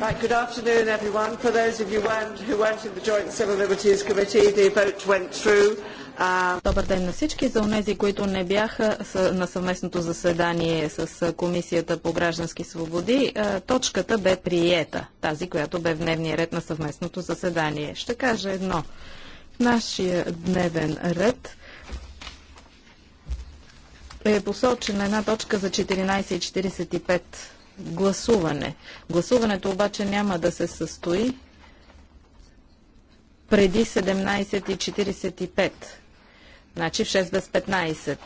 Right, good afternoon everyone. For those of you weren't, who weren't in the Joint Civil Liberties Committee, the vote went through. Um, Добър ден на всички. За онези, които не бяха на съвместното заседание с Комисията по граждански свободи, точката бе приета, тази, която бе в дневния ред на съвместното заседание. Ще кажа едно. В нашия дневен ред е посочена една точка за 14.45 гласуване. Гласуването обаче няма да се състои преди 17.45. Значи в 6 без 15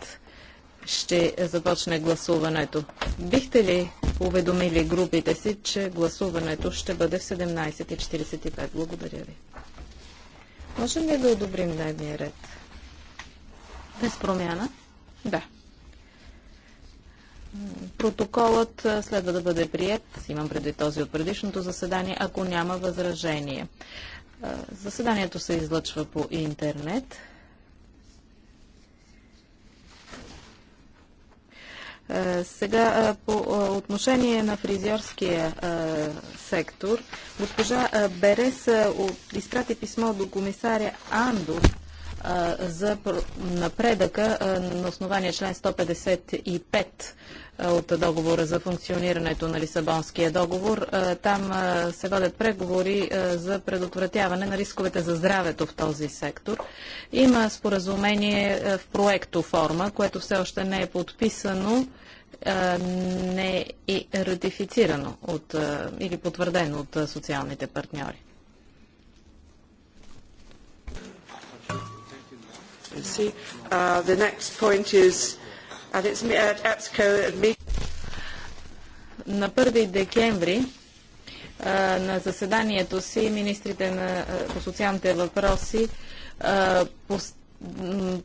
ще започне гласуването. Бихте ли уведомили групите си, че гласуването ще бъде в 17.45? Благодаря ви. Можем ли да одобрим дневния ред? Без промяна? Да. Протоколът следва да бъде прият, имам преди този от предишното заседание, ако няма възражение. Заседанието се излъчва по интернет. Сега по отношение на фризьорския сектор, госпожа Берес изпрати писмо до комисаря Андор за напредъка на основание член 155 от договора за функционирането на Лисабонския договор. Там се водят преговори за предотвратяване на рисковете за здравето в този сектор. Има споразумение в проекто форма, което все още не е подписано не е ратифицирано от, или потвърдено от социалните партньори. presidency. Uh, the next point is, and it's at EPSCO. На 1 декември uh, на заседанието си министрите на, uh, по социалните въпроси uh, пост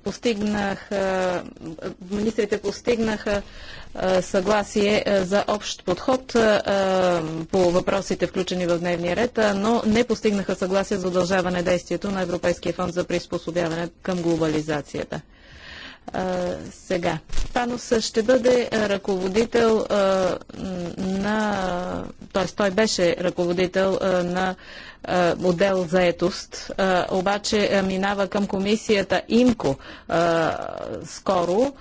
постигнаха, министрите постигнаха съгласие за общ подход по въпросите включени в дневния ред, но не постигнаха съгласие за удължаване действието на Европейския фонд за приспособяване към глобализацията сега. Панос ще бъде ръководител на... т.е. той беше ръководител на отдел етост, обаче минава към комисията ИМКО скоро.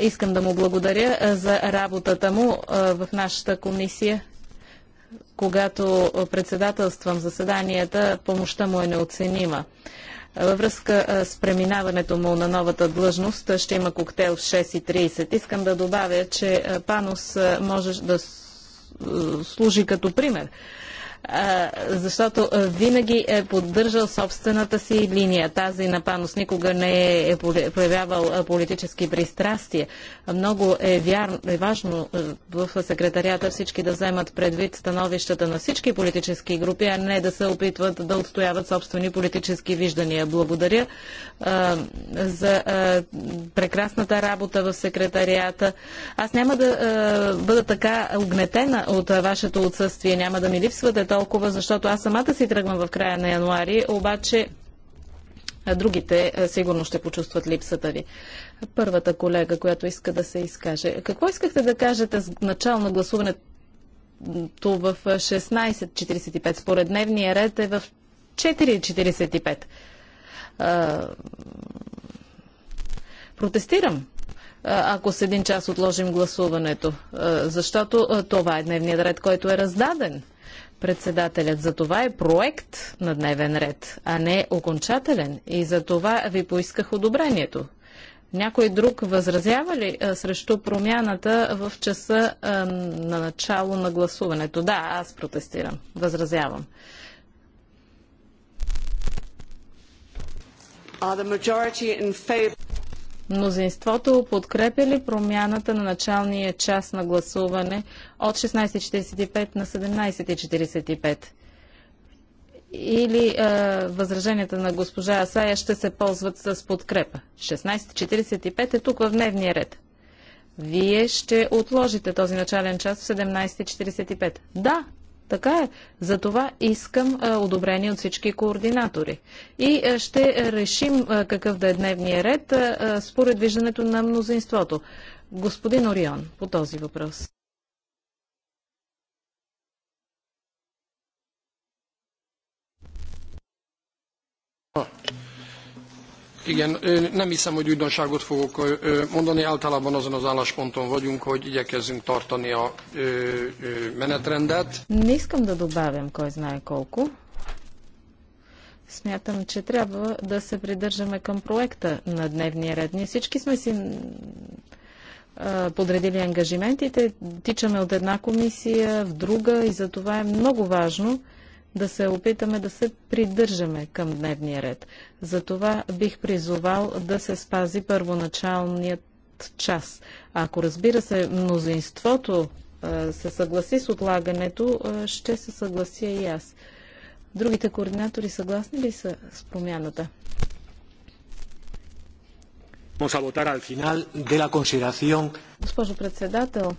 Искам да му благодаря за работата му в нашата комисия. Когато председателствам заседанията, помощта му е неоценима. Във връзка с преминаването му на новата длъжност ще има коктейл в 6.30. Искам да добавя, че Панос може да служи като пример защото винаги е поддържал собствената си линия. Тази на Панос никога не е, е проявявал политически пристрастия. Много е, вярно, е важно в секретарията всички да вземат предвид становищата на всички политически групи, а не да се опитват да отстояват собствени политически виждания. Благодаря за прекрасната работа в секретарията. Аз няма да бъда така огнетена от вашето отсъствие, няма да ми липсвате толкова, защото аз самата си тръгвам в края на януари, обаче другите сигурно ще почувстват липсата ви. Първата колега, която иска да се изкаже. Какво искахте да кажете с начало на гласуването в 16.45? Според дневния ред е в 4.45. Протестирам ако с един час отложим гласуването, защото това е дневният ред, който е раздаден. Председателят за това е проект на дневен ред, а не окончателен. И за това ви поисках одобрението. Някой друг възразява ли а, срещу промяната в часа а, на начало на гласуването? Да, аз протестирам. Възразявам. Are the majority in favor? Мнозинството подкрепя ли промяната на началния час на гласуване от 16.45 на 17.45? Или е, възраженията на госпожа Асая ще се ползват с подкрепа? 16.45 е тук в дневния ред. Вие ще отложите този начален час в 17.45. Да, така е. За това искам а, е, одобрение от всички координатори. И а, е, ще решим а, е, какъв да е дневния ред според виждането на мнозинството. Господин Орион, по този въпрос. Igen, nem hiszem, hogy újdonságot fogok mondani. Általában azon az állásponton vagyunk, hogy igyekezzünk tartani a menetrendet. Не de да hogy кой знае колко. Смятам, че трябва да се придържаме към проекта на дневния ред. Ние всички сме си подредили ангажиментите, тичаме от една комисия в друга и за това е много важно – да се опитаме да се придържаме към дневния ред. Затова бих призовал да се спази първоначалният час. Ако разбира се, мнозинството е, се съгласи с отлагането, е, ще се съглася и аз. Другите координатори съгласни ли са с промяната? Госпожо председател,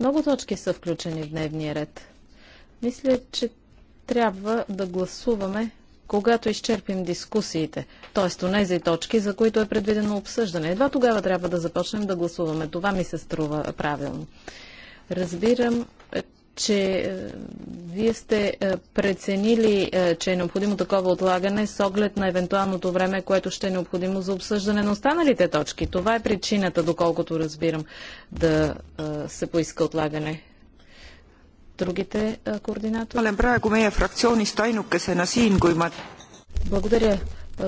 Много точки са включени в дневния ред. Мисля, че трябва да гласуваме, когато изчерпим дискусиите, т.е. тези точки, за които е предвидено обсъждане. Едва тогава трябва да започнем да гласуваме. Това ми се струва правилно. Разбирам, е, че е, вие сте е, преценили, е, че е необходимо такова отлагане с оглед на евентуалното време, което ще е необходимо за обсъждане на останалите точки. Това е причината, доколкото разбирам, да се поиска отлагане. Другите координатори? Благодаря,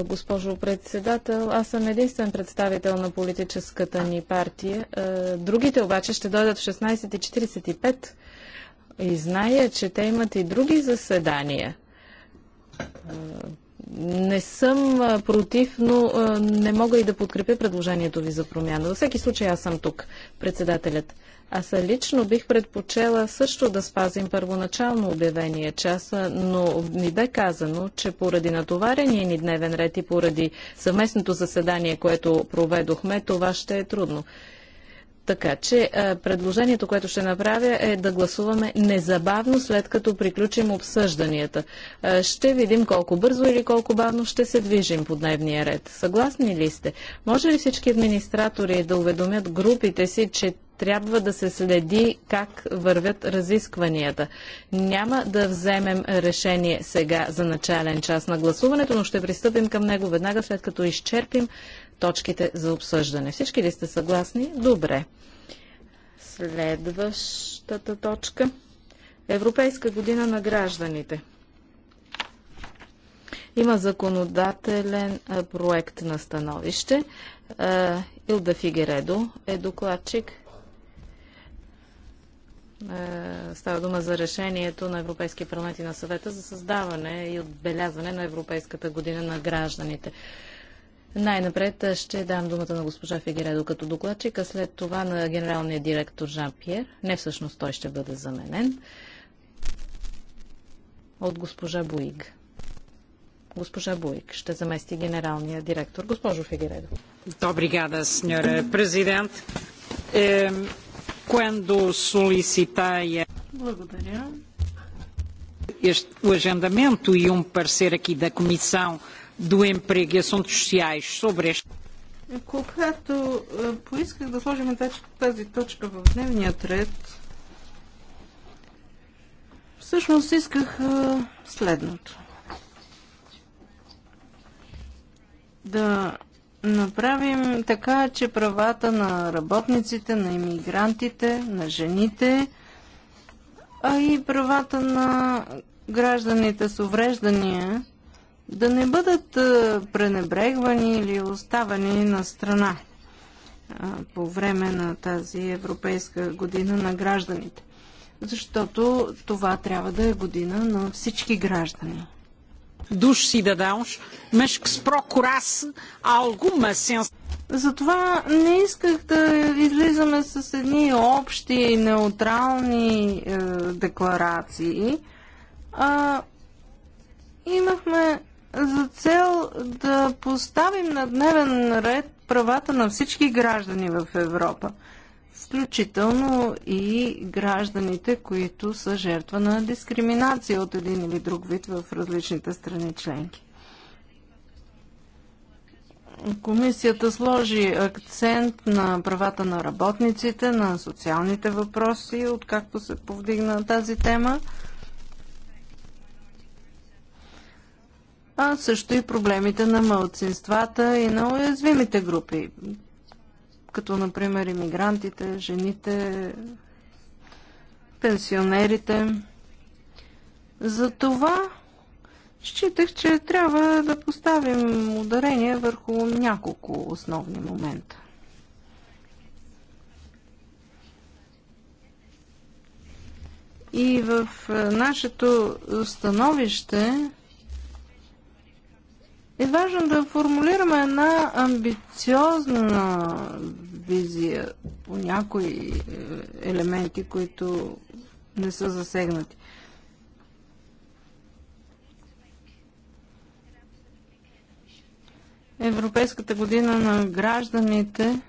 госпожо председател. Аз съм единствен представител на политическата ни партия. Другите обаче ще дойдат в 16.45. И зная, че те имат и други заседания. Е, не съм е, против, но е, не мога и да подкрепя предложението ви за промяна. Във всеки случай аз съм тук, председателят. Аз лично бих предпочела също да спазим първоначално обявение часа, но ми бе казано, че поради натоварения ни дневен ред и поради съвместното заседание, което проведохме, това ще е трудно. Така че предложението, което ще направя е да гласуваме незабавно след като приключим обсъжданията. Ще видим колко бързо или колко бавно ще се движим по дневния ред. Съгласни ли сте? Може ли всички администратори да уведомят групите си, че трябва да се следи как вървят разискванията. Няма да вземем решение сега за начален час на гласуването, но ще пристъпим към него веднага след като изчерпим точките за обсъждане. Всички ли сте съгласни? Добре. Следващата точка. Европейска година на гражданите. Има законодателен проект на становище. Илда Фигередо е докладчик. Става дума за решението на Европейския парламент и на съвета за създаване и отбелязване на Европейската година на гражданите. Най-напред ще дам думата на госпожа Фигередо като докладчик, а след това на генералния директор Жан Пьер. Не всъщност той ще бъде заменен. От госпожа Буиг. Госпожа Буик ще замести генералния директор. Госпожо Фигередо. гада, сеньоре президент. Е, quando solicitei... Благодаря. Este, o agendamento e um parecer aqui da Comissão do Emprego e Assuntos Sociais sobre este. Когато е, поисках да сложим тази точка в дневния ред, всъщност исках е, следното. Да направим така, че правата на работниците, на иммигрантите, на жените, а и правата на гражданите с увреждания да не бъдат пренебрегвани или оставани на страна по време на тази Европейска година на гражданите. Защото това трябва да е година на всички граждани. Душ си да дадãos, мешк с прокурас, procurasse alguma Затова не исках да излизаме с едни общи неутрални е, декларации. А, имахме за цел да поставим на дневен ред правата на всички граждани в Европа, включително и гражданите, които са жертва на дискриминация от един или друг вид в различните страни членки. Комисията сложи акцент на правата на работниците, на социалните въпроси, откакто се повдигна тази тема. а също и проблемите на мълцинствата и на уязвимите групи, като например иммигрантите, жените, пенсионерите. Затова считах, че трябва да поставим ударение върху няколко основни момента. И в нашето становище е важно да формулираме една амбициозна визия по някои е, елементи, които не са засегнати. Европейската година на гражданите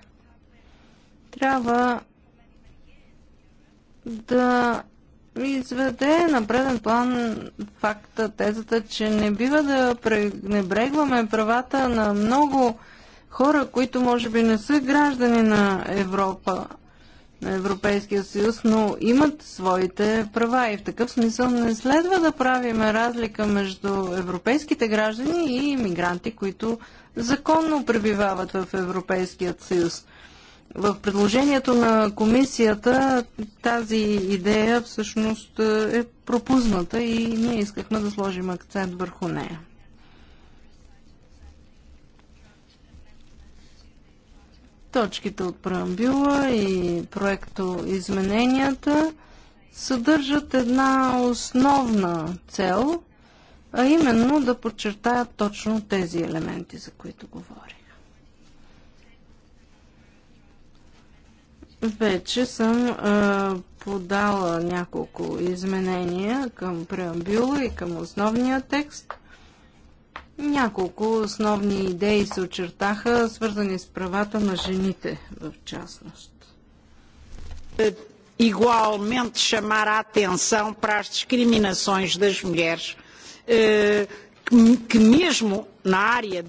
трябва да изведе на преден план факта, тезата, че не бива да пренебрегваме правата на много хора, които може би не са граждани на Европа, на Европейския съюз, но имат своите права и в такъв смисъл не следва да правиме разлика между европейските граждани и иммигранти, които законно пребивават в Европейският съюз. В предложението на комисията тази идея всъщност е, е пропусната и ние искахме да сложим акцент върху нея. Точките от преамбюла и проекто измененията съдържат една основна цел, а именно да подчертаят точно тези елементи, за които говорим. Вече съм а, подала няколко изменения към преамбюла и към основния текст. Няколко основни идеи се очертаха, свързани с правата на жените в частност. Игуалмент chamar a atenção para as discriminações das mulheres, на eh, ария...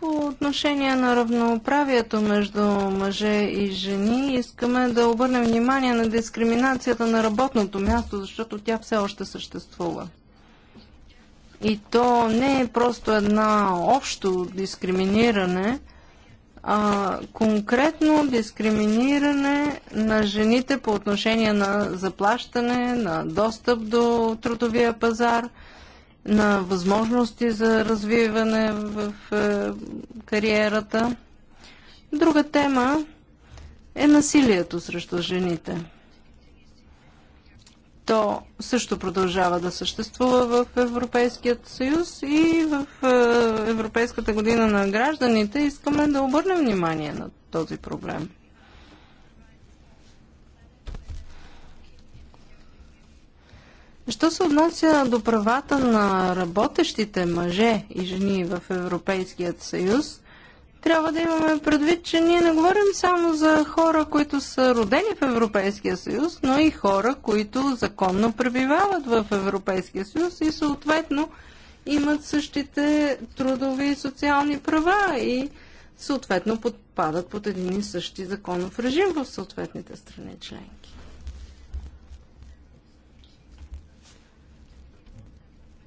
По отношение на равноправието между мъже и жени, искаме да обърнем внимание на дискриминацията на работното място, защото тя все още съществува. И то не е просто една общо дискриминиране, а конкретно дискриминиране на жените по отношение на заплащане, на достъп до трудовия пазар – на възможности за развиване в е, кариерата. Друга тема е насилието срещу жените. То също продължава да съществува в Европейският съюз и в е, Европейската година на гражданите искаме да обърнем внимание на този проблем. Що се отнася до правата на работещите мъже и жени в Европейският съюз, трябва да имаме предвид, че ние не говорим само за хора, които са родени в Европейския съюз, но и хора, които законно пребивават в Европейския съюз и съответно имат същите трудови и социални права и съответно подпадат под един и същи законов режим в съответните страни членки.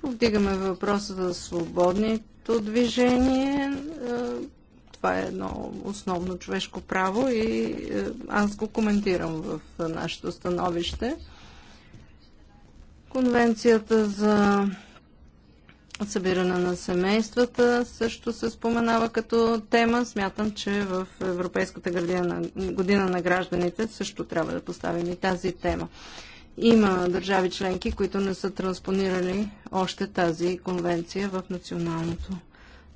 Повдигаме въпроса за свободното движение. Е, това е едно основно човешко право и е, аз го коментирам в нашето становище. Конвенцията за събиране на семействата също се споменава като тема. Смятам, че в Европейската година на гражданите също трябва да поставим и тази тема. Има държави членки, които не са транспонирали още тази конвенция в националното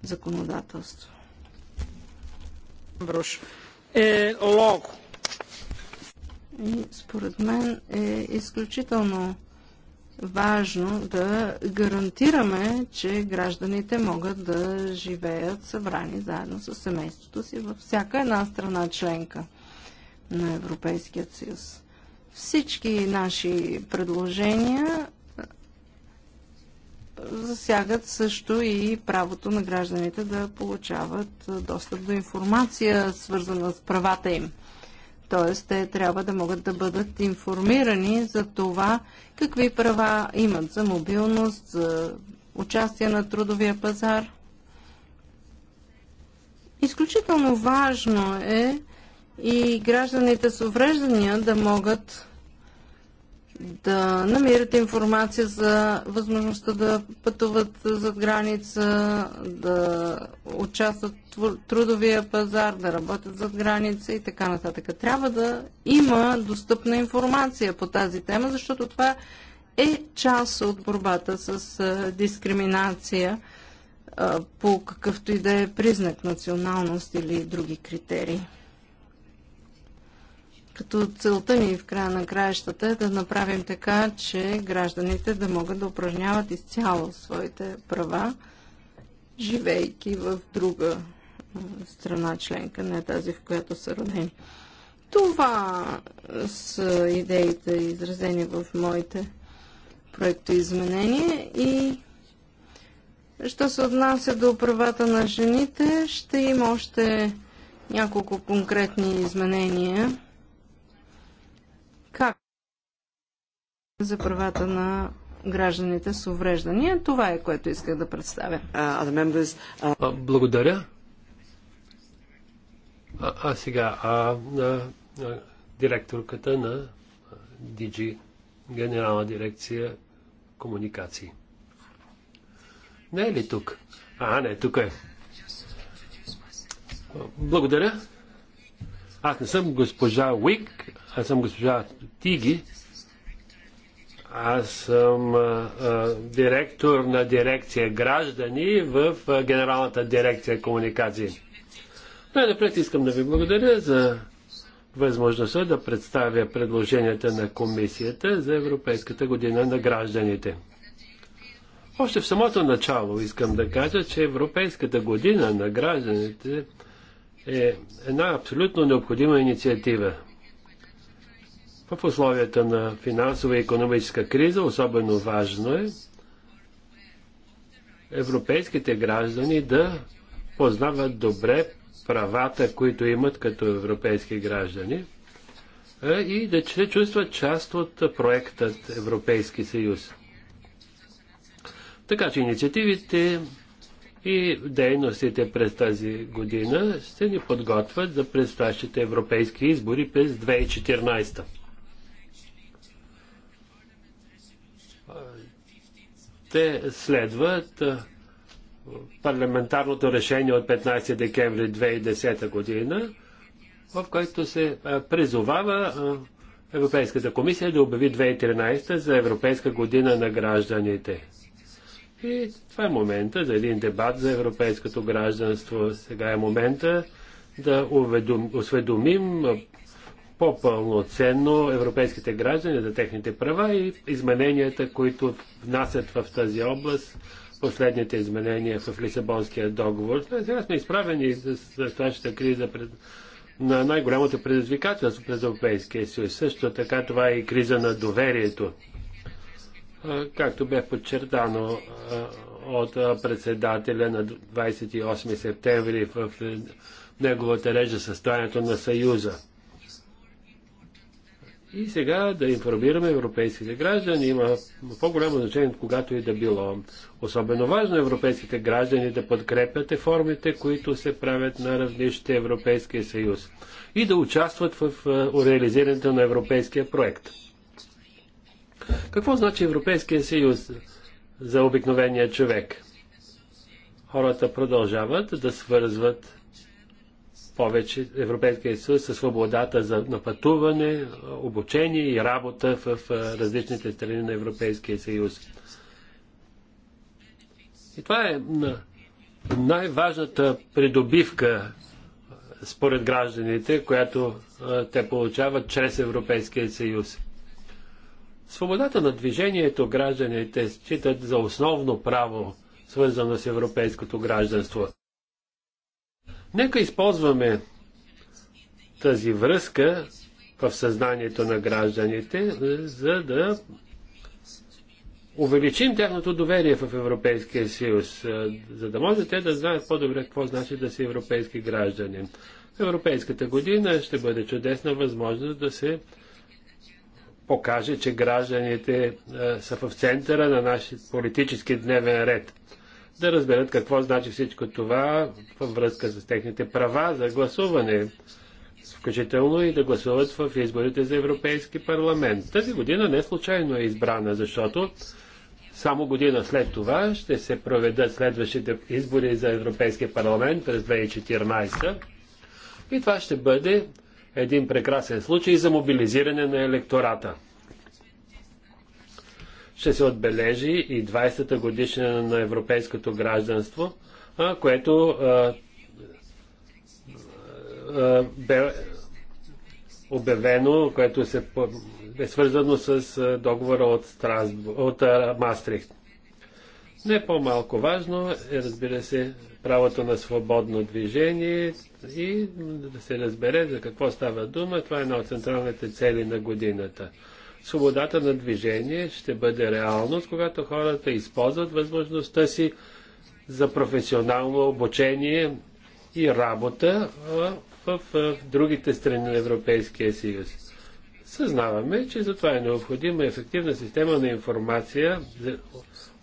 законодателство. Брош. Е, лог. И според мен е изключително важно да гарантираме, че гражданите могат да живеят събрани заедно с семейството си във всяка една страна членка на Европейският съюз. Всички наши предложения е, засягат също и правото на гражданите да получават е, достъп до информация, свързана с правата им. Тоест, те трябва да могат да бъдат информирани за това какви права имат за мобилност, за участие на трудовия пазар. Изключително важно е и гражданите с увреждания да могат да намират информация за възможността да пътуват зад граница, да участват в трудовия пазар, да работят зад граница и така нататък. Трябва да има достъпна информация по тази тема, защото това е част от борбата с дискриминация по какъвто и да е признак националност или други критерии. Като целта ни в края на краищата е да направим така, че гражданите да могат да упражняват изцяло своите права, живейки в друга страна членка, не тази, в която са родени. Това са идеите, изразени в моите проектоизменения и що се отнася до правата на жените, ще има още няколко конкретни изменения за правата на гражданите с увреждания. Това е което исках да представя. Благодаря. А, а сега, а, а, а, директорката на DG, генерална дирекция комуникации. Не е ли тук? А, не, тук е. Благодаря. Аз не съм госпожа Уик, аз съм госпожа Тиги. Аз съм а, а, директор на дирекция граждани в а, Генералната дирекция комуникации. Най-напред искам да ви благодаря за възможността да представя предложенията на Комисията за Европейската година на гражданите. Още в самото начало искам да кажа, че Европейската година на гражданите е една абсолютно необходима инициатива. В условията на финансова и економическа криза особено важно е европейските граждани да познават добре правата, които имат като европейски граждани и да се чувстват част от проектът Европейски съюз. Така че инициативите и дейностите през тази година ще ни подготвят за предстоящите европейски избори през 2014. ще следват парламентарното решение от 15 декември 2010 година, в което се призовава Европейската комисия да обяви 2013 за Европейска година на гражданите. И това е момента за един дебат за европейското гражданство. Сега е момента да уведом, осведомим по-пълноценно европейските граждани за техните права и измененията, които внасят в тази област последните изменения в Лисабонския договор. Сега сме изправени с настоящата криза пред, на най-голямото предизвикателство през Европейския съюз. Също така това е и криза на доверието. Както бе подчертано от председателя на 28 септември в неговата режа състоянието на Съюза. И сега да информираме европейските граждани има по-голямо значение, когато и да било. Особено важно е европейските граждани да подкрепят реформите, които се правят на различните Европейския съюз и да участват в реализирането на европейския проект. Какво значи Европейския съюз за обикновения човек? Хората продължават да свързват повече Европейския съюз със свободата за напътуване, обучение и работа в различните страни на Европейския съюз. И това е най-важната придобивка според гражданите, която те получават чрез Европейския съюз. Свободата на движението гражданите считат за основно право, свързано с европейското гражданство. Нека използваме тази връзка в съзнанието на гражданите, е, за да увеличим тяхното доверие в Европейския съюз, е, за да може те да знаят по-добре какво значи да си европейски граждани. Европейската година ще бъде чудесна възможност да се покаже, че гражданите е, са в центъра на нашия политически дневен ред да разберат какво значи всичко това във връзка с техните права за гласуване, включително и да гласуват в изборите за Европейски парламент. Тази година не случайно е избрана, защото само година след това ще се проведат следващите избори за Европейския парламент през 2014. И това ще бъде един прекрасен случай за мобилизиране на електората ще се отбележи и 20-та годишна на европейското гражданство, което а, а, бе обявено, което се, е свързано с договора от, Страсбу, от Мастрихт. Не по-малко важно е, разбира се, правото на свободно движение и да се разбере за какво става дума. Това е една от централните цели на годината свободата на движение ще бъде реалност, когато хората използват възможността си за професионално обучение и работа в, другите страни на Европейския съюз. Съзнаваме, че за това е необходима ефективна система на информация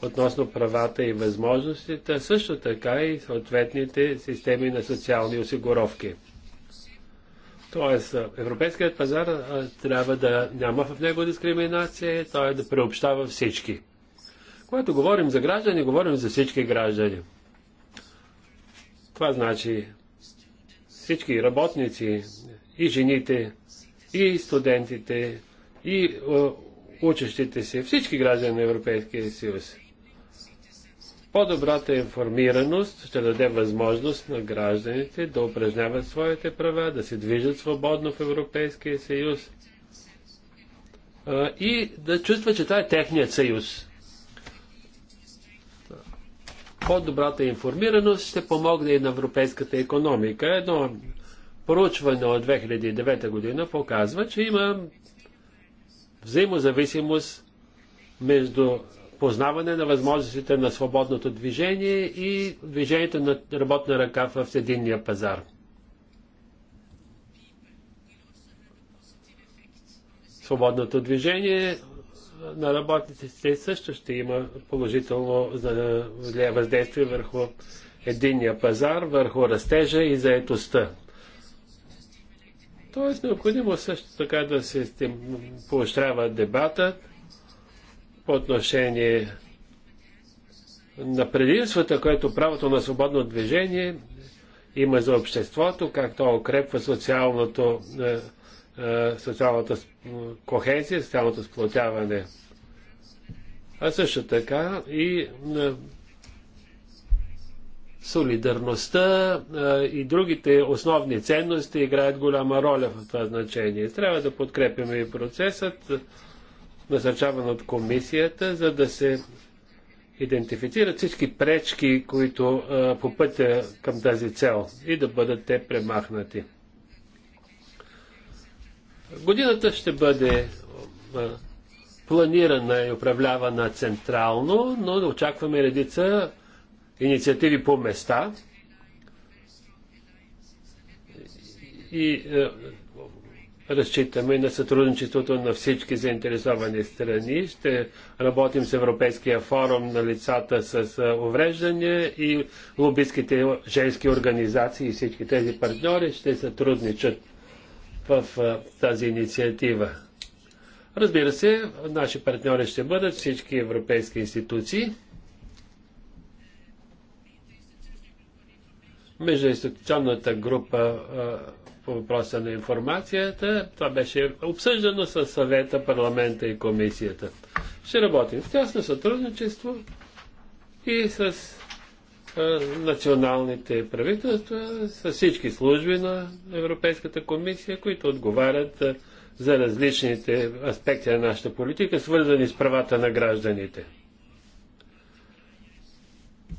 относно правата и възможностите, също така и съответните системи на социални осигуровки. Тоест, европейският пазар трябва да няма в него дискриминация, той е да преобщава всички. Когато говорим за граждани, говорим за всички граждани. Това значи всички работници, и жените, и студентите, и учещите се, всички граждани на Европейския съюз. По-добрата информираност ще даде възможност на гражданите да упражняват своите права, да се движат свободно в Европейския съюз и да чувстват, че това е техният съюз. По-добрата информираност ще помогне и на европейската економика. Едно проучване от 2009 година показва, че има взаимозависимост между познаване на възможностите на свободното движение и движението на работна ръка в единния пазар. Свободното движение на работниците също ще има положително въздействие върху единния пазар, върху растежа и заетостта. Тоест необходимо също така да се поощрява дебатът, по отношение на предимствата, което правото на свободно движение има за обществото, както укрепва социалното, е, е, социалната кохезия, социалното сплотяване. А също така и е, солидарността и другите основни ценности играят голяма роля в това значение. Трябва да подкрепим и процесът, назначаван от комисията, за да се идентифицират всички пречки, които а, по пътя към тази цел и да бъдат те премахнати. Годината ще бъде а, планирана и управлявана централно, но да очакваме редица инициативи по места. И а, разчитаме на сътрудничеството на всички заинтересовани страни. Ще работим с Европейския форум на лицата с увреждания и лобистските женски организации и всички тези партньори ще сътрудничат в тази инициатива. Разбира се, наши партньори ще бъдат всички европейски институции. Междуинституционната група по въпроса на информацията. Това беше обсъждано с съвета, парламента и комисията. Ще работим в тясно сътрудничество и с а, националните правителства, с всички служби на Европейската комисия, които отговарят а, за различните аспекти на нашата политика, свързани с правата на гражданите.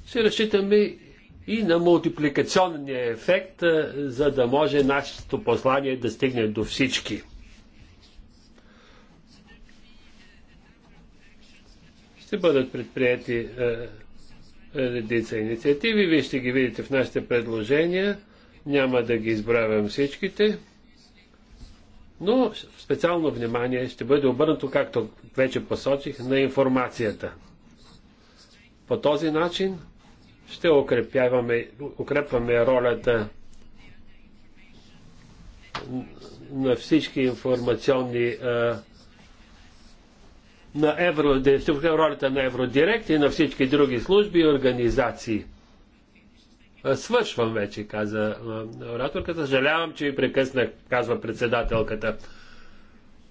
Ще разчитаме и на мултипликационния ефект, за да може нашето послание да стигне до всички. Ще бъдат предприяти редица инициативи. Вие ще ги видите в нашите предложения. Няма да ги избравям всичките. Но специално внимание ще бъде обърнато, както вече посочих, на информацията. По този начин ще укрепяваме, укрепваме ролята на всички информационни на Евродирект, ролята на Евродирект и на всички други служби и организации. Свършвам вече, каза ораторката. Съжалявам, че ви прекъснах, казва председателката.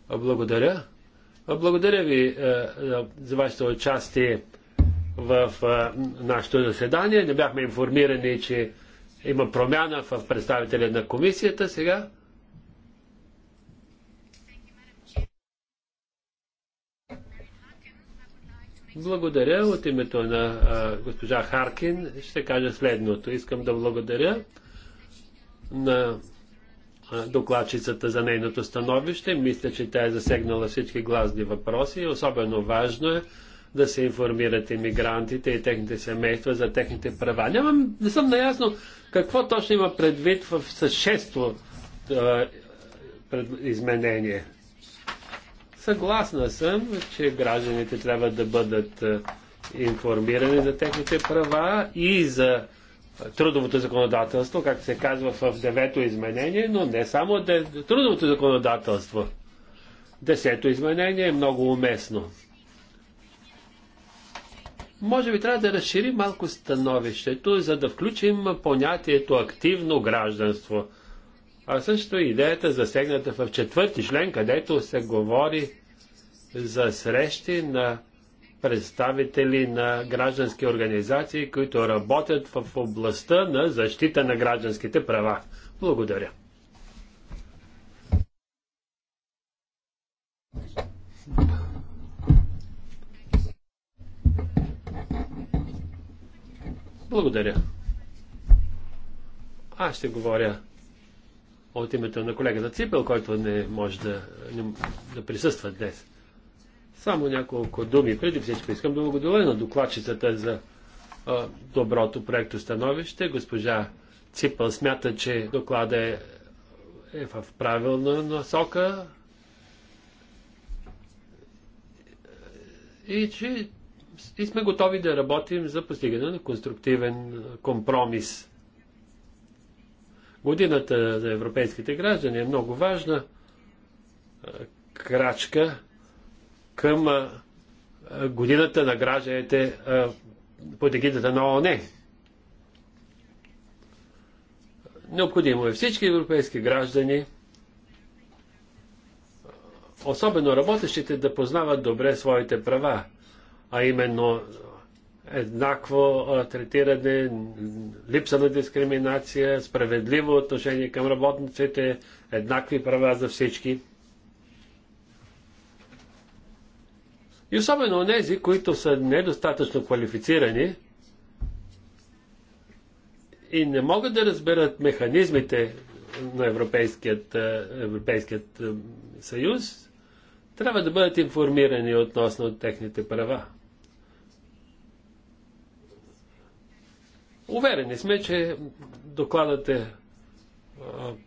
Благодаря. Благодаря ви за вашето участие в нашето заседание. Не бяхме информирани, че има промяна в представителя на комисията сега. Благодаря от името на а, госпожа Харкин. Ще кажа следното. Искам да благодаря на докладчицата за нейното становище. Мисля, че тя е засегнала всички гласни въпроси. Особено важно е да се информират иммигрантите и техните семейства за техните права. Нямам, не съм наясно какво точно има предвид в същество изменение. Съгласна съм, че гражданите трябва да бъдат информирани за техните права и за трудовото законодателство, както се казва в девето изменение, но не само де... трудовото законодателство. Десето изменение е много уместно. Може би трябва да разширим малко становището, за да включим понятието активно гражданство. А също идеята засегната в четвърти член, където се говори за срещи на представители на граждански организации, които работят в областта на защита на гражданските права. Благодаря. Благодаря. Аз ще говоря от името на колегата Ципел, който не може да, не, да присъства днес. Само няколко думи. Преди всичко искам да благодаря на докладчицата за а, доброто проекто становище. Госпожа Ципъл смята, че доклада е, е в правилна насока и че и сме готови да работим за постигане на конструктивен компромис. Годината за европейските граждани е много важна крачка към годината на гражданите под егидата на ООН. Необходимо е всички европейски граждани, особено работещите, да познават добре своите права а именно еднакво третиране, липса на дискриминация, справедливо отношение към работниците, еднакви права за всички. И особено тези, които са недостатъчно квалифицирани и не могат да разберат механизмите на Европейският, Европейският съюз, трябва да бъдат информирани относно техните права. Уверени сме, че докладът е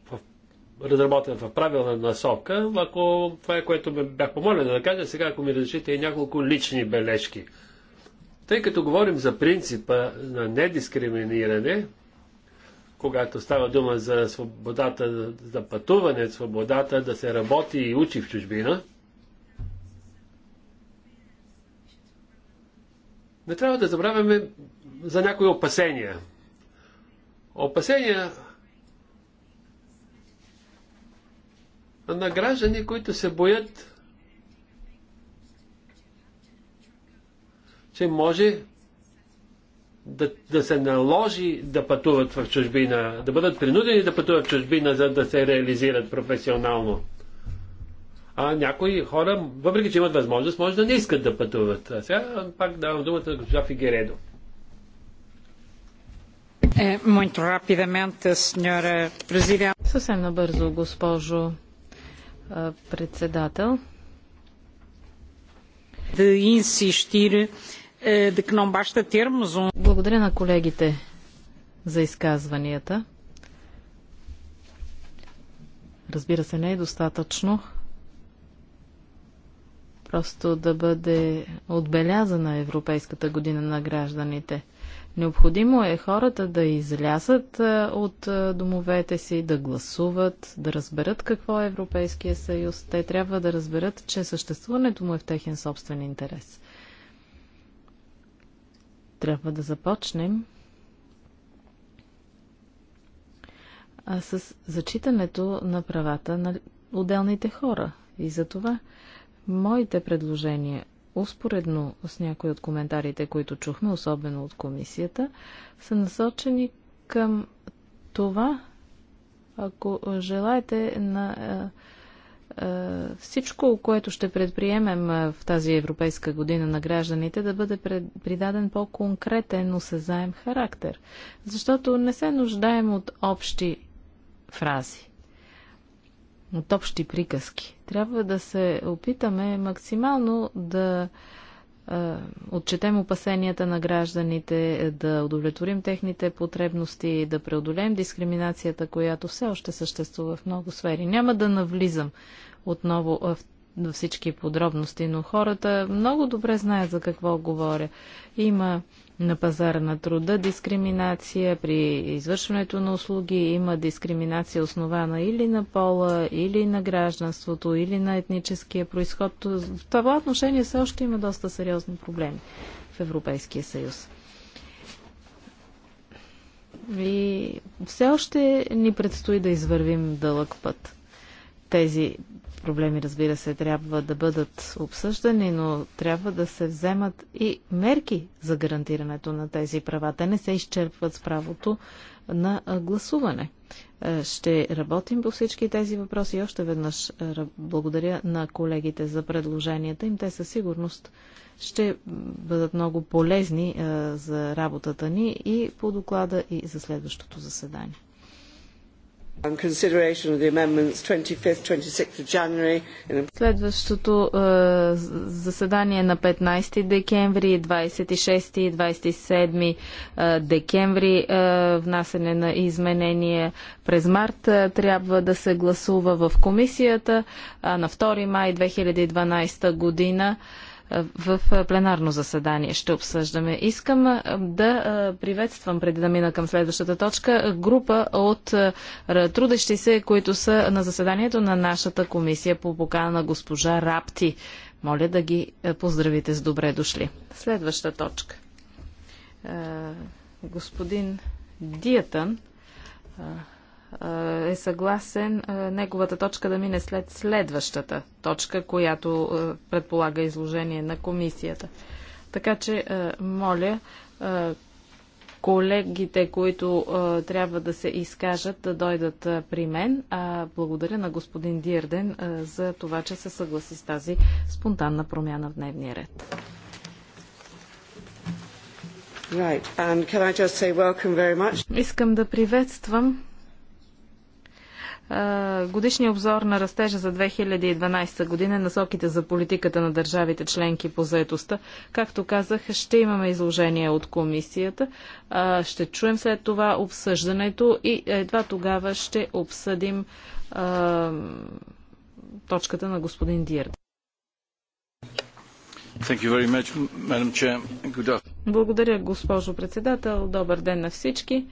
в разработен в правилна насока. Ако това е което ме бях помолен да кажа, сега ако ми разрешите и няколко лични бележки. Тъй като говорим за принципа на недискриминиране, когато става дума за свободата за пътуване, свободата да се работи и учи в чужбина, не трябва да забравяме за някои опасения. Опасения на граждани, които се боят, че може да, да се наложи да пътуват в чужбина, да бъдат принудени да пътуват в чужбина, за да се реализират професионално. А някои хора, въпреки че имат възможност, може да не искат да пътуват. А сега пак давам думата на госпожа Фигередо. Е, Съвсем набързо, госпожо председател. Е, um- Благодаря на колегите за изказванията. Разбира се, не е достатъчно просто да бъде отбелязана Европейската година на гражданите – Необходимо е хората да излязат е, от е, домовете си, да гласуват, да разберат какво е Европейския съюз. Те трябва да разберат, че съществуването му е в техен собствен интерес. Трябва да започнем с зачитането на правата на отделните хора. И за това моите предложения успоредно с някои от коментарите, които чухме, особено от комисията, са насочени към това, ако желаете, на е, е, всичко, което ще предприемем е, в тази Европейска година на гражданите, да бъде придаден по-конкретен, осезаем характер. Защото не се нуждаем от общи фрази от общи приказки. Трябва да се опитаме максимално да отчетем опасенията на гражданите, да удовлетворим техните потребности, да преодолеем дискриминацията, която все още съществува в много сфери. Няма да навлизам отново в всички подробности, но хората много добре знаят за какво говоря. Има на пазара на труда, дискриминация при извършването на услуги, има дискриминация основана или на пола, или на гражданството, или на етническия происход. В това отношение все още има доста сериозни проблеми в Европейския съюз. И все още ни предстои да извървим дълъг път. Тези проблеми, разбира се, трябва да бъдат обсъждани, но трябва да се вземат и мерки за гарантирането на тези права. Те не се изчерпват с правото на гласуване. Е, ще работим по всички тези въпроси и още веднъж е, благодаря на колегите за предложенията им. Те със сигурност ще бъдат много полезни е, за работата ни и по доклада и за следващото заседание. Следващото е, заседание на 15 декември, 26 и 27 е, декември, е, внасене на изменения през март е, трябва да се гласува в комисията, а на 2 май 2012 година в пленарно заседание ще обсъждаме. Искам да приветствам, преди да мина към следващата точка, група от трудещи се, които са на заседанието на нашата комисия по покана на госпожа Рапти. Моля да ги поздравите с добре дошли. Следваща точка. Господин Диятън е съгласен е, неговата точка да мине след следващата точка, която е, предполага изложение на комисията. Така че, е, моля, колегите, които трябва да се изкажат, да дойдат при мен. благодаря на господин Дирден за това, че се съгласи с тази спонтанна промяна в дневния ред. Right. Искам да приветствам Годишния обзор на растежа за 2012 година, насоките за политиката на държавите членки по заедостта, както казах, ще имаме изложение от комисията. Ще чуем след това обсъждането и едва тогава ще обсъдим точката на господин Диер. Благодаря, госпожо председател. Добър ден на всички.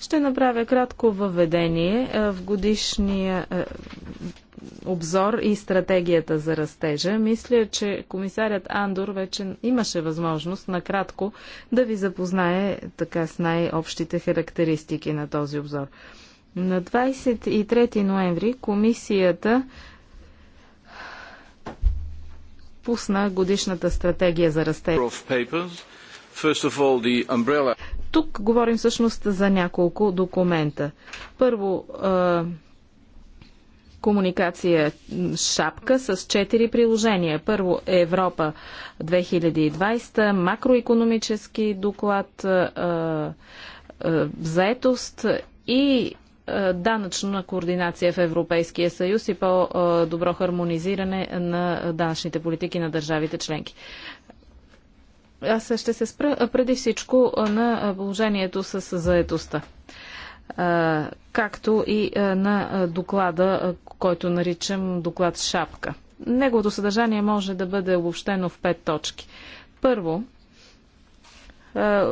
Ще направя кратко въведение е, в годишния е, обзор и стратегията за растежа. Мисля, че комисарят Андор вече имаше възможност накратко да ви запознае така с най-общите характеристики на този обзор. На 23 ноември комисията пусна годишната стратегия за растежа all, umbrella... Тук говорим всъщност за няколко документа. Първо, е, комуникация шапка с четири приложения. Първо Европа 2020, макроекономически доклад, е, е, заетост и данъчна координация в Европейския съюз и по-добро хармонизиране на данъчните политики на държавите членки. Аз ще се спра преди всичко на положението с заетостта както и на доклада, който наричам доклад Шапка. Неговото съдържание може да бъде обобщено в пет точки. Първо,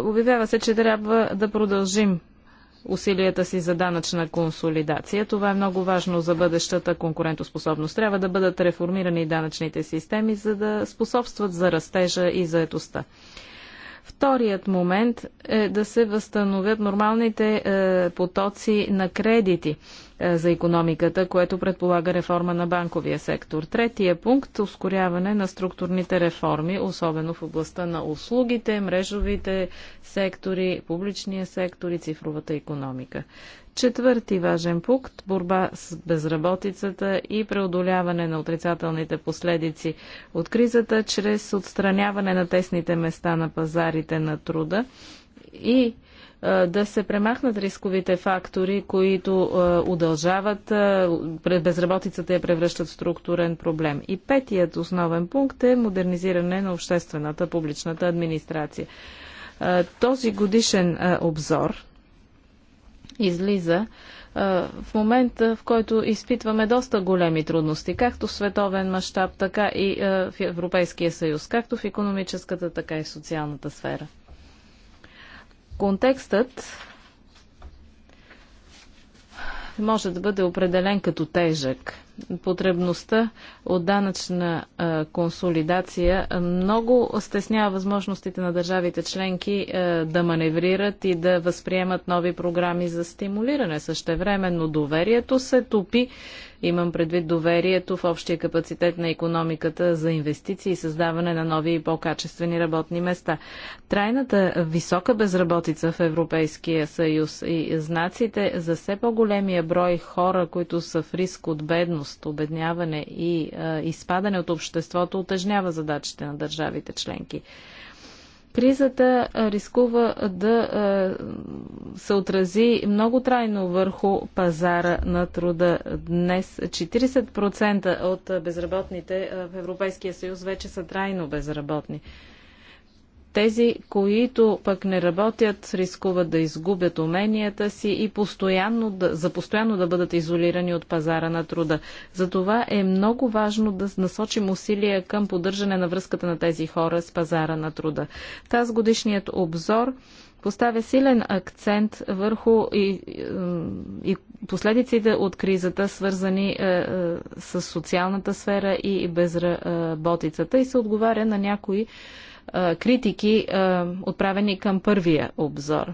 обявява се, че трябва да продължим усилията си за данъчна консолидация. Това е много важно за бъдещата конкурентоспособност. Трябва да бъдат реформирани данъчните системи, за да способстват за растежа и заетостта. Вторият момент е да се възстановят нормалните е, потоци на кредити е, за економиката, което предполага реформа на банковия сектор. Третия пункт – ускоряване на структурните реформи, особено в областта на услугите, мрежовите сектори, публичния сектор и цифровата економика. Четвърти важен пункт – борба с безработицата и преодоляване на отрицателните последици от кризата чрез отстраняване на тесните места на пазарите на труда и да се премахнат рисковите фактори, които удължават безработицата я превръщат в структурен проблем. И петият основен пункт е модернизиране на обществената публичната администрация. Този годишен обзор излиза в момента, в който изпитваме доста големи трудности, както в световен мащаб, така и в Европейския съюз, както в економическата, така и в социалната сфера. Контекстът може да бъде определен като тежък потребността от данъчна консолидация много стеснява възможностите на държавите членки да маневрират и да възприемат нови програми за стимулиране. Същевременно доверието се топи. Имам предвид доверието в общия капацитет на економиката за инвестиции и създаване на нови и по-качествени работни места. Трайната висока безработица в Европейския съюз и знаците за все по-големия брой хора, които са в риск от бедност, бедност, обедняване и а, изпадане от обществото отъжнява задачите на държавите членки. Кризата рискува да се отрази много трайно върху пазара на труда. Днес 40% от безработните в Европейския съюз вече са трайно безработни. Тези, които пък не работят, рискуват да изгубят уменията си и постоянно да, за постоянно да бъдат изолирани от пазара на труда. Затова е много важно да насочим усилия към поддържане на връзката на тези хора с пазара на труда. Таз годишният обзор поставя силен акцент върху и, и последиците от кризата, свързани е, е, с социалната сфера и безработицата и се отговаря на някои критики, отправени към първия обзор.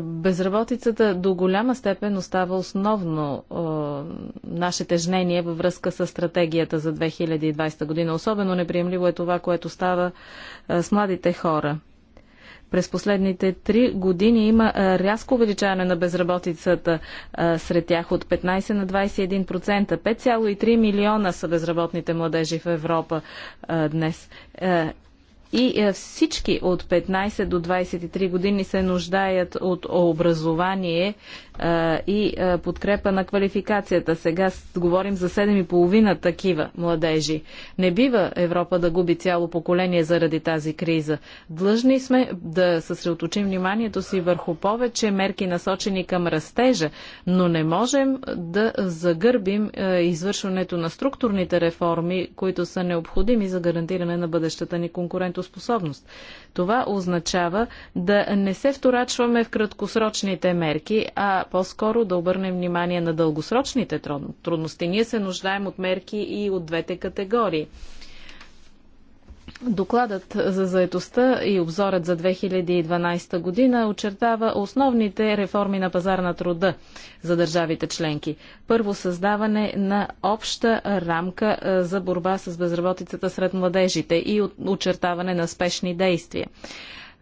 Безработицата до голяма степен остава основно е, наше тежнение във връзка с стратегията за 2020 година. Особено неприемливо е това, което става е, с младите хора. През последните три години има рязко увеличаване на безработицата сред тях от 15 на 21%. 5,3 милиона са безработните младежи в Европа днес. И всички от 15 до 23 години се нуждаят от образование и подкрепа на квалификацията. Сега говорим за 7,5 такива младежи. Не бива Европа да губи цяло поколение заради тази криза. Длъжни сме да съсредоточим вниманието си върху повече мерки насочени към растежа, но не можем да загърбим извършването на структурните реформи, които са необходими за гарантиране на бъдещата ни конкурентоспособност. Това означава да не се вторачваме в краткосрочните мерки, а по-скоро да обърнем внимание на дългосрочните трудности. Ние се нуждаем от мерки и от двете категории. Докладът за заетостта и обзорът за 2012 година очертава основните реформи на пазар на труда за държавите членки. Първо създаване на обща рамка за борба с безработицата сред младежите и очертаване на спешни действия.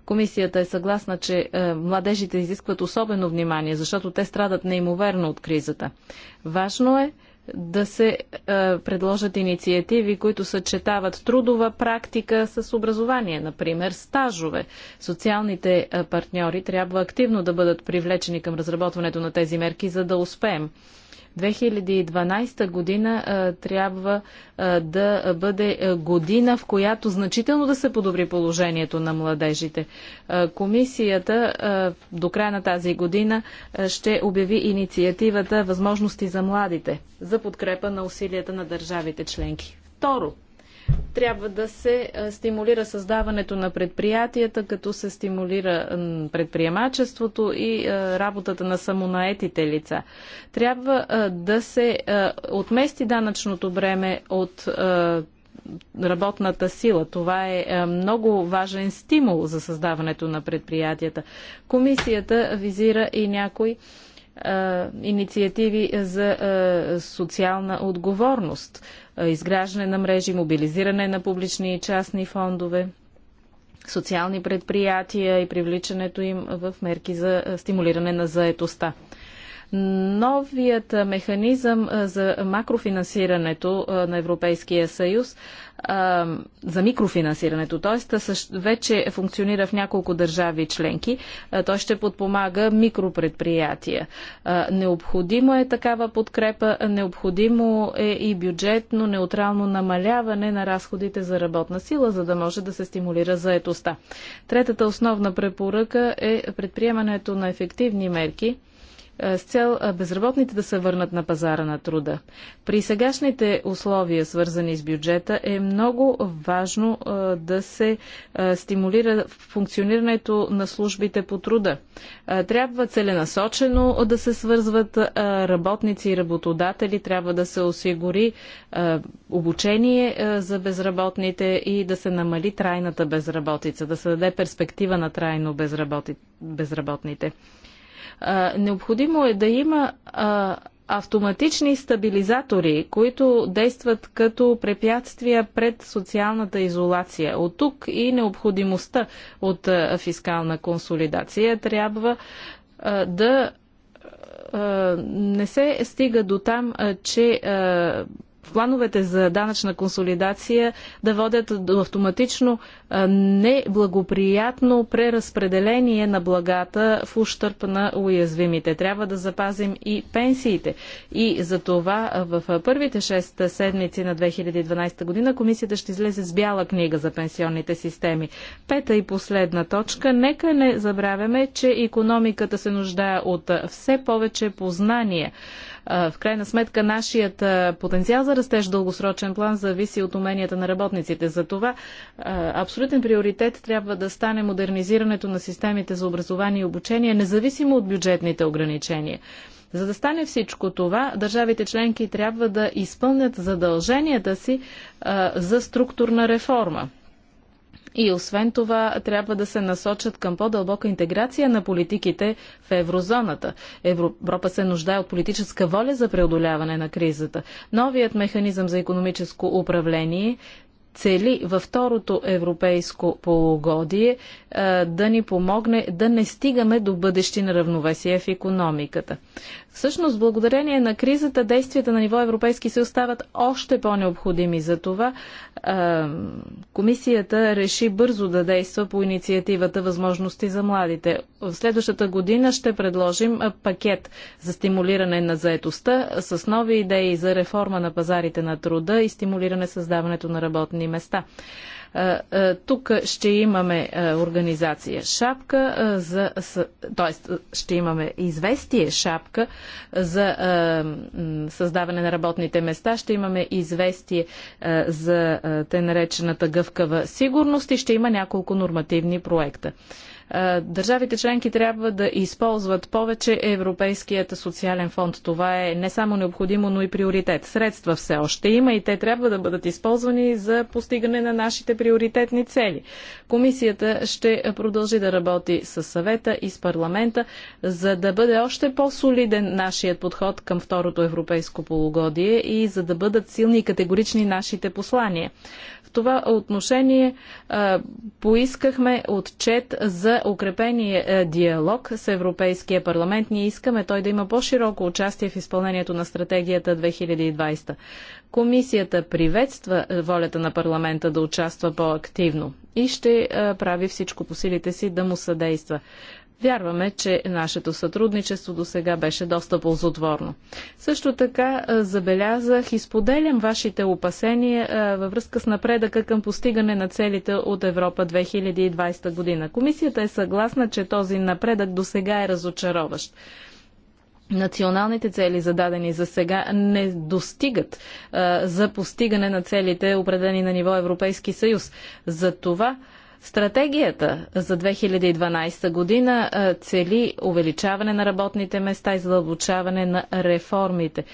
Комисията е съгласна, че е, младежите изискват особено внимание, защото те страдат неимоверно от кризата. Важно е да се е, предложат инициативи, които съчетават трудова практика с образование, например стажове. Социалните е, партньори трябва активно да бъдат привлечени към разработването на тези мерки, за да успеем. 2012 година а, трябва а, да бъде година, в която значително да се подобри положението на младежите. А, комисията до края на тази година ще обяви инициативата Възможности за младите за подкрепа на усилията на държавите членки. Второ, трябва да се стимулира създаването на предприятията, като се стимулира предприемачеството и работата на самонаетите лица. Трябва да се отмести данъчното бреме от работната сила. Това е много важен стимул за създаването на предприятията. Комисията визира и някои инициативи за социална отговорност изграждане на мрежи, мобилизиране на публични и частни фондове, социални предприятия и привличането им в мерки за стимулиране на заетостта. Новият механизъм за макрофинансирането на Европейския съюз за микрофинансирането, т.е. вече функционира в няколко държави членки. Той ще подпомага микропредприятия. Необходимо е такава подкрепа, необходимо е и бюджетно неутрално намаляване на разходите за работна сила, за да може да се стимулира заетостта. Третата основна препоръка е предприемането на ефективни мерки – с цел безработните да се върнат на пазара на труда. При сегашните условия, свързани с бюджета, е много важно да се стимулира функционирането на службите по труда. Трябва целенасочено да се свързват работници и работодатели, трябва да се осигури обучение за безработните и да се намали трайната безработица, да се даде перспектива на трайно безработните. Необходимо е да има автоматични стабилизатори, които действат като препятствия пред социалната изолация. От тук и необходимостта от фискална консолидация трябва да не се стига до там, че плановете за данъчна консолидация да водят до автоматично неблагоприятно преразпределение на благата в ущърп на уязвимите. Трябва да запазим и пенсиите. И за това в първите 6 седмици на 2012 година комисията ще излезе с бяла книга за пенсионните системи. Пета и последна точка. Нека не забравяме, че економиката се нуждае от все повече познания в крайна сметка, нашият потенциал за растеж дългосрочен план зависи от уменията на работниците. За това абсолютен приоритет трябва да стане модернизирането на системите за образование и обучение, независимо от бюджетните ограничения. За да стане всичко това, държавите членки трябва да изпълнят задълженията си а, за структурна реформа. И освен това, трябва да се насочат към по-дълбока интеграция на политиките в еврозоната. Европа се нуждае от политическа воля за преодоляване на кризата. Новият механизъм за економическо управление цели във второто европейско полугодие е, да ни помогне да не стигаме до бъдещи неравновесия в економиката. Всъщност, благодарение на кризата, действията на ниво Европейски съюз стават още по-необходими. За това комисията реши бързо да действа по инициативата Възможности за младите. В следващата година ще предложим пакет за стимулиране на заетостта с нови идеи за реформа на пазарите на труда и стимулиране създаването на работни места. Тук ще имаме организация шапка, за, т.е. ще имаме известие шапка за създаване на работните места, ще имаме известие за те наречената гъвкава сигурност и ще има няколко нормативни проекта. Е, държавите членки трябва да използват повече Европейският социален фонд. Това е не само необходимо, но и приоритет. Средства все още има и те трябва да бъдат използвани за постигане на нашите приоритетни цели. Комисията ще продължи да работи с съвета и с парламента, за да бъде още по-солиден нашият подход към второто европейско полугодие и за да бъдат силни и категорични нашите послания това отношение а, поискахме отчет за укрепения диалог с Европейския парламент. Ние искаме той да има по-широко участие в изпълнението на стратегията 2020. Комисията приветства волята на парламента да участва по-активно и ще а, прави всичко по силите си да му съдейства. Вярваме, че нашето сътрудничество до сега беше доста ползотворно. Също така забелязах и споделям вашите опасения във връзка с напредъка към постигане на целите от Европа 2020 година. Комисията е съгласна, че този напредък до сега е разочароващ националните цели, зададени за сега, не достигат а, за постигане на целите, определени на ниво Европейски съюз. За това Стратегията за 2012 година цели увеличаване на работните места и задълбочаване на реформите.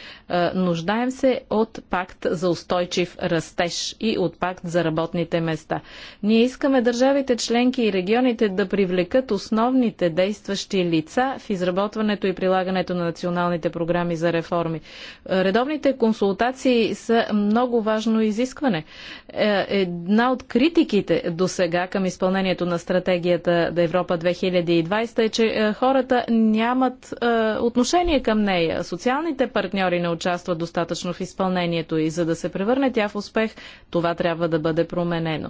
Нуждаем се от пакт за устойчив растеж и от пакт за работните места. Ние искаме държавите членки и регионите да привлекат основните действащи лица в изработването и прилагането на националните програми за реформи. Редовните консултации са много важно изискване. Е, една от критиките до сега към към изпълнението на стратегията да Европа 2020 е, че е, хората нямат е, отношение към нея. Социалните партньори не участват достатъчно в изпълнението и за да се превърне тя в успех, това трябва да бъде променено.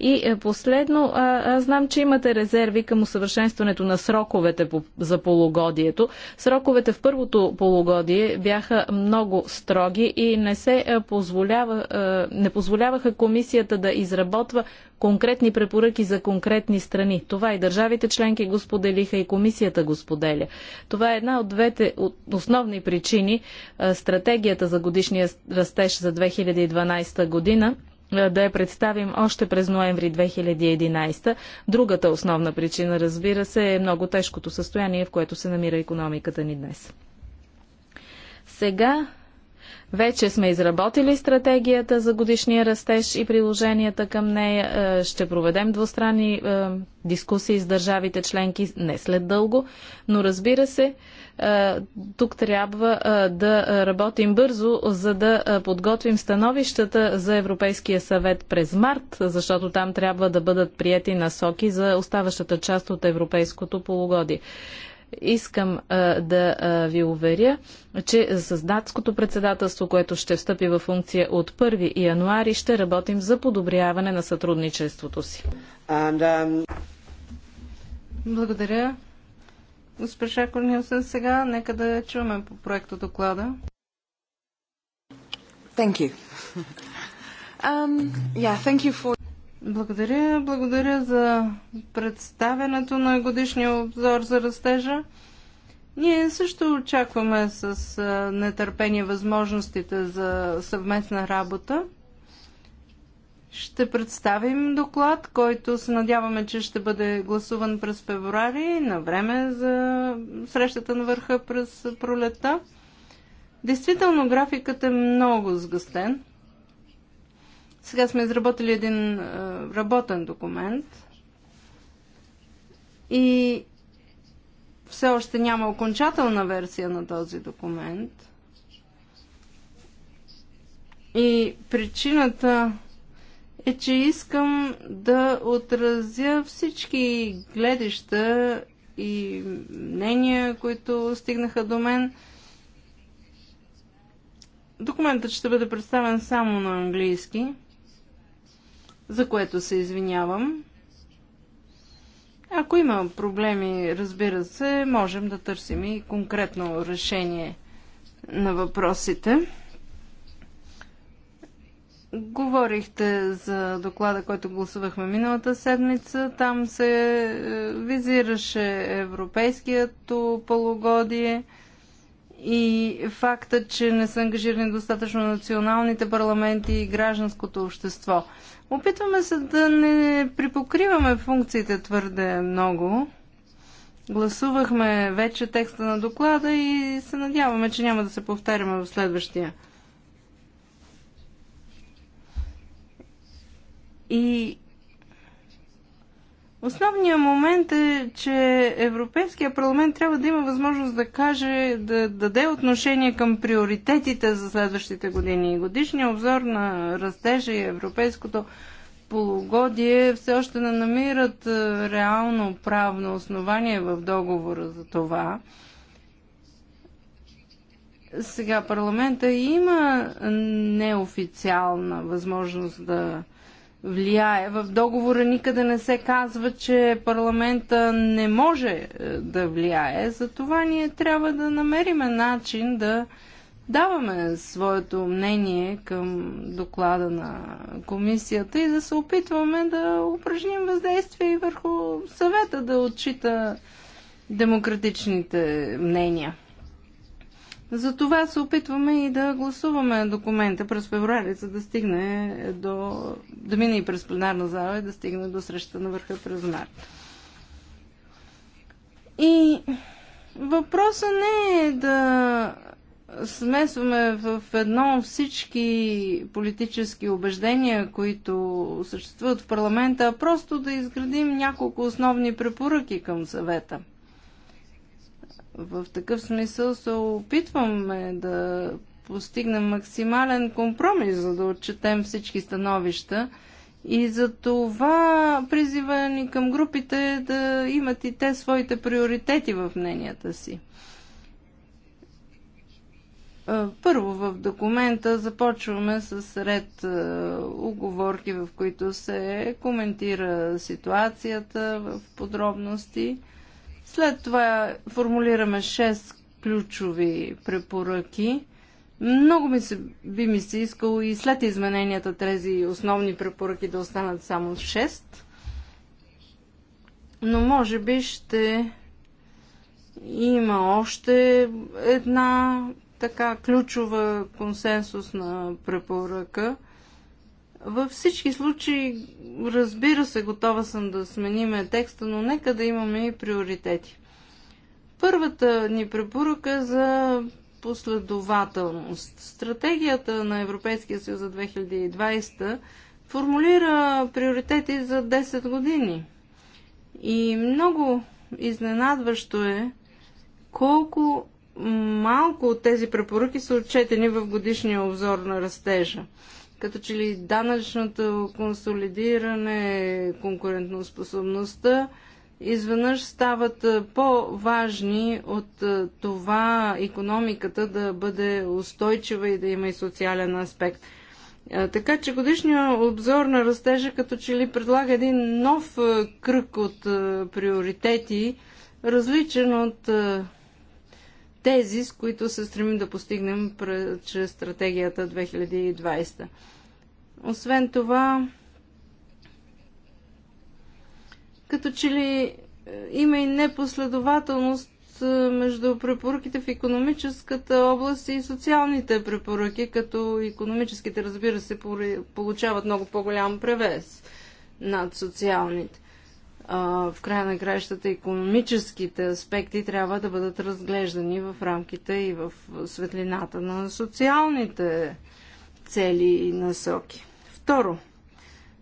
И е, последно, аз знам, че имате резерви към усъвършенстването на сроковете по, за полугодието. Сроковете в първото полугодие бяха много строги и не се е, позволява, е, не позволяваха комисията да изработва конкретни препоръки за конкретни страни. Това и държавите членки го споделиха и комисията го споделя. Това е една от двете основни причини стратегията за годишния растеж за 2012 година да я представим още през ноември 2011. Другата основна причина, разбира се, е много тежкото състояние, в което се намира економиката ни днес. Сега вече сме изработили стратегията за годишния растеж и приложенията към нея. Е, ще проведем двустранни е, дискусии с държавите членки не след дълго, но разбира се, е, тук трябва да работим бързо, за да подготвим становищата за Европейския съвет през март, защото там трябва да бъдат прияти насоки за оставащата част от европейското полугодие. Искам да ви уверя, че с датското председателство, което ще встъпи в функция от 1 януари, ще работим за подобряване на сътрудничеството си. And, um... Благодаря. Госпожа Корнилсен, сега нека да чуваме по проекто доклада. Thank you. Um, yeah, thank you for... Благодаря. Благодаря за представенето на годишния обзор за растежа. Ние също очакваме с нетърпение възможностите за съвместна работа. Ще представим доклад, който се надяваме, че ще бъде гласуван през февруари, на време за срещата на върха през пролета. Действително графикът е много сгъстен. Сега сме изработили един е, работен документ и все още няма окончателна версия на този документ. И причината е, че искам да отразя всички гледища и мнения, които стигнаха до мен. Документът ще бъде представен само на английски за което се извинявам. Ако има проблеми, разбира се, можем да търсим и конкретно решение на въпросите. Говорихте за доклада, който гласувахме миналата седмица. Там се е, визираше европейският полугодие – и факта, че не са ангажирани достатъчно националните парламенти и гражданското общество. Опитваме се да не припокриваме функциите твърде много. Гласувахме вече текста на доклада и се надяваме, че няма да се повтаряме в следващия. И Основният момент е, че Европейския парламент трябва да има възможност да каже, да даде отношение към приоритетите за следващите години. Годишния обзор на растежа и европейското полугодие все още не намират е, реално правно основание в договора за това. Сега парламента има неофициална възможност да влияе. В договора никъде не се казва, че парламента не може е, да влияе. Затова ние трябва да намериме начин да даваме своето мнение към доклада на комисията и да се опитваме да упражним въздействие и върху съвета да отчита демократичните мнения. За това се опитваме и да гласуваме документа през февруари, за да стигне до, да мине и през пленарна зала и да стигне до среща на върха през март. И въпросът не е да смесваме в едно всички политически убеждения, които съществуват в парламента, а просто да изградим няколко основни препоръки към съвета – в такъв смисъл се опитваме да постигнем максимален компромис, за да отчетем всички становища. И за това призива ни към групите да имат и те своите приоритети в мненията си. Първо в документа започваме с ред оговорки, в които се коментира ситуацията в подробности. След това формулираме 6 ключови препоръки. Много ми се, би ми се искало и след измененията тези основни препоръки да останат само 6. Но може би ще има още една така ключова консенсусна препоръка – във всички случаи, разбира се, готова съм да смениме текста, но нека да имаме и приоритети. Първата ни препоръка е за последователност. Стратегията на Европейския съюз за 2020 формулира приоритети за 10 години. И много изненадващо е колко малко от тези препоръки са отчетени в годишния обзор на растежа. Като че ли данъчното консолидиране, конкурентоспособността изведнъж стават по-важни от това економиката да бъде устойчива и да има и социален аспект. Така че годишният обзор на растежа като че ли предлага един нов кръг от приоритети, различен от тези, с които се стремим да постигнем чрез стратегията 2020. Освен това, като че ли е, има и непоследователност е, между препоръките в економическата област и социалните препоръки, като економическите, разбира се, получават много по-голям превес над социалните в края на краищата економическите аспекти трябва да бъдат разглеждани в рамките и в светлината на социалните цели и насоки. Второ,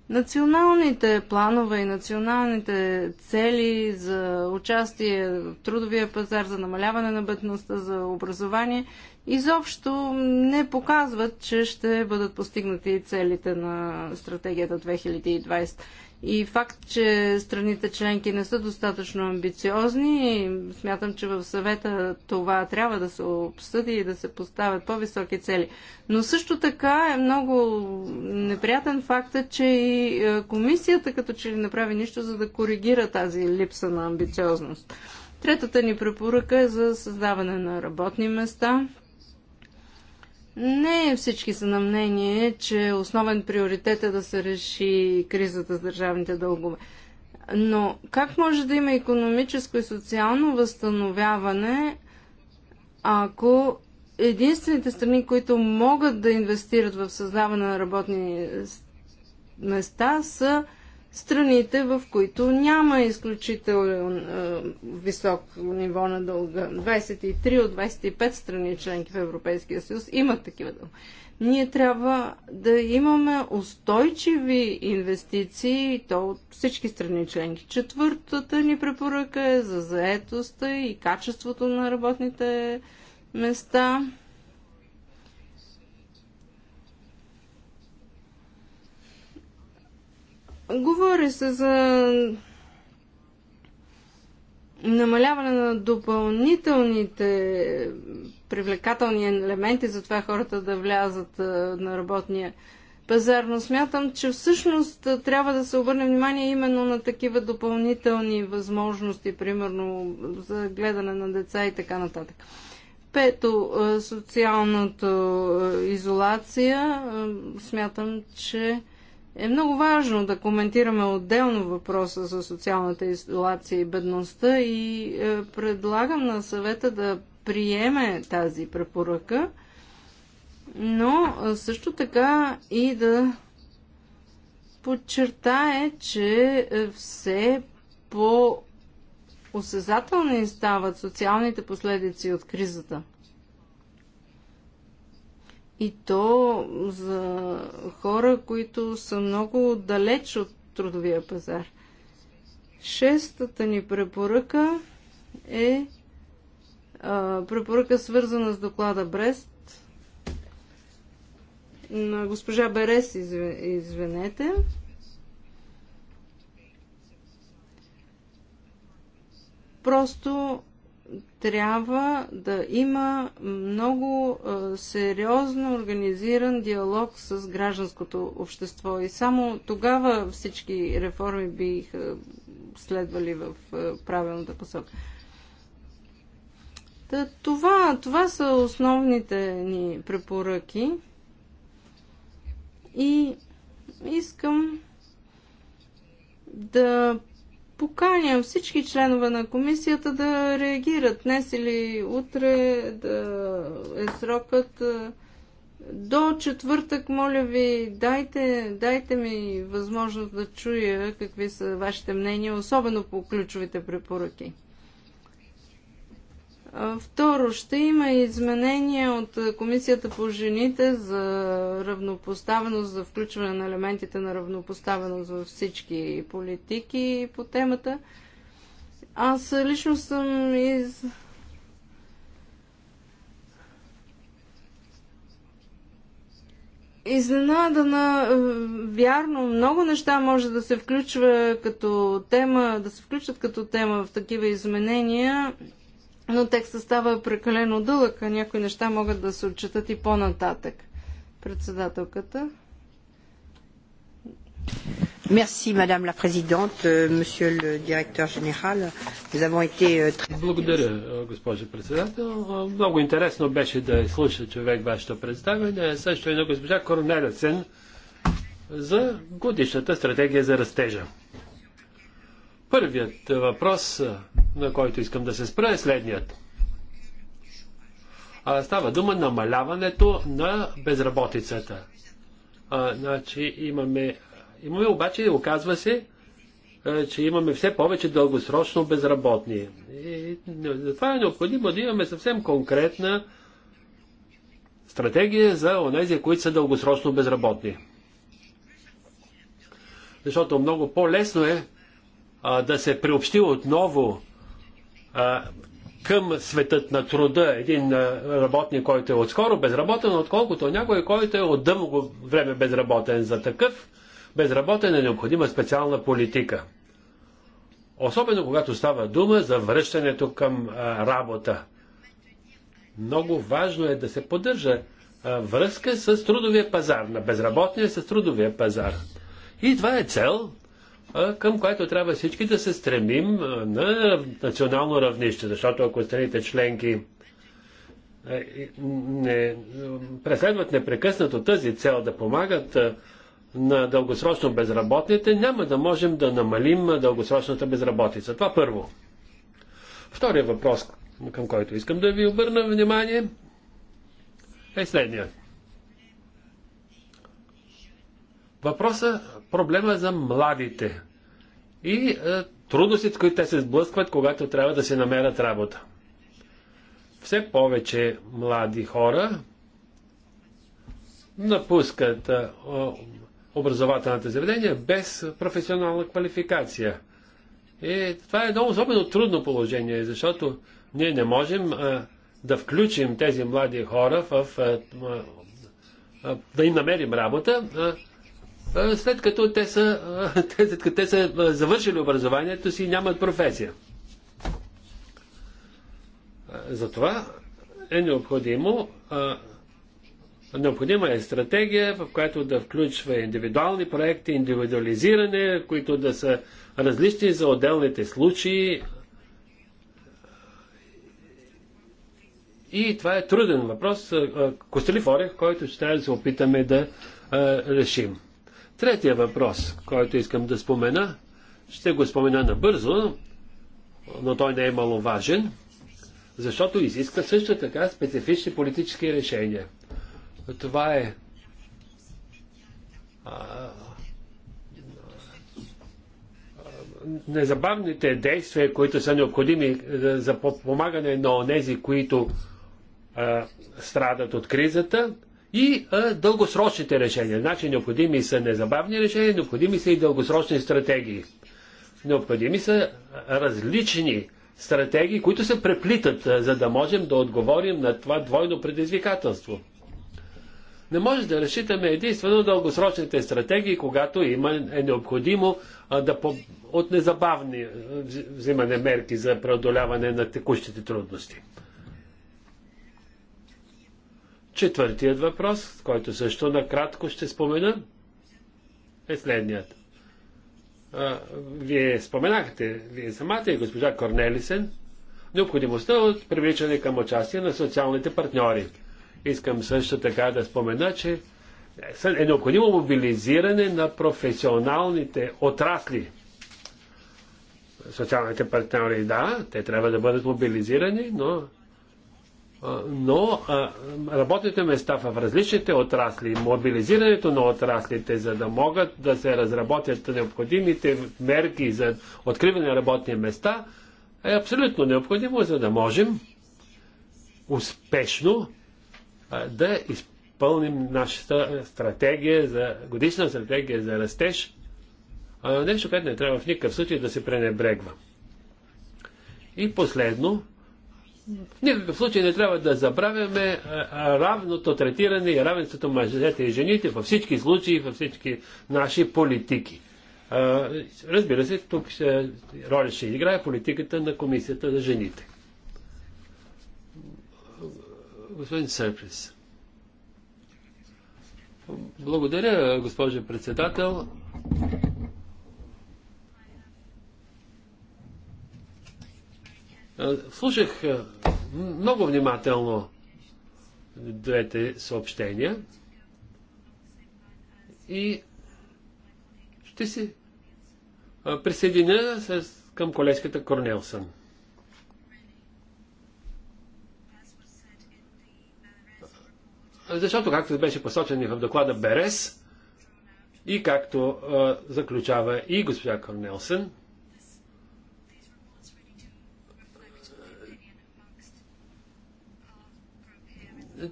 националните планове и националните цели за участие в трудовия пазар, за намаляване на бедността, за образование, изобщо не показват, че ще бъдат постигнати целите на стратегията 2020. И факт, че страните членки не са достатъчно амбициозни, смятам, че в съвета това трябва да се обсъди и да се поставят по-високи цели. Но също така е много неприятен факта, че и е, комисията като че ли направи нищо, за да коригира тази липса на амбициозност. Третата ни препоръка е за създаване на работни места – не всички са на мнение, че основен приоритет е да се реши кризата с държавните дългове. Но как може да има економическо и социално възстановяване, ако единствените страни, които могат да инвестират в създаване на работни места, са страните, в които няма изключително е, висок ниво на дълга. 23 от 25 страни членки в Европейския съюз имат такива дълга. Ние трябва да имаме устойчиви инвестиции, и то от всички страни членки. Четвъртата ни препоръка е за заетостта и качеството на работните места. Говори се за намаляване на допълнителните привлекателни елементи за това хората да влязат на работния пазар, но смятам, че всъщност трябва да се обърне внимание именно на такива допълнителни възможности, примерно за гледане на деца и така нататък. Пето, социалната изолация. Смятам, че е много важно да коментираме отделно въпроса за социалната изолация и бедността и е, предлагам на съвета да приеме тази препоръка, но е, също така и да подчертае, че е, все по осезателни стават социалните последици от кризата – и то за хора, които са много далеч от трудовия пазар. Шестата ни препоръка е а, препоръка свързана с доклада Брест на госпожа Берес, извинете. Просто трябва да има много сериозно организиран диалог с гражданското общество и само тогава всички реформи биха следвали в правилната посока. Та, това, това са основните ни препоръки и искам да поканям всички членове на комисията да реагират днес или утре да е срокът е, до четвъртък, моля ви, дайте, дайте ми възможност да чуя какви са вашите мнения, особено по ключовите препоръки. Второ, ще има изменения от Комисията по жените за равнопоставеност, за включване на елементите на равнопоставеност във всички политики по темата. Аз лично съм из... Изненадана, е, вярно, много неща може да се включва като тема, да се включат като тема в такива изменения но текстът става прекалено дълъг, а някои неща могат да се отчитат и по-нататък. Председателката. Merci, Madame la Présidente, euh, Monsieur le Directeur Général. Nous avons été euh, très... Благодаря, euh, госпожо председател. Э, много интересно беше да слуша човек вашето представяне, също и на госпожа Корнелесен за годишната стратегия за растежа. Първият въпрос, на който искам да се спра, е следният. А, става дума намаляването на безработицата. А, значи имаме, имаме обаче, оказва се, че имаме все повече дългосрочно безработни. И затова е необходимо да имаме съвсем конкретна стратегия за онези, които са дългосрочно безработни. Защото много по-лесно е а, да се приобщи отново а, към светът на труда един а, работник, който е отскоро безработен, отколкото някой, който е от дълго време безработен. За такъв безработен е необходима специална политика. Особено когато става дума за връщането към а, работа. Много важно е да се поддържа а, връзка с трудовия пазар, на безработния с трудовия пазар. И това е цел, към което трябва всички да се стремим на национално равнище, защото ако страните членки не, преследват непрекъснато тази цел да помагат на дългосрочно безработните, няма да можем да намалим дългосрочната безработица. Това първо. Втория въпрос, към който искам да ви обърна внимание, е следният. въпроса, проблема е за младите и е, трудностите, които те се сблъскват, когато трябва да се намерят работа. Все повече млади хора напускат е, образователните заведения без професионална квалификация. И това е едно особено трудно положение, защото ние не можем е, да включим тези млади хора в. е, е, е да им намерим работа, е, след като те са, е, след като те са е, завършили образованието си и нямат професия. Затова е необходимо Необходима е стратегия, в която да включва индивидуални проекти, индивидуализиране, които да са различни за отделните случаи. И това е труден въпрос, Костелив Орех, който ще трябва да се опитаме да решим. Третия въпрос, който искам да спомена, ще го спомена набързо, но той не е маловажен, защото изисква също така специфични политически решения. Това е незабавните действия, които са необходими за подпомагане на онези, които а, страдат от кризата, и а, дългосрочните решения. Значи необходими са незабавни решения, необходими са и дългосрочни стратегии. Необходими са различни стратегии, които се преплитат, а, за да можем да отговорим на това двойно предизвикателство. Не може да разчитаме единствено дългосрочните стратегии, когато има, е необходимо а, да по, от незабавни взимане мерки за преодоляване на текущите трудности. Четвъртият въпрос, който също накратко ще спомена, е следният. А, вие споменахте, вие самата и госпожа Корнелисен, необходимостта от привличане към участие на социалните партньори. Искам също така да спомена, че е необходимо мобилизиране на професионалните отрасли. Социалните партньори, да, те трябва да бъдат мобилизирани, но но работните места в различните отрасли, мобилизирането на отраслите, за да могат да се разработят необходимите мерки за откриване на работни места, е абсолютно необходимо, за да можем успешно да изпълним нашата стратегия за, годишна стратегия за растеж. Нещо, което не трябва в никакъв случай да се пренебрегва. И последно, никакъв случай не трябва да забравяме равното третиране и равенството мъжете и жените във всички случаи, във всички наши политики. Разбира се, тук роля ще играе политиката на Комисията за жените. Господин Серпис. Благодаря, госпожо председател. Е, слушах е, много внимателно двете съобщения и ще се е, присъединя с, към колежката Корнелсън. Защото, както беше посочен и в доклада Берес, и както а, заключава и госпожа Корнелсън,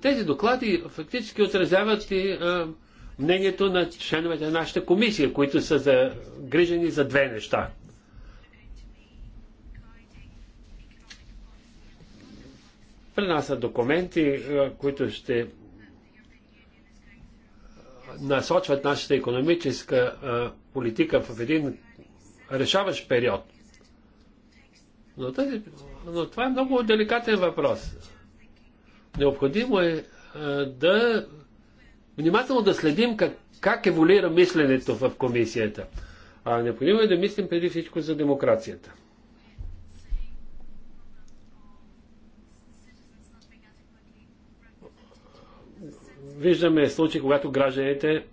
тези доклади фактически отразяват и а, мнението на членовете на нашата комисия, които са загрижени за две неща. При нас са документи, които ще насочват нашата економическа политика в един решаващ период. Но, тази, но това е много деликатен въпрос. Необходимо е да внимателно да следим как, как еволюира мисленето в комисията. А необходимо е да мислим преди всичко за демокрацията. Виждаме случаи, когато гражданите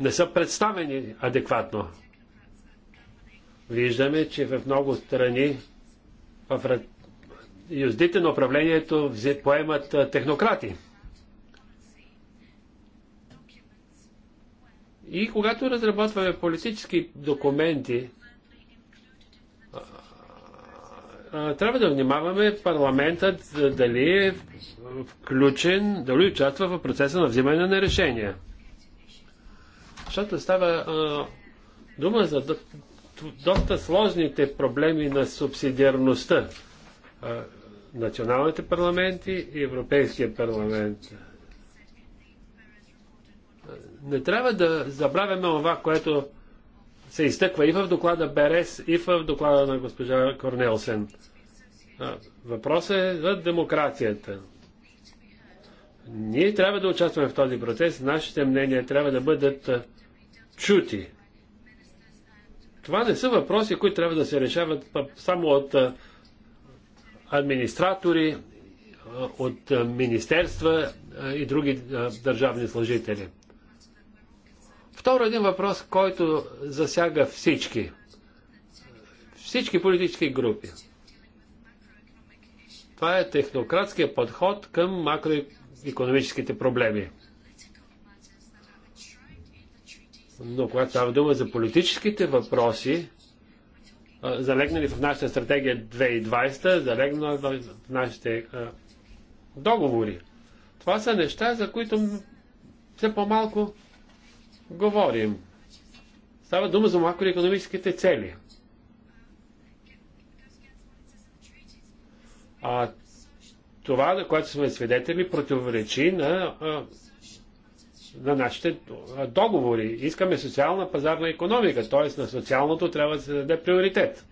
не са представени адекватно. Виждаме, че в много страни в юздите на управлението поемат технократи. И когато разработваме политически документи, трябва да внимаваме парламентът дали е включен, дали участва в процеса на взимане на решения. Защото става а, дума за до, доста сложните проблеми на субсидиарността. А, националните парламенти и Европейския парламент. Не трябва да забравяме това, което се изтъква и в доклада Берес, и в доклада на госпожа Корнелсен. Въпросът е за демокрацията. Ние трябва да участваме в този процес, нашите мнения трябва да бъдат чути. Това не са въпроси, които трябва да се решават само от администратори от министерства и други държавни служители. Второ един въпрос, който засяга всички. Всички политически групи. Това е технократския подход към макроекономическите проблеми. Но когато става дума за политическите въпроси, залегнали в нашата стратегия 2020, залегнали в нашите договори. Това са неща, за които все по-малко говорим. Става дума за макроекономическите цели. А това, което сме свидетели, противоречи на а, на нашите договори. Искаме социална пазарна економика, т.е. на социалното трябва да се даде приоритет.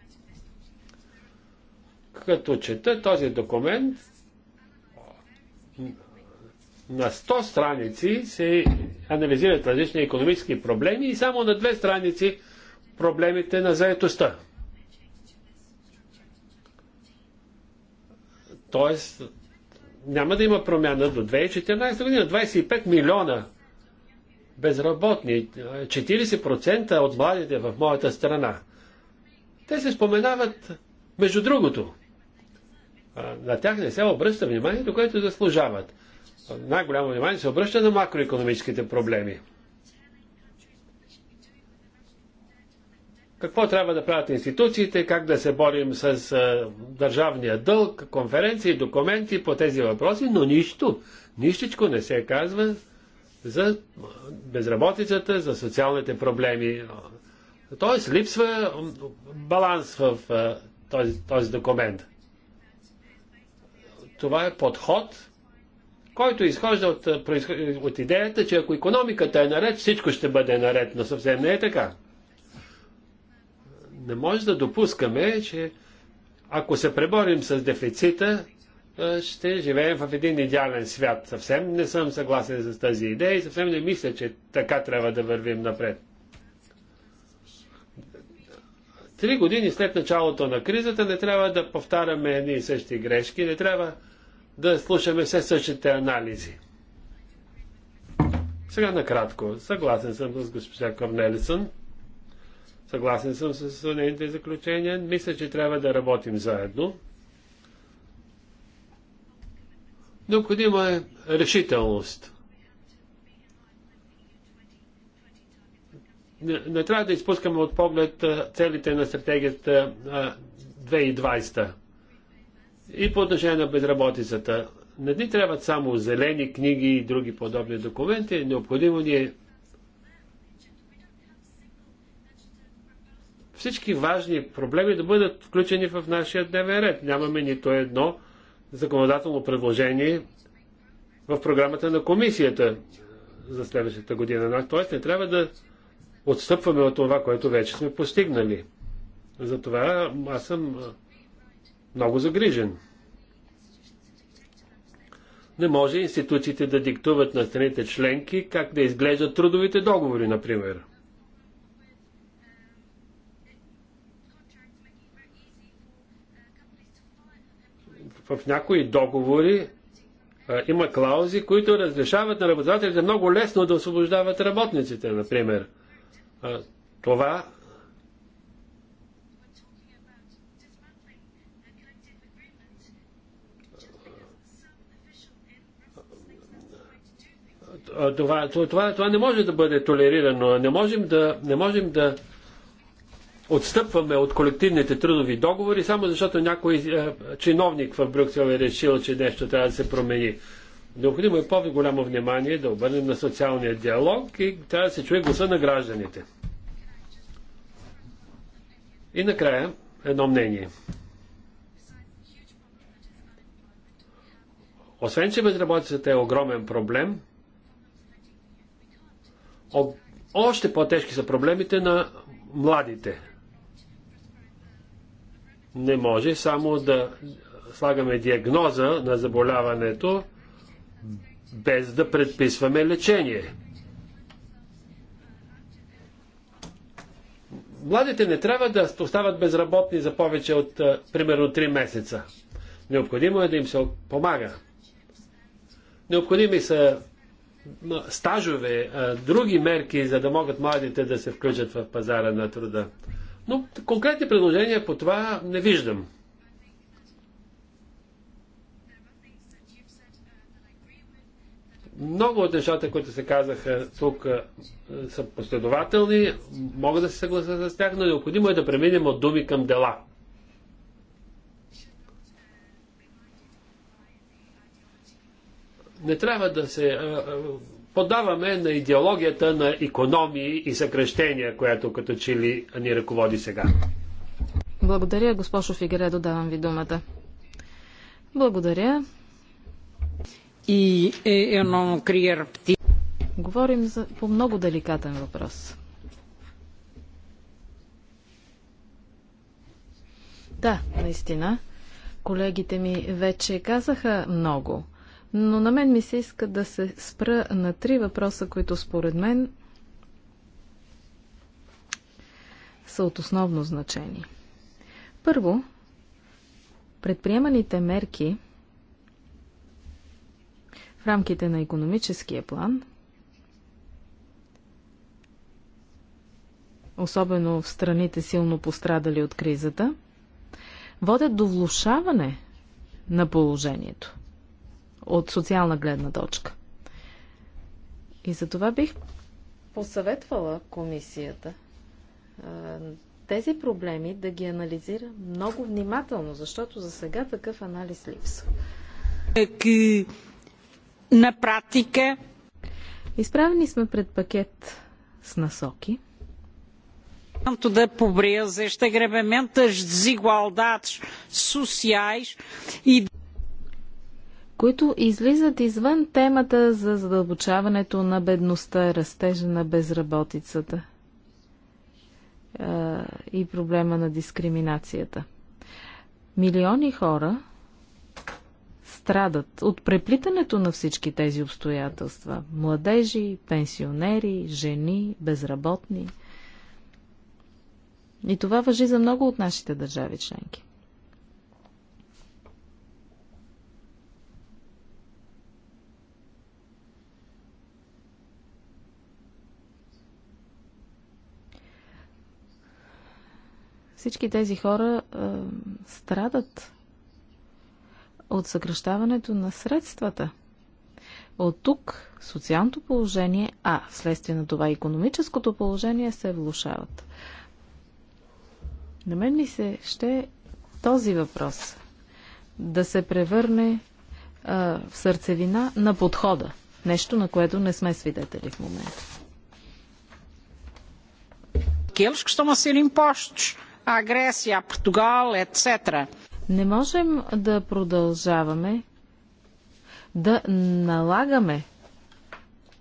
Като чета този документ, на 100 страници се анализират различни економически проблеми и само на две страници проблемите на заетостта. Тоест, няма да има промяна до 2014 година. 25 милиона безработни. 40% от младите в моята страна. Те се споменават между другото. На тях не се обръща вниманието, което заслужават. Най-голямо внимание се обръща на макроекономическите проблеми. какво трябва да правят институциите, как да се борим с държавния дълг, конференции, документи по тези въпроси, но нищо, нищичко не се казва за безработицата, за социалните проблеми. Тоест, липсва баланс в този, този документ. Това е подход, който изхожда от, от идеята, че ако економиката е наред, всичко ще бъде наред, но съвсем не е така. Не може да допускаме, че ако се преборим с дефицита, е, ще живеем в един идеален свят. Съвсем не съм съгласен с тази идея и съвсем не мисля, че така трябва да вървим напред. Три години след началото на кризата не трябва да повтаряме едни и същи грешки, не трябва да слушаме все същите анализи. Сега накратко. Съгласен съм с госпожа Корнелисън. Съгласен съм с нейните заключения. Мисля, че трябва да работим заедно. Необходима е решителност. Не, не трябва да изпускаме от поглед целите на стратегията 2020 и по отношение на безработицата. Не ни трябват само зелени книги и други подобни документи. Необходимо ни е всички важни проблеми да бъдат включени в нашия дневен ред. Нямаме нито едно законодателно предложение в програмата на комисията за следващата година. т.е. не трябва да отстъпваме от това, което вече сме постигнали. Затова аз съм много загрижен. Не може институциите да диктуват на страните членки как да изглеждат трудовите договори, например. в някои договори а, е, има клаузи, които разрешават на работодателите много лесно да освобождават работниците, например. А, това това, това, това не може да бъде толерирано. Не можем да, не можем да отстъпваме от колективните трудови договори, само защото някой е, чиновник в Брюксел е решил, че нещо трябва да се промени. Необходимо е по-голямо внимание да обърнем на социалния диалог и трябва да се чуе гласа на гражданите. И накрая едно мнение. Освен, че безработицата е огромен проблем, още по-тежки са проблемите на младите. Не може само да слагаме диагноза на заболяването, без да предписваме лечение. Младите не трябва да остават безработни за повече от примерно 3 месеца. Необходимо е да им се помага. Необходими са стажове, други мерки, за да могат младите да се включат в пазара на труда. Но конкретни предложения по това не виждам. Много от нещата, които се казаха тук, е, са последователни. Мога да се съглася с тях, но необходимо е да преминем от думи към дела. Не трябва да се е, е, подаваме на идеологията на економии и съкръщения, която като че ли ни ръководи сега. Благодаря, госпожо Фигередо, давам ви думата. Благодаря. И едно е, е, криер пти. Говорим за, по много деликатен въпрос. Да, наистина. Колегите ми вече казаха много но на мен ми се иска да се спра на три въпроса, които според мен са от основно значение. Първо, предприеманите мерки в рамките на економическия план, особено в страните силно пострадали от кризата, водят до влушаване на положението от социална гледна точка. И за това бих посъветвала комисията тези проблеми да ги анализира много внимателно, защото за сега такъв анализ липсва. На практика. Изправени сме пред пакет с насоки. Да pobreza, este agravamento das desigualdades и които излизат извън темата за задълбочаването на бедността, растежа на безработицата и проблема на дискриминацията. Милиони хора страдат от преплитането на всички тези обстоятелства. Младежи, пенсионери, жени, безработни. И това въжи за много от нашите държави членки. Всички тези хора е, страдат от съкръщаването на средствата. От тук социалното положение, а вследствие на това економическото положение се влушават. На мен ли се ще този въпрос да се превърне а, в сърцевина на подхода. Нещо, на което не сме свидетели в момента. Aqueles que estão a ser impostos а Греция, Португал, etc. Не можем да продължаваме да налагаме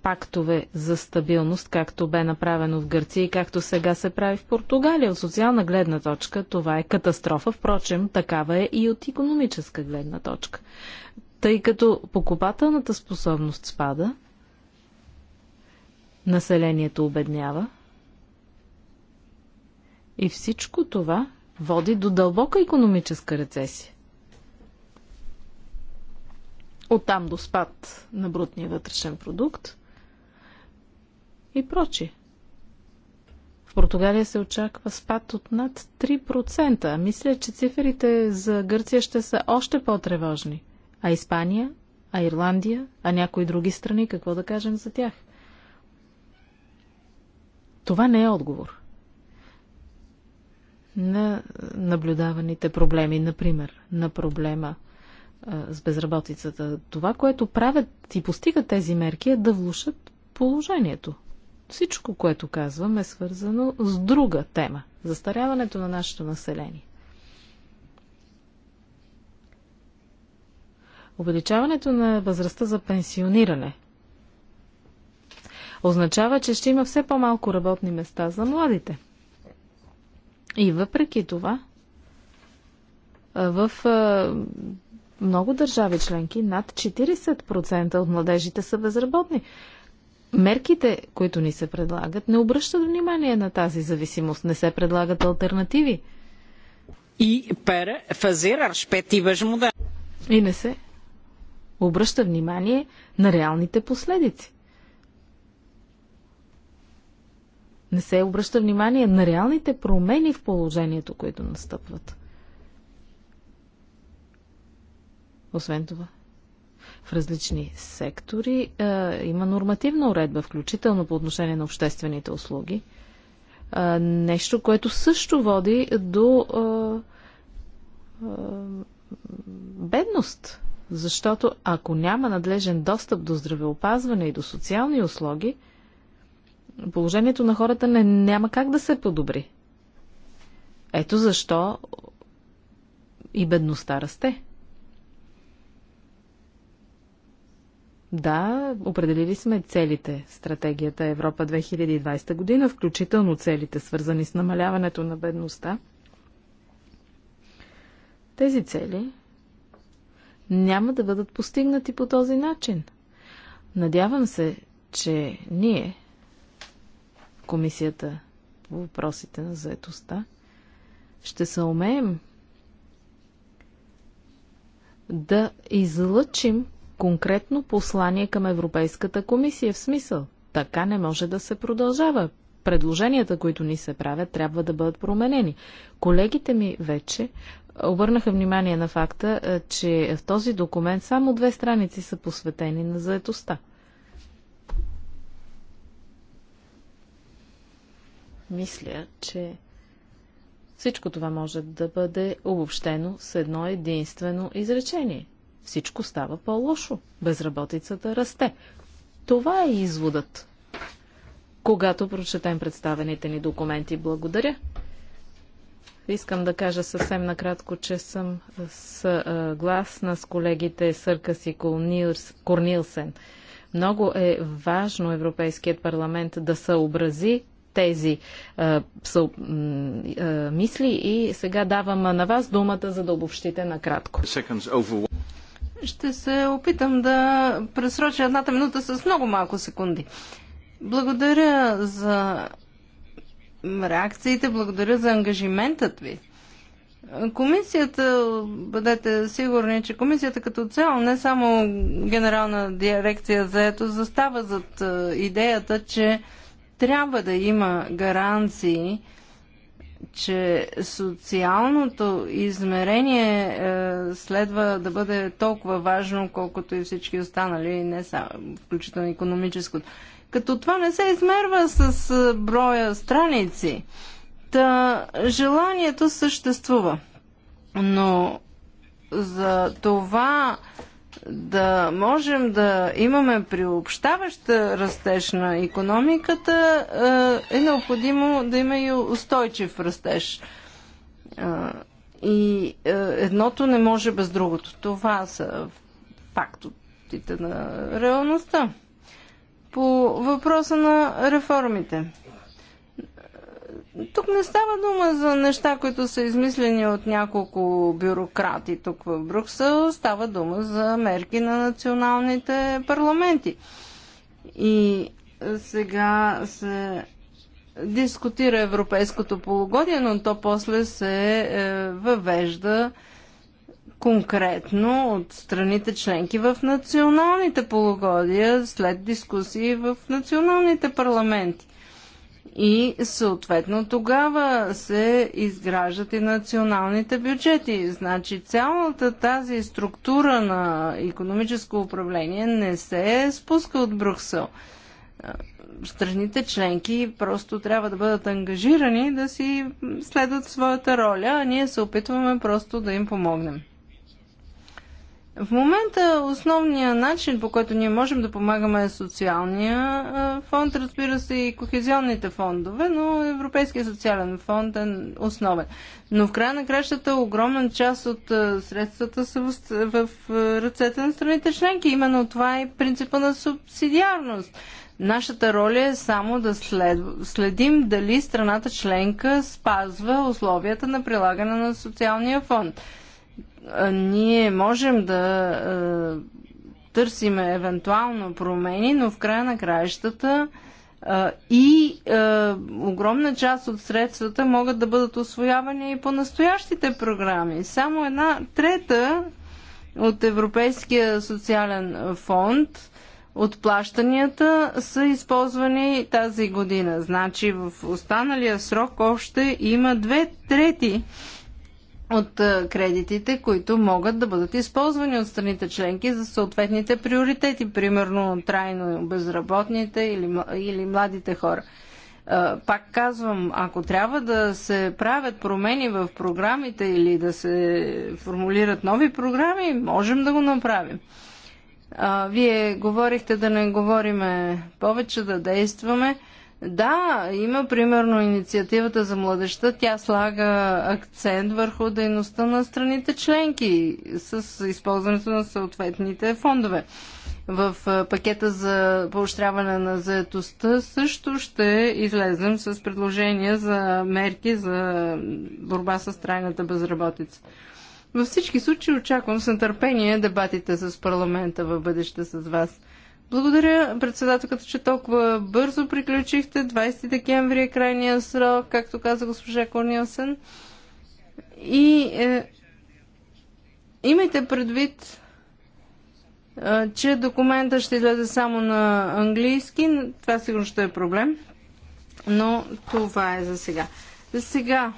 пактове за стабилност, както бе направено в Гърция и както сега се прави в Португалия. От социална гледна точка това е катастрофа, впрочем такава е и от економическа гледна точка. Тъй като покупателната способност спада, населението обеднява, и всичко това води до дълбока економическа рецесия. Оттам до спад на брутния вътрешен продукт и прочи. В Португалия се очаква спад от над 3%. Мисля, че циферите за Гърция ще са още по-тревожни. А Испания, а Ирландия, а някои други страни, какво да кажем за тях? Това не е отговор на наблюдаваните проблеми, например, на проблема с безработицата. Това, което правят и постигат тези мерки е да влушат положението. Всичко, което казвам, е свързано с друга тема – застаряването на нашето население. Увеличаването на възрастта за пенсиониране означава, че ще има все по-малко работни места за младите – и въпреки това, в много държави членки над 40% от младежите са безработни. Мерките, които ни се предлагат, не обръщат внимание на тази зависимост, не се предлагат альтернативи. И пара фазер и му И не се обръща внимание на реалните последици. не се обръща внимание на реалните промени в положението, които настъпват. Освен това, в различни сектори е, има нормативна уредба, включително по отношение на обществените услуги. Е, нещо, което също води до е, е, бедност. Защото ако няма надлежен достъп до здравеопазване и до социални услуги, положението на хората не, няма как да се подобри. Ето защо и бедността расте. Да, определили сме целите. Стратегията Европа 2020 година, включително целите, свързани с намаляването на бедността. Тези цели няма да бъдат постигнати по този начин. Надявам се, че ние, Комисията по въпросите на заетостта, ще се умеем да излъчим конкретно послание към Европейската комисия в смисъл. Така не може да се продължава. Предложенията, които ни се правят, трябва да бъдат променени. Колегите ми вече обърнаха внимание на факта, е, че в този документ само две страници са посветени на заетостта. Мисля, че всичко това може да бъде обобщено с едно единствено изречение. Всичко става по-лошо. Безработицата расте. Това е изводът. Когато прочетем представените ни документи, благодаря. Искам да кажа съвсем накратко, че съм съгласна с колегите Съркас и Корнилсен. Много е важно Европейският парламент да съобрази тези а, са, а, мисли и сега давам на вас думата, за да обобщите накратко. Ще се опитам да пресроча едната минута с много малко секунди. Благодаря за реакциите, благодаря за ангажиментът ви. Комисията, бъдете сигурни, че комисията като цяло, не само генерална дирекция за ето, застава зад идеята, че трябва да има гаранции, че социалното измерение е, следва да бъде толкова важно, колкото и всички останали, не само, включително економическото. Като това не се измерва с е, броя страници, та желанието съществува. Но за това да можем да имаме приобщаваща растеж на економиката, е, е необходимо да има и устойчив растеж. Е, и е, едното не може без другото. Това са фактотите на реалността. По въпроса на реформите тук не става дума за неща, които са измислени от няколко бюрократи тук в Брюксел. Става дума за мерки на националните парламенти. И сега се дискутира европейското полугодие, но то после се е, въвежда конкретно от страните членки в националните полугодия, след дискусии в националните парламенти. И съответно тогава се изграждат и националните бюджети. Значи цялата тази структура на економическо управление не се спуска от Брюксел. Страните членки просто трябва да бъдат ангажирани да си следват своята роля, а ние се опитваме просто да им помогнем. В момента основният начин, по който ние можем да помагаме е социалния фонд, разбира се и кохезионните фондове, но Европейския социален фонд е основен. Но в края на кращата огромен част от средствата са в, в ръцете на страните членки. Именно това е принципа на субсидиарност. Нашата роля е само да след... следим дали страната членка спазва условията на прилагане на социалния фонд ние можем да търсиме евентуално промени, но в края на краищата и е, огромна част от средствата могат да бъдат освоявани и по настоящите програми. Само една трета от Европейския социален фонд от плащанията са използвани тази година. Значи в останалия срок още има две трети от кредитите, които могат да бъдат използвани от страните членки за съответните приоритети, примерно трайно безработните или, или младите хора. Пак казвам, ако трябва да се правят промени в програмите или да се формулират нови програми, можем да го направим. Вие говорихте да не говориме повече, да действаме. Да, има примерно инициативата за младеща, тя слага акцент върху дейността на страните членки с използването на съответните фондове. В пакета за поощряване на заетостта също ще излезем с предложения за мерки за борба с трайната безработица. Във всички случаи очаквам с нетърпение дебатите с парламента в бъдеще с вас. Благодаря, председателката, че толкова бързо приключихте. 20 декември е крайния срок, както каза госпожа Корнилсен. И е, имайте предвид, е, че документа ще излезе само на английски. Това сигурно ще е проблем. Но това е за сега. За сега.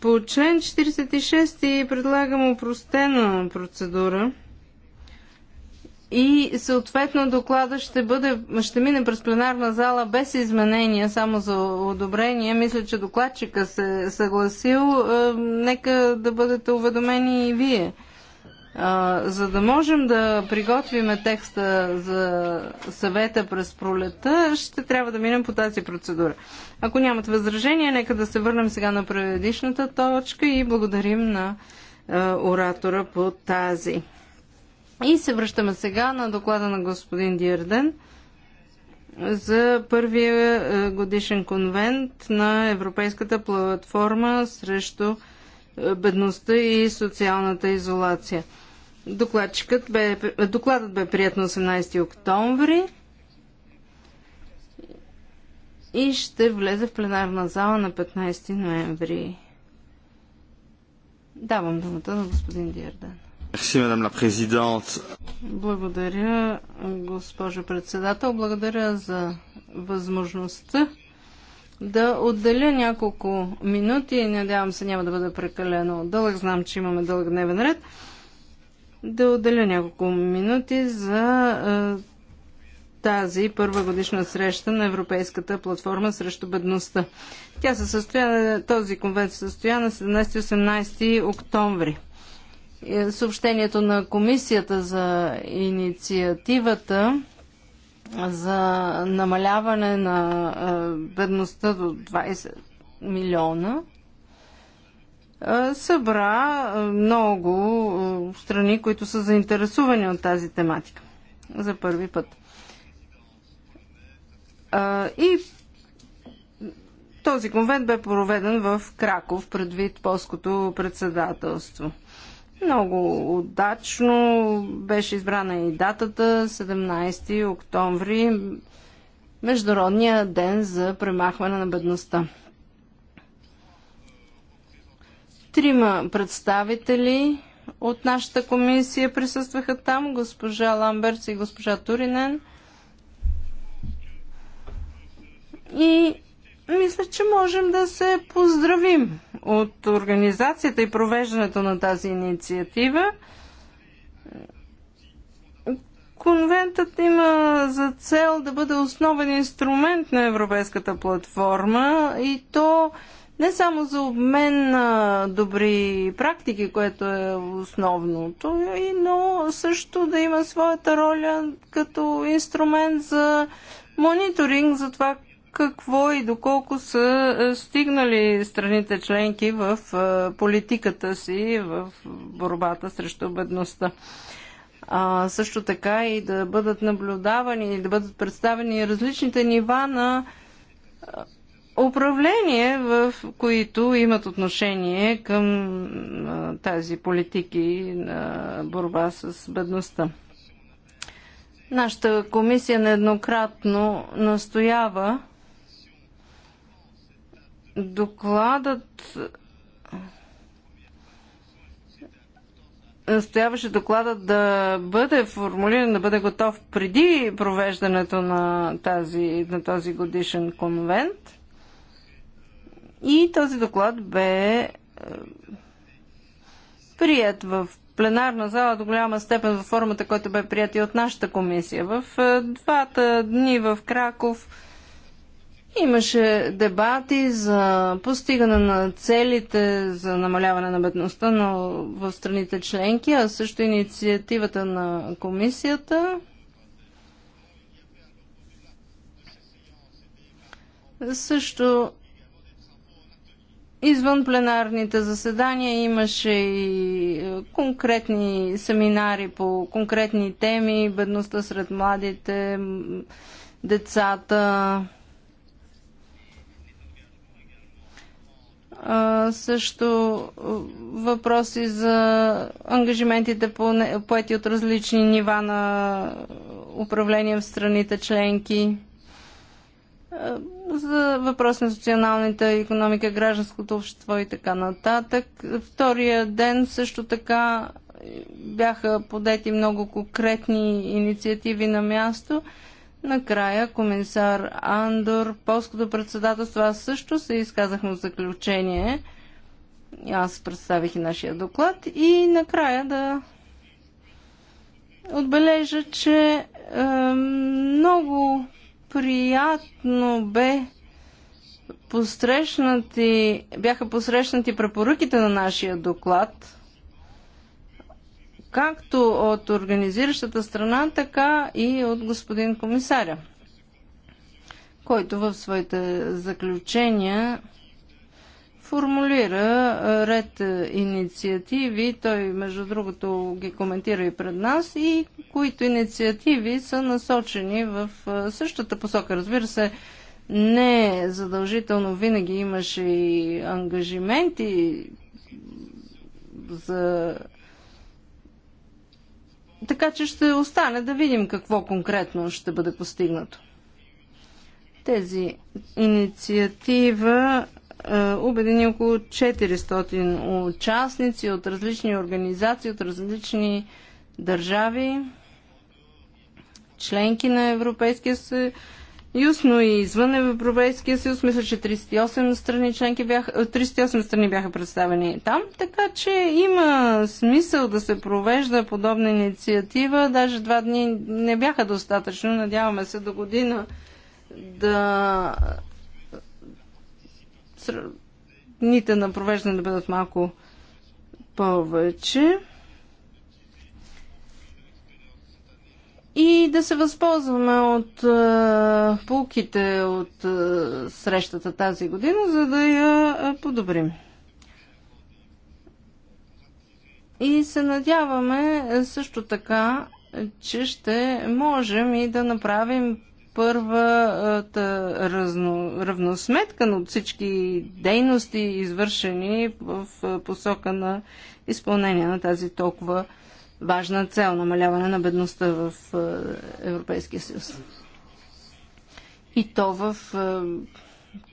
По член 46 предлагам упростена процедура и съответно доклада ще, бъде, ще мине през пленарна зала без изменения, само за одобрение. Мисля, че докладчика се е съгласил. Нека да бъдете уведомени и вие. Е, за да можем да приготвиме текста за съвета през пролета, ще трябва да минем по тази процедура. Ако нямат възражения, нека да се върнем сега на предишната точка и благодарим на е, оратора по тази. И се връщаме сега на доклада на господин Дирден за първия е, годишен конвент на Европейската платформа срещу е, бедността и социалната изолация. Докладчикът бе, е, докладът бе прият на 18 октомври и ще влезе в пленарна зала на 15 ноември. Давам думата на господин Диердан. Благодаря, госпожо председател. Благодаря за възможността да отделя няколко минути. Надявам се няма да бъда прекалено дълъг. Знам, че имаме дълъг дневен ред. Да отделя няколко минути за е, тази първа годишна среща на Европейската платформа срещу бедността. Тя се състоя, този конвент се състоя на 17-18 октомври. Е, съобщението на комисията за инициативата за намаляване на е, бедността до 20 милиона е, събра много страни, които са заинтересувани от тази тематика за първи път. И този конвент бе проведен в Краков предвид полското председателство. Много удачно беше избрана и датата 17 октомври, Международния ден за премахване на бедността. Трима представители от нашата комисия присъстваха там, госпожа Ламберц и госпожа Туринен. И мисля, че можем да се поздравим от организацията и провеждането на тази инициатива. Конвентът има за цел да бъде основен инструмент на Европейската платформа и то не само за обмен на добри практики, което е основното, но също да има своята роля като инструмент за мониторинг за това какво и доколко са е, стигнали страните членки в е, политиката си в борбата срещу бедността. А, също така и да бъдат наблюдавани и да бъдат представени различните нива на е, управление, в които имат отношение към тази политики на борба с бедността. Нашата комисия нееднократно настоява докладът настояваше е, докладът да бъде формулиран, да бъде готов преди провеждането на, тази, на този годишен конвент. И този доклад бе е, прият в пленарна зала до голяма степен във формата, който бе прият и от нашата комисия. В е, двата дни в Краков Имаше дебати за постигане на целите за намаляване на бедността но в страните членки, а също инициативата на комисията. Също извън пленарните заседания имаше и конкретни семинари по конкретни теми, бедността сред младите, децата, също въпроси за ангажиментите поети от различни нива на управление в страните членки, за въпрос на социалната економика, гражданското общество и така нататък. Втория ден също така бяха подети много конкретни инициативи на място – Накрая комисар Андор, полското председателство, аз също се изказахме в заключение. Аз представих и нашия доклад. И накрая да отбележа, че е, много приятно бе посрещнати, бяха посрещнати препоръките на нашия доклад както от организиращата страна, така и от господин комисаря, който в своите заключения формулира ред инициативи, той между другото ги коментира и пред нас, и които инициативи са насочени в същата посока. Разбира се, не задължително винаги имаше и ангажименти за така че ще остане да видим какво конкретно ще бъде постигнато. Тези инициатива е, обедини около 400 участници от различни организации, от различни държави, членки на Европейския съюз Юсно и извън Европейския съюз, мисля, че 38 страни, членки бяха, 38 е, страни бяха представени там, така че има смисъл да се провежда подобна инициатива. Даже два дни не бяха достатъчно. Надяваме се до година да е, дните на провеждане да бъдат малко повече. да се възползваме от а, е, пулките от а, е, срещата тази година, за да я а, е, подобрим. И се надяваме също така, че ще можем и да направим първата разно, равносметка на всички дейности, извършени в посока на изпълнение на тази толкова важна цел намаляване на бедността в е, Европейския съюз. И то в, е,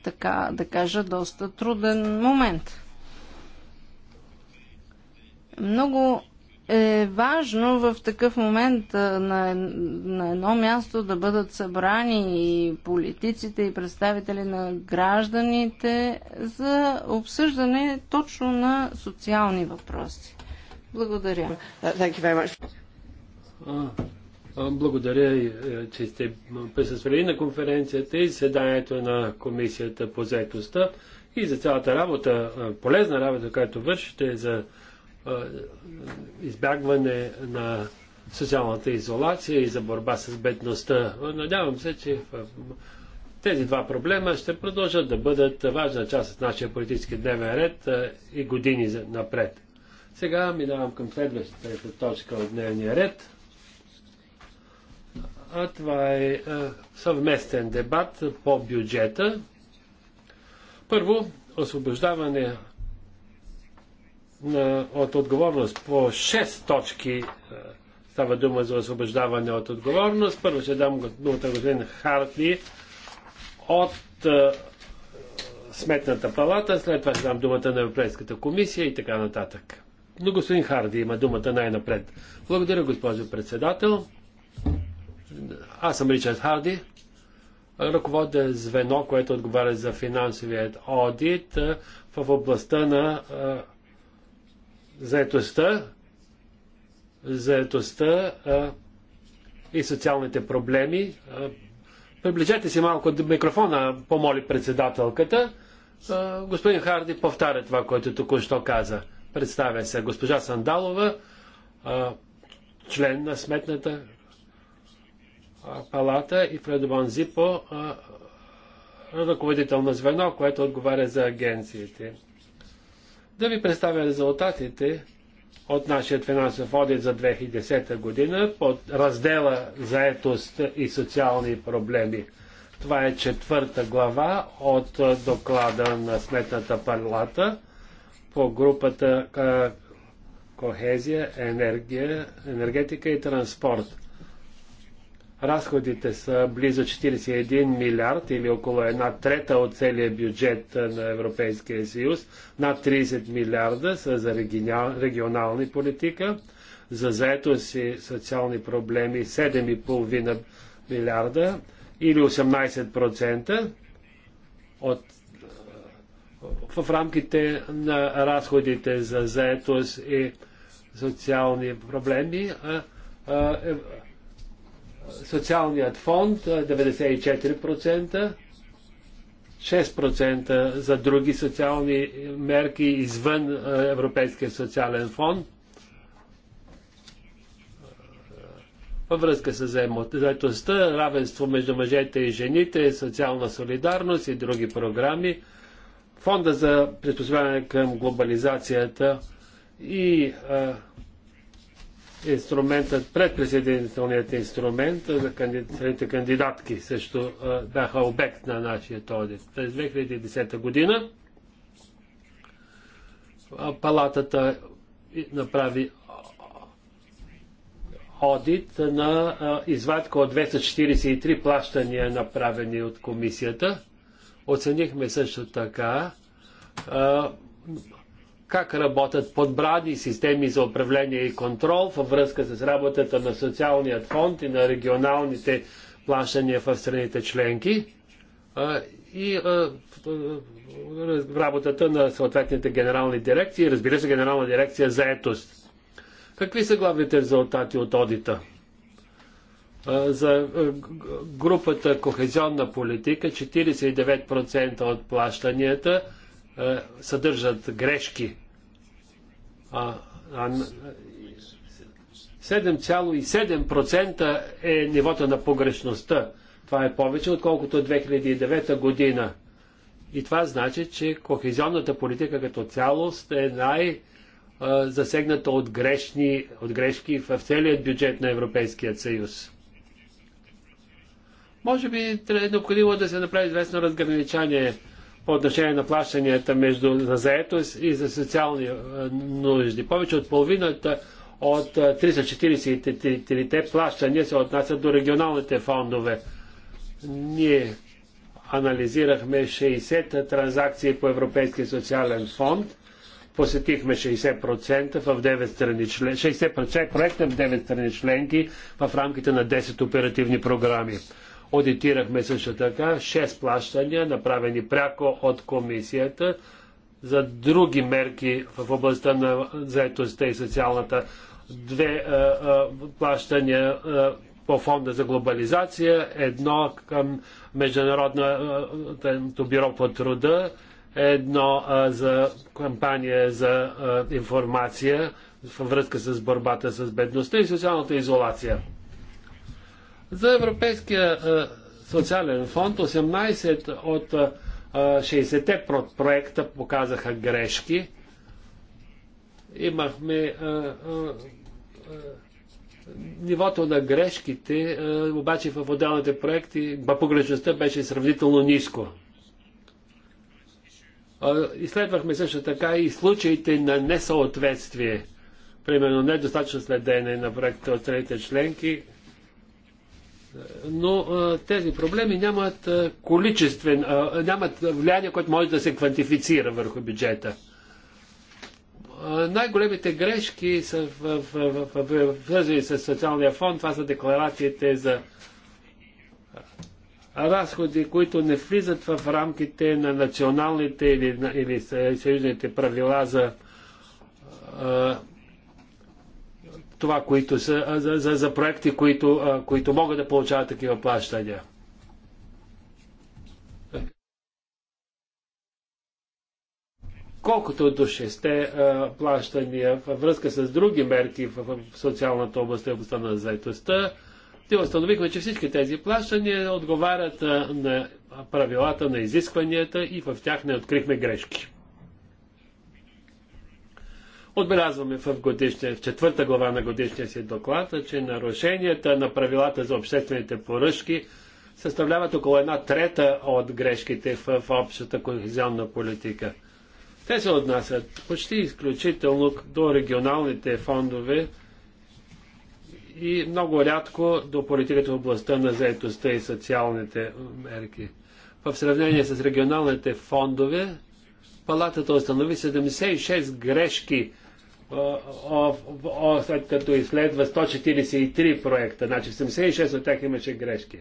така да кажа, доста труден момент. Много е важно в такъв момент е, на, на едно място да бъдат събрани и политиците, и представители на гражданите за обсъждане точно на социални въпроси. Благодаря. Uh, благодаря, е, че сте присъствали на конференцията и заседанието на Комисията по заетостта и за цялата работа, е, полезна работа, която вършите за е, избягване на социалната изолация и за борба с бедността. Надявам се, че тези два проблема ще продължат да бъдат важна част от нашия политически дневен ред и години напред. Сега минавам към следващата точка от дневния ред. А това е, съвместен дебат по бюджета. Първо, освобождаване на, от отговорност по 6 точки става дума за освобождаване от отговорност. Първо ще дам думата господин Хартли от Сметната палата, след това ще дам думата на Европейската комисия и така нататък. Но господин Харди има думата най-напред. Благодаря, госпожо председател. Аз съм Ричард Харди. Ръководя звено, което отговаря за финансовият одит в областта на заетостта, заетостта и социалните проблеми. Приближете си малко до микрофона, помоли председателката. Господин Харди повтаря това, което току-що каза. Представя се госпожа Сандалова, член на Сметната палата и Фредо Бонзипо, ръководител на звено, което отговаря за агенциите. Да ви представя резултатите от нашия финансов одит за 2010 година под раздела заетост и социални проблеми. Това е четвърта глава от доклада на Сметната палата по групата а, Кохезия, енергия, енергетика и транспорт. Разходите са близо 41 милиард или около една трета от целия бюджет на Европейския съюз. Над 30 милиарда са за регионални политика, за заетост и социални проблеми 7,5 милиарда или 18% от в рамките на разходите за заетост и социални проблеми. е, социалният фонд 94%, 6% за други социални мерки извън Европейския социален фонд. Във връзка с заетостта, равенство между мъжете и жените, социална солидарност и други програми – фонда за приспособяване към глобализацията и а, инструментът, предприсъединителният инструмент за кандидат, кандидатки също а, бяха обект на нашия одит. През 2010 година а, палатата направи одит на извадка от 243 плащания, направени от комисията Оценихме също така а, как работят подбрани системи за управление и контрол във връзка с работата на социалният фонд и на регионалните плащания в страните членки а, и а, работата на съответните генерални дирекции, разбира се, генерална дирекция за етост. Какви са главните резултати от одита? За групата кохезионна политика 49% от плащанията съдържат грешки. 7,7% е нивото на погрешността. Това е повече, отколкото 2009 година. И това значи, че кохезионната политика като цялост е най- засегната от, грешни, от грешки в целият бюджет на Европейския съюз. Може би е необходимо да се направи известно разграничение по отношение на плащанията между за заетост и за социални нужди. Повече от половината от 343-те плащания се отнасят до регионалните фондове. Ние анализирахме 60 транзакции по Европейския социален фонд. Посетихме 60% в 9 страни член, 60% проекта в 9 страни членки в рамките на 10 оперативни програми. Одитирахме също така 6 плащания, направени пряко от комисията за други мерки в областта на заетостта и социалната. Две а, е, а, е, плащания а, е, по фонда за глобализация, едно към Международното бюро по труда, едно а, за кампания за а, информация във връзка с борбата с бедността и социалната изолация. За Европейския е, социален фонд 18 от 60-те е, е, проекта показаха грешки. Имахме нивото на грешките, обаче в отделните проекти погрешността беше сравнително ниско. Изследвахме също така и случаите на несъответствие. Примерно недостатъчно следение на проекта от трените членки, но тези проблеми нямат количествен, нямат влияние, което може да се квантифицира върху бюджета. Най-големите грешки са в, в, в, в, с социалния фонд. Това са декларациите за разходи, които не влизат в рамките на националните или, или съюзните правила за това, които са, за, за, за проекти, които, които могат да получават такива плащания. Колкото до шесте плащания във връзка с други мерки в, в социалната област и областта на заедостта, те установихме, че всички тези плащания отговарят на правилата, на изискванията и в тях не открихме грешки. Отбелязваме в, годишния, в четвърта глава на годишния си доклад, че нарушенията на правилата за обществените поръчки съставляват около една трета от грешките в, общата кохезионна политика. Те се отнасят почти изключително до регионалните фондове и много рядко до политиката в областта на заетостта и социалните мерки. В сравнение с регионалните фондове, палатата установи 76 грешки след като изследва 143 проекта. Значи в 76 от тях имаше грешки.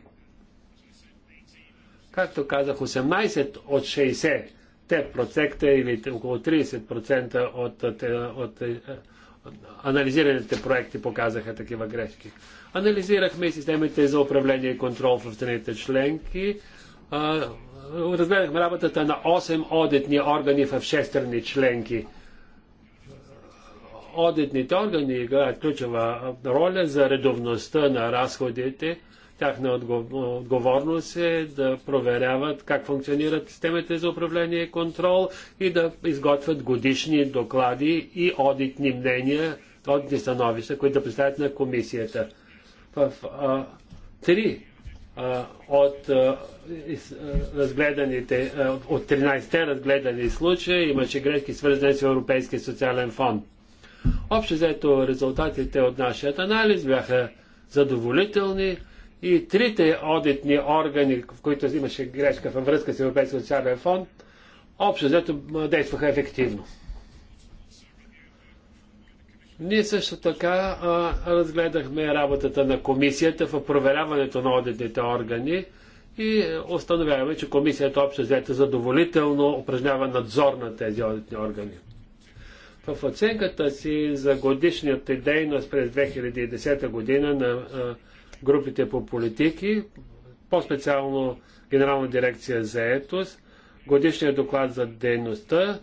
Както казах, 18 от 60 те процекта или около 30% от, от, от, анализираните проекти показаха такива грешки. Анализирахме системите за управление и контрол в страните членки. разгледахме работата на 8 одитни органи в 6 страни членки Одитните органи играят ключова роля за редовността на разходите. Тяхна отговорност е да проверяват как функционират системите за управление и контрол и да изготвят годишни доклади и одитни мнения, одитни становища, които да представят на комисията. В а, три от разгледаните, от 13-те разгледани случаи имаше грешки свързани с Европейския социален фонд. Общо взето резултатите от нашия анализ бяха задоволителни и трите одитни органи, в които имаше грешка във връзка с Европейския социален фонд, общо взето действаха ефективно. Ние също така а, разгледахме работата на комисията в проверяването на одитните органи и е, установяваме, че комисията общо взето задоволително упражнява надзор на тези одитни органи. В оценката си за годишната дейност през 2010 година на групите по политики, по-специално Генерална дирекция за етос, годишният доклад за дейността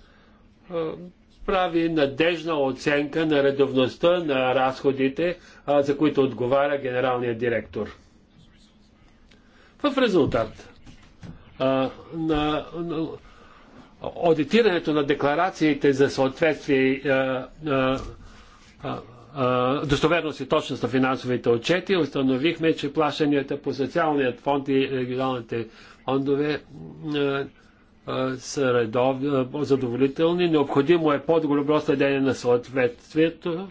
прави надежна оценка на редовността на разходите, за които отговаря генералният директор. В резултат на, на, на одитирането на декларациите за съответствие, е, е, е, достоверност и точност на финансовите отчети, установихме, че плащанията по социалният фонд и регионалните фондове са задоволителни. Необходимо е по-добро следение на съответствието,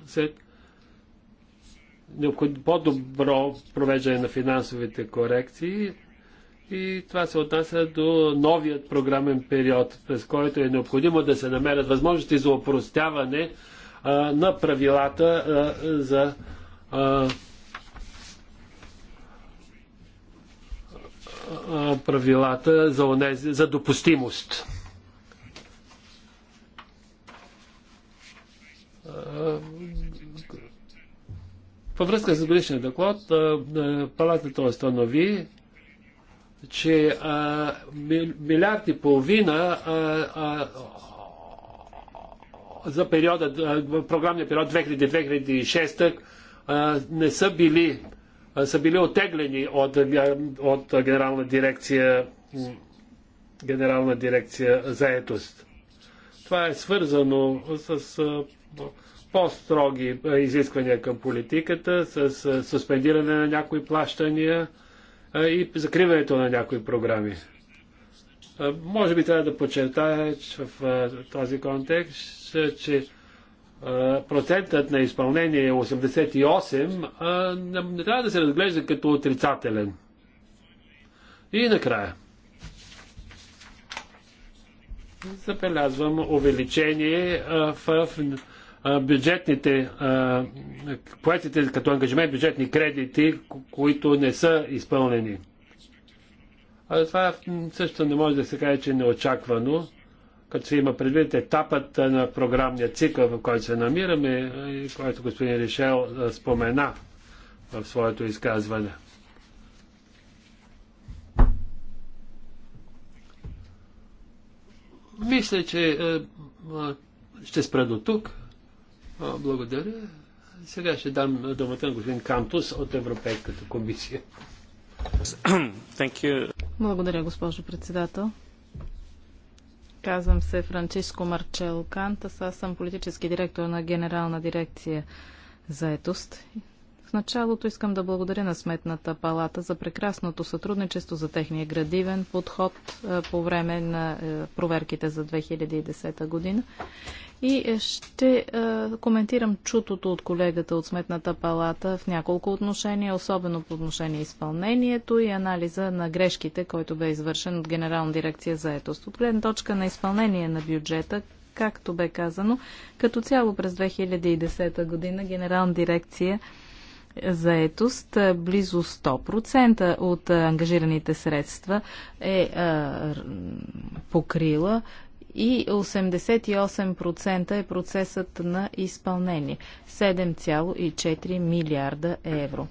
по-добро провеждане на финансовите корекции и това се отнася до новият програмен период, през който е необходимо да се намерят възможности за опростяване а, на правилата а, за а, правилата за, онези, за допустимост. Във връзка с годишния доклад, палатата установи, че а, милиард и половина а, а, за периода, а, програмния период 2000-2006 не са били, а, са били отеглени от, от генерална дирекция генерална дирекция заетост. Това е свързано с а, по-строги изисквания към политиката, с а, суспендиране на някои плащания, и закриването на някои програми. Може би трябва да подчертая че в този контекст, че процентът на изпълнение е 88, не трябва да се разглежда като отрицателен. И накрая. Забелязвам увеличение в бюджетните, поетите като ангажимент бюджетни кредити, които не са изпълнени. А това също не може да се каже, че е неочаквано, като се има предвид етапът на програмния цикъл, в който се намираме, и който господин Решел спомена в своето изказване. Мисля, че ще спра до тук. Благодаря. Сега ще дам думата на господин Кантус от Европейската комисия. Благодаря, госпожо председател. Казвам се Франциско Марчел Кантас. Аз съм политически директор на Генерална дирекция заетост. В началото искам да благодаря на Сметната палата за прекрасното сътрудничество, за техния градивен подход по време на проверките за 2010 година и е, ще е, коментирам чутото от колегата от Сметната палата в няколко отношения, особено по отношение изпълнението и анализа на грешките, който бе извършен от Генерална дирекция за етост. От гледна точка на изпълнение на бюджета, както бе казано, като цяло през 2010 година Генерална дирекция заетост, е, близо 100% от е, ангажираните средства е а, покрила и 88% е процесът на изпълнение 7,4 милиарда евро.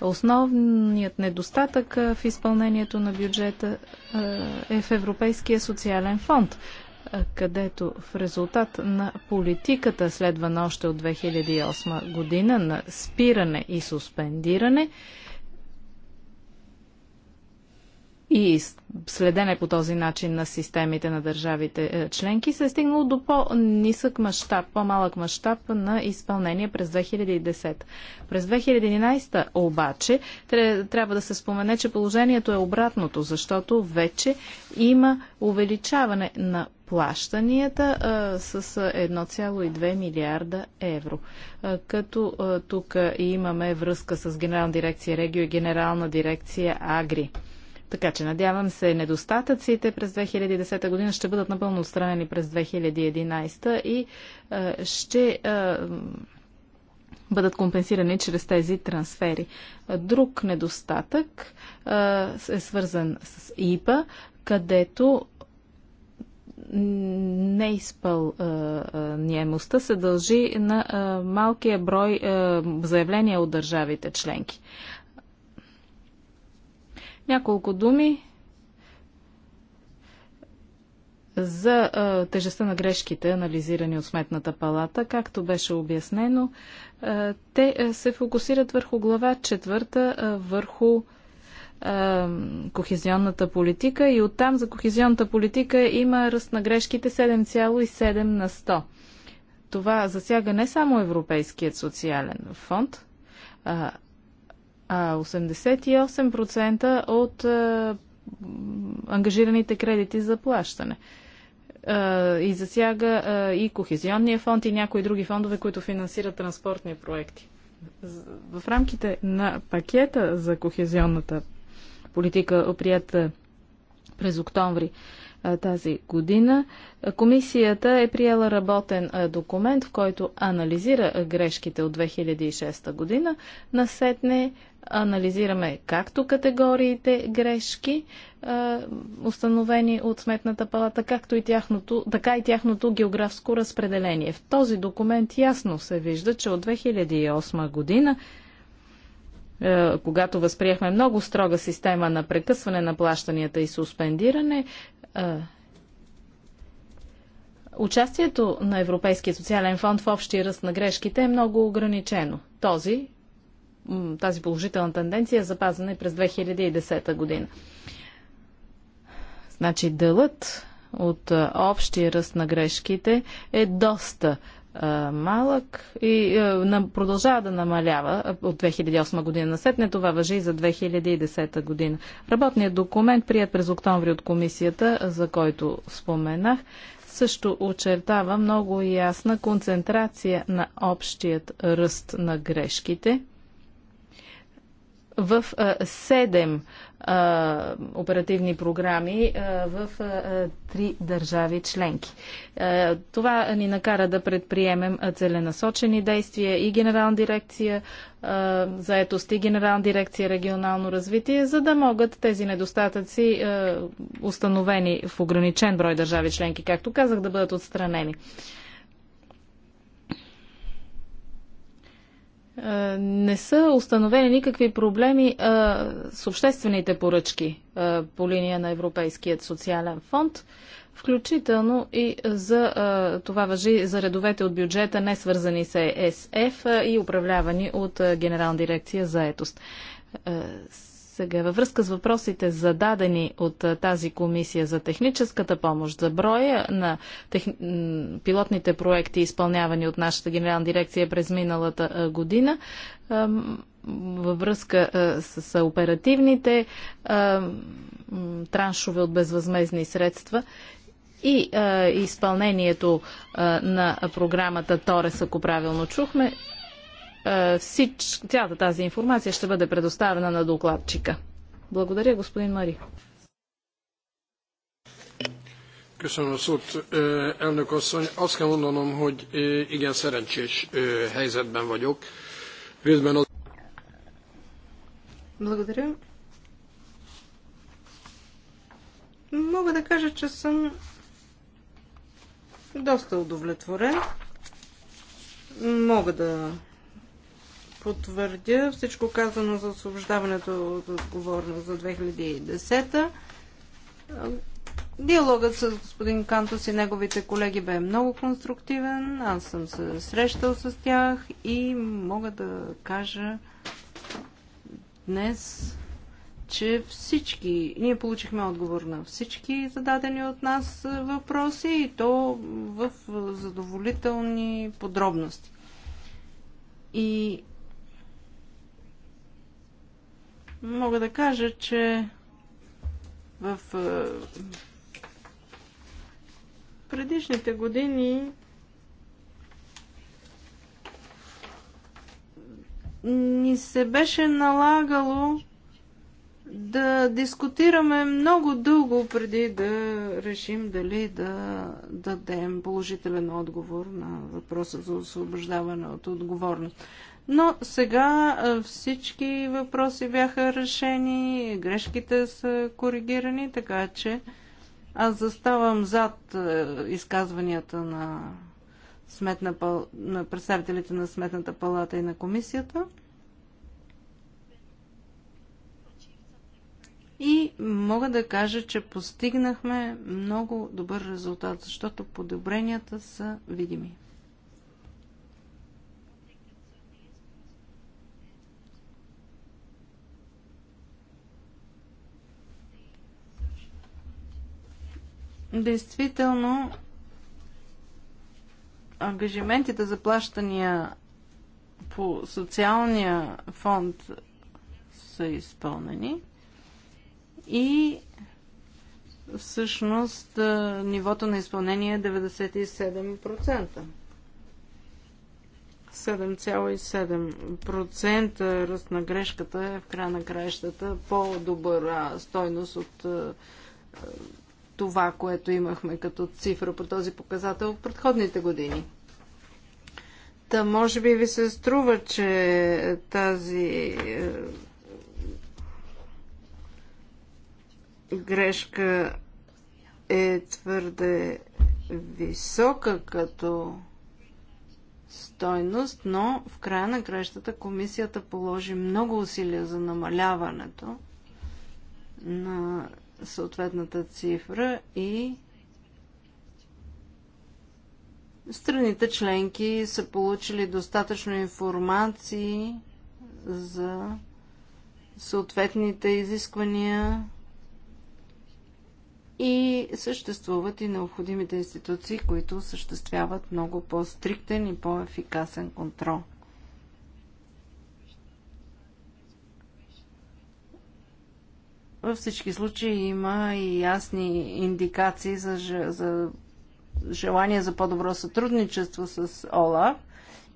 Основният недостатък в изпълнението на бюджета е в Европейския социален фонд, където в резултат на политиката, следвана още от 2008 година, на спиране и суспендиране, и следене по този начин на системите на държавите е, членки се е стигнало до по-нисък мащаб, по-малък мащаб на изпълнение през 2010. През 2011 обаче трябва да се спомене, че положението е обратното, защото вече има увеличаване на плащанията а, е, с 1,2 милиарда евро. А, е, като а, тук имаме връзка с Генерална дирекция Регио и Генерална дирекция Агри. Така че надявам се недостатъците през 2010 година ще бъдат напълно отстранени през 2011 и е, ще е, бъдат компенсирани чрез тези трансфери. Друг недостатък е, е свързан с ИПА, където неизпълняемостта се дължи на е, малкия брой е, заявления от държавите членки. Няколко думи за а, тежестта на грешките, анализирани от Сметната палата, както беше обяснено, а, те а, се фокусират върху глава четвърта, а, върху кохезионната политика и оттам за кохезионната политика има ръст на грешките 7,7 на 100. Това засяга не само Европейският социален фонд, а, а 88% от а, ангажираните кредити за плащане. А, и засяга а, и Кохезионния фонд и някои други фондове, които финансират транспортни проекти. В рамките на пакета за кохезионната политика, прията през октомври тази година, комисията е приела работен документ, в който анализира грешките от 2006 година. Насетне анализираме както категориите грешки, установени от Сметната палата, както и тяхното, така и тяхното географско разпределение. В този документ ясно се вижда, че от 2008 година когато възприехме много строга система на прекъсване на плащанията и суспендиране, участието на Европейския социален фонд в общия ръст на грешките е много ограничено. Този тази положителна тенденция е запазена и през 2010 година. Значи дълът от общия ръст на грешките е доста малък и продължава да намалява от 2008 година на сетне. Това въжи и за 2010 година. Работният документ, прият през октомври от комисията, за който споменах, също очертава много ясна концентрация на общият ръст на грешките – в седем оперативни програми в три държави членки. Това ни накара да предприемем целенасочени действия и Генерална дирекция заетост и Генерална дирекция регионално развитие, за да могат тези недостатъци, установени в ограничен брой държави членки, както казах, да бъдат отстранени. Е, не са установени никакви проблеми а, е, с обществените поръчки а, е, по линия на Европейският социален фонд, включително и за а, това въжи за редовете от бюджета, не свързани с ЕСФ и управлявани от Генерална дирекция за етост. Сега, във връзка с въпросите зададени от тази комисия за техническата помощ, за броя на тех... пилотните проекти, изпълнявани от нашата генерална дирекция през миналата година, във връзка с оперативните траншове от безвъзмезни средства и изпълнението на програмата Торес, ако правилно чухме, е, всич, цялата тази информация ще бъде предоставена на докладчика. Благодаря, господин Мари. Köszönöm a szót, е, elnök asszony. Azt kell mondanom, hogy igen szerencsés helyzetben vagyok. Részben az... Благодарю. Мога да кажа, че съм доста удовлетворен. Мога да потвърдя всичко казано за освобождаването от отговорност за 2010 Диалогът с господин Кантос и неговите колеги бе много конструктивен. Аз съм се срещал с тях и мога да кажа днес, че всички, ние получихме отговор на всички зададени от нас въпроси и то в задоволителни подробности. И мога да кажа, че в е, предишните години ни се беше налагало да дискутираме много дълго преди да решим дали да дадем положителен отговор на въпроса за освобождаване от отговорност. Но сега всички въпроси бяха решени, грешките са коригирани, така че аз заставам зад изказванията на, сметна, на представителите на Сметната палата и на комисията. И мога да кажа, че постигнахме много добър резултат, защото подобренията са видими. Действително, ангажиментите за плащания по социалния фонд са изпълнени и всъщност нивото на изпълнение е 97%. 7,7% ръст на грешката е в края на краищата по-добра стойност от това, което имахме като цифра по този показател в предходните години. Та може би ви се струва, че тази грешка е твърде висока като стойност, но в края на кращата комисията положи много усилия за намаляването на съответната цифра и страните членки са получили достатъчно информации за съответните изисквания и съществуват и необходимите институции, които осъществяват много по-стриктен и по-ефикасен контрол. Във всички случаи има и ясни индикации за, за желание за по-добро сътрудничество с ОЛАФ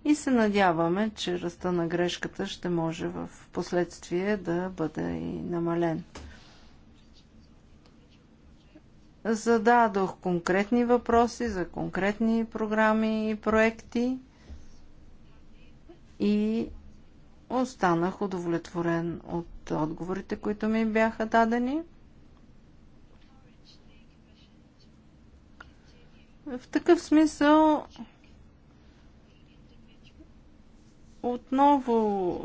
и се надяваме, че ръста на грешката ще може в последствие да бъде и намален. Зададох конкретни въпроси за конкретни програми и проекти и останах удовлетворен от отговорите, които ми бяха дадени. В такъв смисъл отново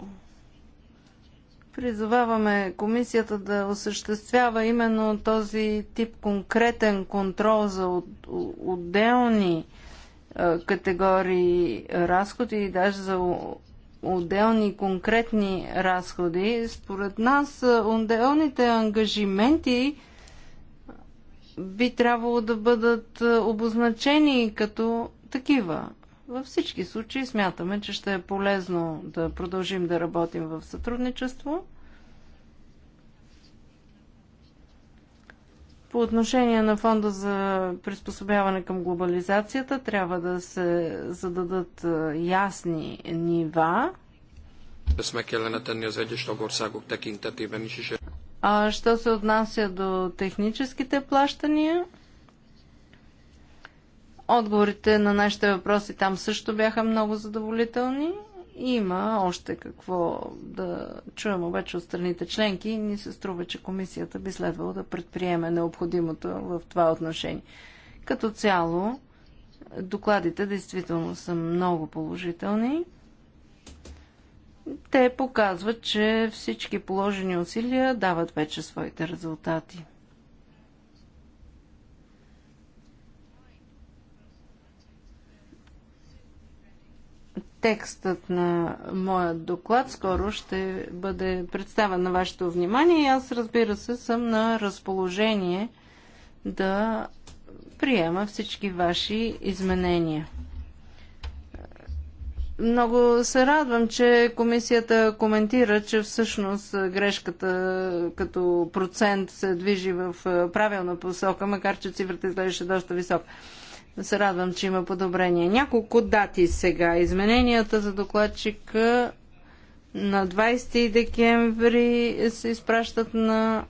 Призоваваме комисията да осъществява именно този тип конкретен контрол за отделни категории разходи и даже за отделни конкретни разходи. Според нас отделните ангажименти би трябвало да бъдат обозначени като такива. Във всички случаи смятаме, че ще е полезно да продължим да работим в сътрудничество. По отношение на фонда за приспособяване към глобализацията трябва да се зададат ясни нива. А що се отнася до техническите плащания, Отговорите на нашите въпроси там също бяха много задоволителни. Има още какво да чуем обаче от страните членки и ни се струва, че комисията би следвало да предприеме необходимото в това отношение. Като цяло, докладите действително са много положителни. Те показват, че всички положени усилия дават вече своите резултати. текстът на моя доклад скоро ще бъде представен на вашето внимание и аз разбира се съм на разположение да приема всички ваши изменения. Много се радвам, че комисията коментира, че всъщност грешката като процент се движи в правилна посока, макар че цифрата изглеждаше доста висока. Да се радвам, че има подобрение. Няколко дати сега. Измененията за докладчика на 20 декември се изпращат на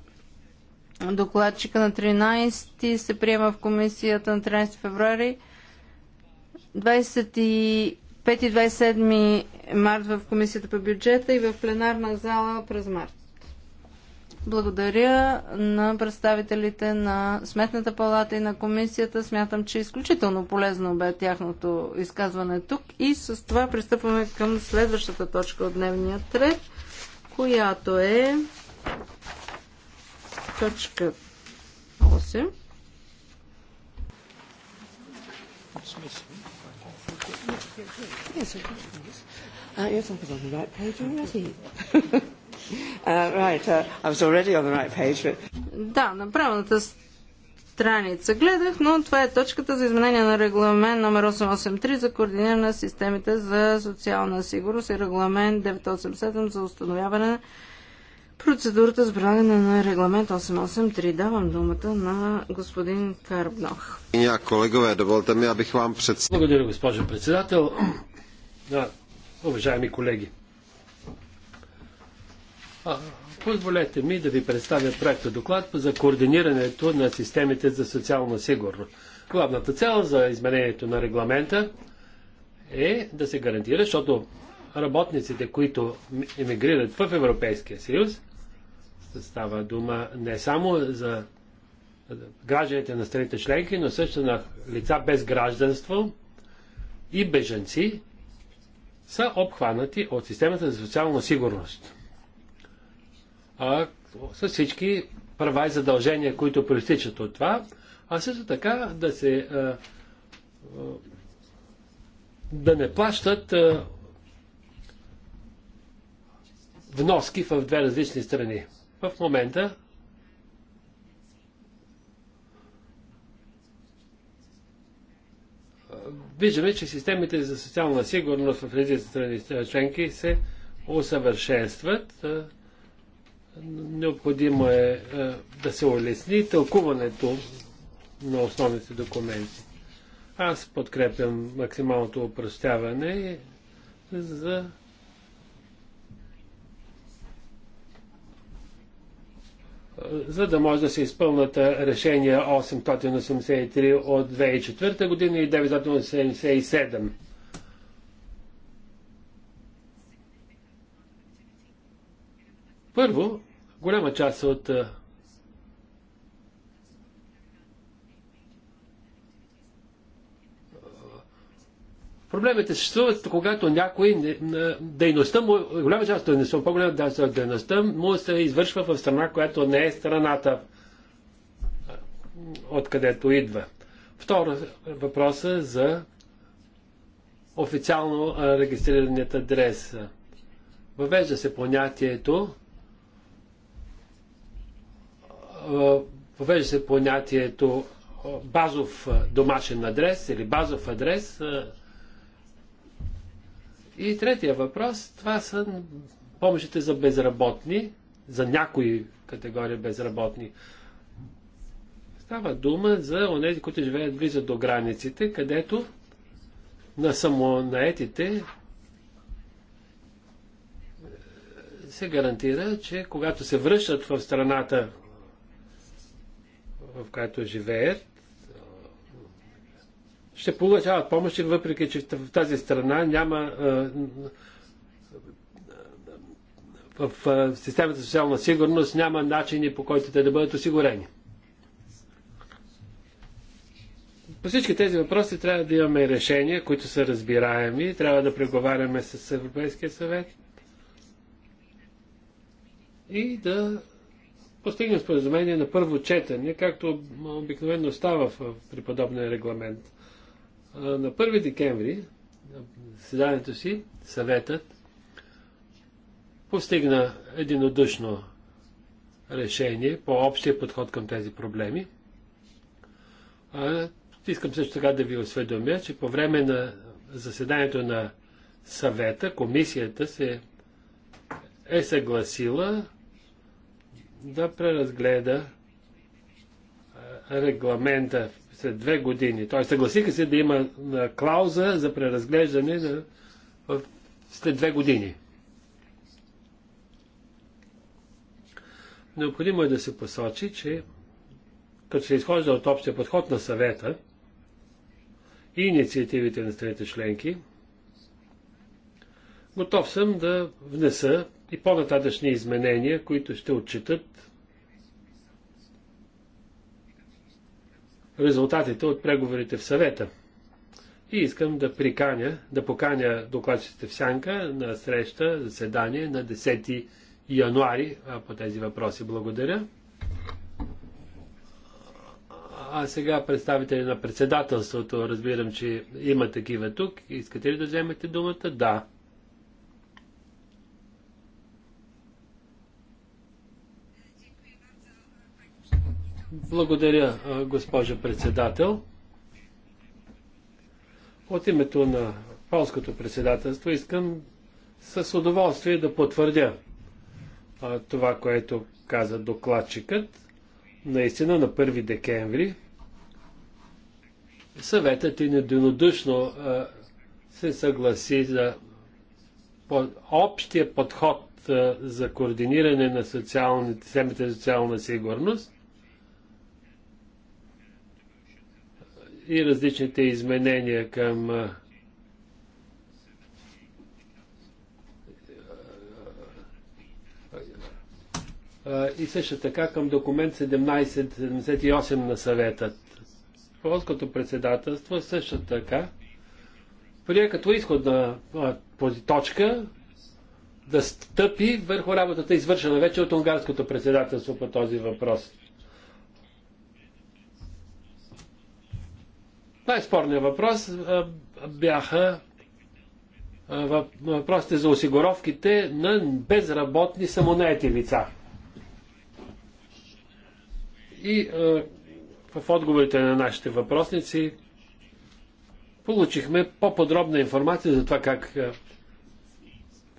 докладчика на 13 се приема в комисията на 13 февруари. 25 и 27 март в комисията по бюджета и в пленарна зала през март. Благодаря на представителите на Сметната палата и на комисията. Смятам, че е изключително полезно бе тяхното изказване тук. И с това пристъпваме към следващата точка от дневния ред, която е точка 8. Yes, I think it is. Uh, you're talking on the right page already. Uh, right, uh, I was already on the right page, but... Да, на правилната страница гледах, но това е точката за изменение на регламент номер 883 за координиране на системите за социална сигурност и регламент 987 за установяване на процедурата с прилагане на регламент 883. Давам думата на господин Карбнох. Колегове, ми, вам пред... Благодаря, госпожо председател. Да, уважаеми колеги. Позволете ми да ви представя проекта доклад за координирането на системите за социална сигурност. Главната цел за изменението на регламента е да се гарантира, защото работниците, които емигрират в Европейския съюз, става дума не само за гражданите на страните членки, но също на лица без гражданство и бежанци, са обхванати от системата за социална сигурност а, с всички права и задължения, които проистичат от това, а също така да се а, да не плащат а, вноски в две различни страни. В момента виждаме, че системите за социална сигурност в редица страни членки се усъвършенстват. А, Необходимо е, е да се улесни тълкуването на основните документи. Аз подкрепям максималното упростяване за за да може да се изпълнат решения 883 от 2004 година и 977. Първо, Голяма част от Проблемите съществуват, когато някой дейността му, голяма част от дейността, по-голяма част от дейността му се извършва в страна, която не е страната, откъдето идва. Втора, въпроса за официално регистрираният адрес. Въвежда се понятието Повежда се понятието базов домашен адрес или базов адрес. И третия въпрос, това са помощите за безработни, за някои категории безработни. Става дума за онези, които живеят близо до границите, където на самонаетите се гарантира, че когато се връщат в страната, в която живеят, ще получават помощи, въпреки че в тази страна няма в системата за социална сигурност няма начини по който те да бъдат осигурени. По всички тези въпроси трябва да имаме решения, които са разбираеми, трябва да преговаряме с Европейския съвет и да постигнем споразумение на първо четене, както обикновено става в, при подобния регламент. На 1 декември, седанието си, съветът постигна единодушно решение по общия подход към тези проблеми. А, искам също така да ви осведомя, че по време на заседанието на съвета, комисията се е съгласила да преразгледа регламента след две години. Той съгласиха се да има клауза за преразглеждане на, в, след две години. Необходимо е да се посочи, че като се изхожда от общия подход на съвета и инициативите на страните членки, Готов съм да внеса и по-нататъчни изменения, които ще отчитат резултатите от преговорите в съвета. И искам да приканя, да поканя докладчите в Сянка на среща, заседание на 10 януари по тези въпроси. Благодаря. А сега представители на председателството, разбирам, че има такива тук. Искате ли да вземете думата? Да. Благодаря, госпожо председател. От името на полското председателство искам с удоволствие да потвърдя това, което каза докладчикът. Наистина на 1 декември съветът и нединодушно се съгласи за общия подход за координиране на социалните, системите за социална сигурност и различните изменения към и също така към документ 1778 на съветът. Полското председателство също така прие като изходна точка да стъпи върху работата, извършена вече от унгарското председателство по този въпрос. Най-спорният въпрос бяха въпросите за осигуровките на безработни самонаети лица. И а, в отговорите на нашите въпросници получихме по-подробна информация за това как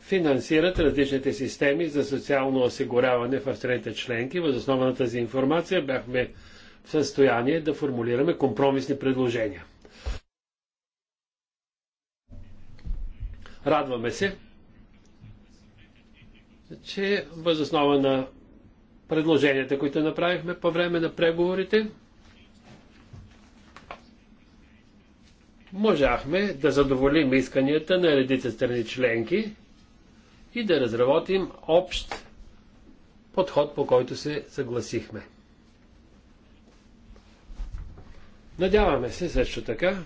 финансират различните системи за социално осигуряване в страните членки. Въз основа на тази информация бяхме в състояние да формулираме компромисни предложения. Радваме се, че възоснова на предложенията, които направихме по време на преговорите, можахме да задоволим исканията на редица страни членки и да разработим общ подход, по който се съгласихме. Надяваме се също така,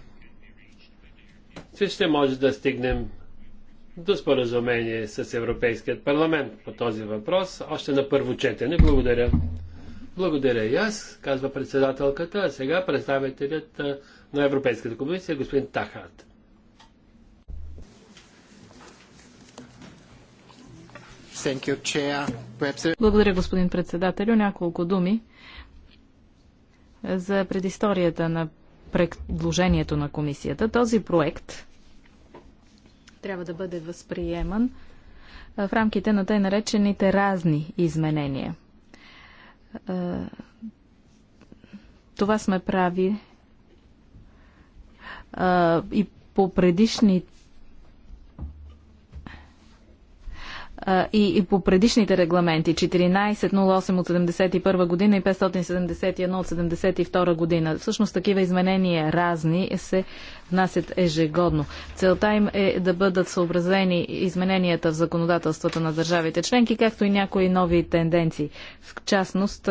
че ще може да стигнем до споразумение с Европейският парламент по този въпрос, още на първо четене. Благодаря. Благодаря и аз, казва председателката, а сега представителят на Европейската комисия, господин Тахат. Благодаря, господин председателю. Няколко думи за предисторията на предложението на комисията. Този проект трябва да бъде възприеман в рамките на тъй наречените разни изменения. Това сме прави и по предишните и, и по предишните регламенти 1408 от 71 година и 571 от 72 година. Всъщност такива изменения разни се внасят ежегодно. Целта им е да бъдат съобразени измененията в законодателствата на държавите членки, както и някои нови тенденции, в частност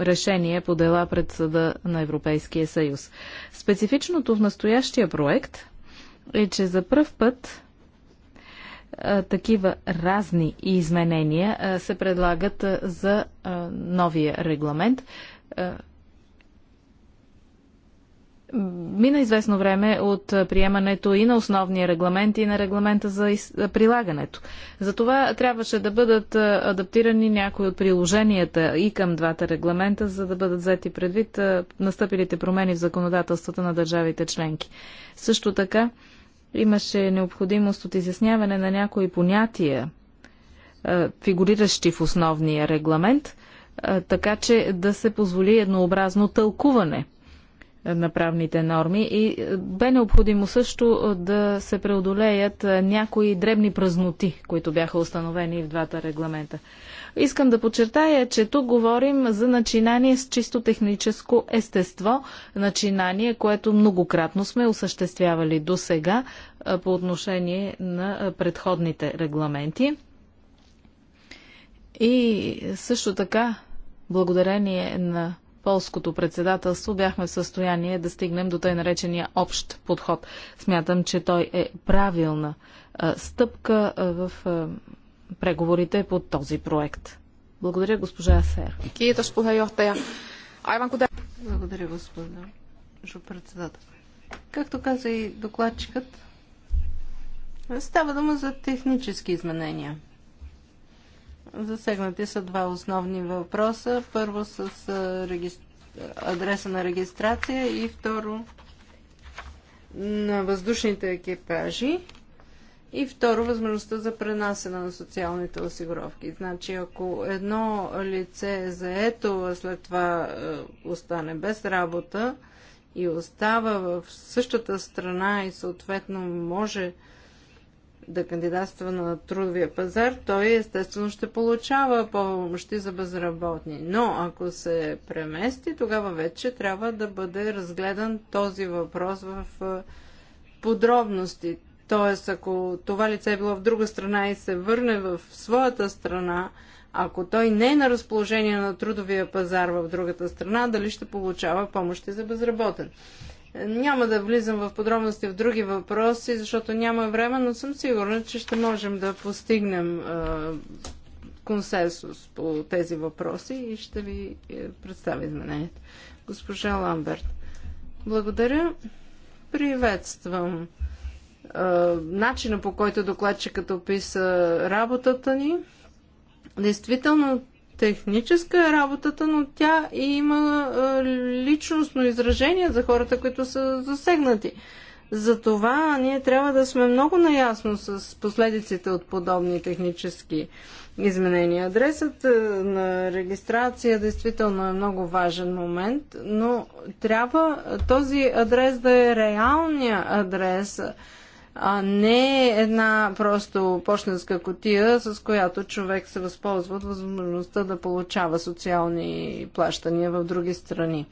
решение по дела пред съда на Европейския съюз. Специфичното в настоящия проект е, че за първ път такива разни изменения се предлагат за новия регламент. Мина известно време от приемането и на основния регламент и на регламента за прилагането. Затова трябваше да бъдат адаптирани някои от приложенията и към двата регламента, за да бъдат взети предвид настъпилите промени в законодателствата на държавите членки. Също така, Имаше необходимост от изясняване на някои понятия, фигуриращи в основния регламент, така че да се позволи еднообразно тълкуване – на правните норми и е, бе необходимо също е, да се преодолеят е, някои дребни празноти, които бяха установени в двата регламента. Искам да подчертая, че тук говорим за начинание с чисто техническо естество, начинание, което многократно сме осъществявали до сега по отношение на предходните регламенти. И също така, благодарение на полското председателство бяхме в състояние да стигнем до тъй наречения общ подход. Смятам, че той е правилна стъпка в преговорите по този проект. Благодаря, госпожа Асер. Благодаря, госпожо председател. Както каза и докладчикът, става дума за технически изменения. Засегнати са два основни въпроса. Първо с адреса на регистрация и второ на въздушните екипажи. И второ, възможността за пренасене на социалните осигуровки. Значи, ако едно лице е заето, а след това е, остане без работа и остава в същата страна и съответно може да кандидатства на трудовия пазар, той естествено ще получава помощи за безработни. Но ако се премести, тогава вече трябва да бъде разгледан този въпрос в подробности. Тоест, ако това лице е било в друга страна и се върне в своята страна, ако той не е на разположение на трудовия пазар в другата страна, дали ще получава помощи за безработен. Няма да влизам в подробности в други въпроси, защото няма време, но съм сигурна, че ще можем да постигнем консенсус по тези въпроси и ще ви е, представя изменението. Госпожа Ламберт, благодаря. Приветствам начина по който докладчикът описа работата ни. Действително, техническа е работата, но тя има личностно изражение за хората, които са засегнати. Затова ние трябва да сме много наясно с последиците от подобни технически изменения. Адресът на регистрация действително е много важен момент, но трябва този адрес да е реалния адрес а не една просто почтенска котия, с която човек се възползва от възможността да получава социални плащания в други страни.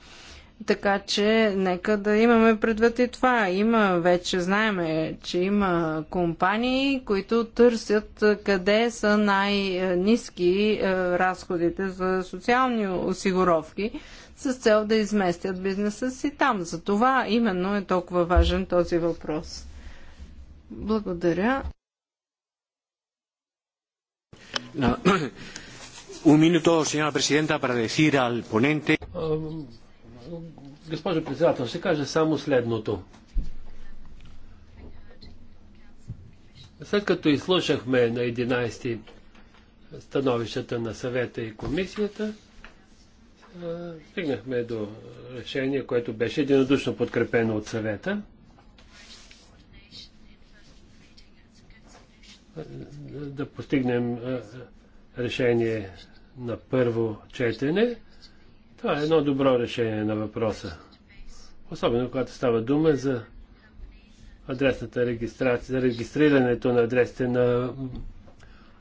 Така че нека да имаме предвид и това. Има вече, знаеме, че има компании, които търсят къде са най-низки разходите за социални осигуровки с цел да изместят бизнеса си там. За това именно е толкова важен този въпрос. Благодаря. Un minuto, señora presidenta, para decir al ponente. Госпожо председател, ще кажа само следното. След като изслушахме на 11 становищата на съвета и комисията, стигнахме до решение, което беше единодушно подкрепено от съвета. да постигнем решение на първо четене. Това е едно добро решение на въпроса. Особено когато става дума за адресната регистрация, за регистрирането на адресите на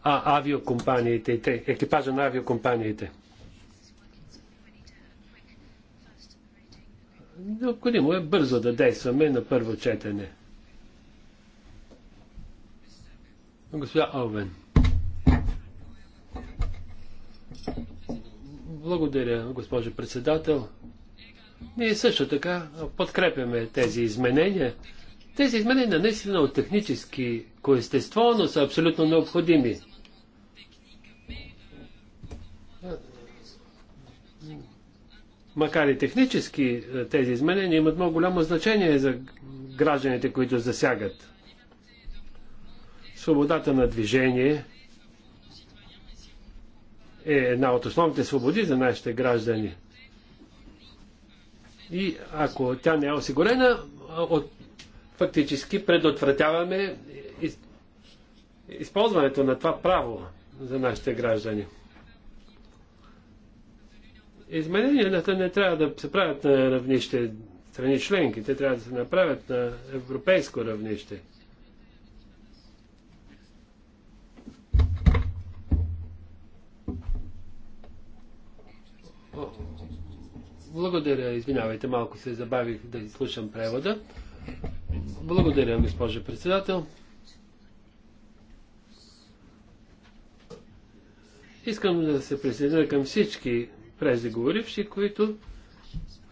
а, авиокомпаниите и екипажа на авиокомпаниите. Необходимо е бързо да действаме на първо четене. Господа Овен. Благодаря, госпожо председател. Ние също така подкрепяме тези изменения. Тези изменения наистина от технически коестество, но са абсолютно необходими. Макар и технически тези изменения имат много голямо значение за гражданите, които засягат. Свободата на движение е една от основните свободи за нашите граждани. И ако тя не е осигурена, от, фактически предотвратяваме из, използването на това право за нашите граждани. Измененията не трябва да се правят на равнище страни членки, те трябва да се направят на европейско равнище. Благодаря, извинявайте, малко се забавих да изслушам превода. Благодаря, госпожо председател. Искам да се присъединя към всички преждеговоривши, които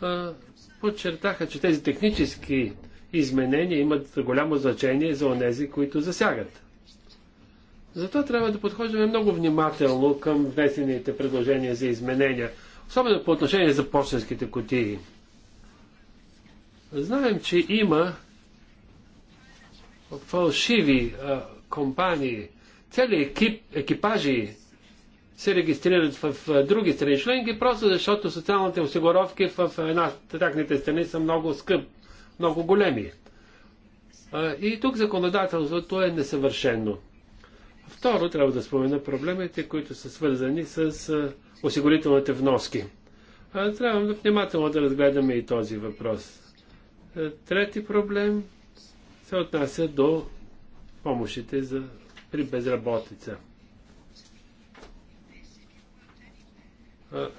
а, подчертаха, че тези технически изменения имат голямо значение за онези, които засягат. Затова трябва да подхождаме много внимателно към внесените предложения за изменения. Особено по отношение за почтенските кутии. Знаем, че има фалшиви а, компании, цели екип, екипажи се регистрират в, в други страни членки, просто защото социалните осигуровки в, в една тяхните страни са много скъп, много големи. А, и тук законодателството е несъвършено. Второ, трябва да спомена проблемите, които са свързани с осигурителните вноски. Трябва внимателно да разгледаме и този въпрос. Трети проблем се отнася до помощите за, при безработица. А,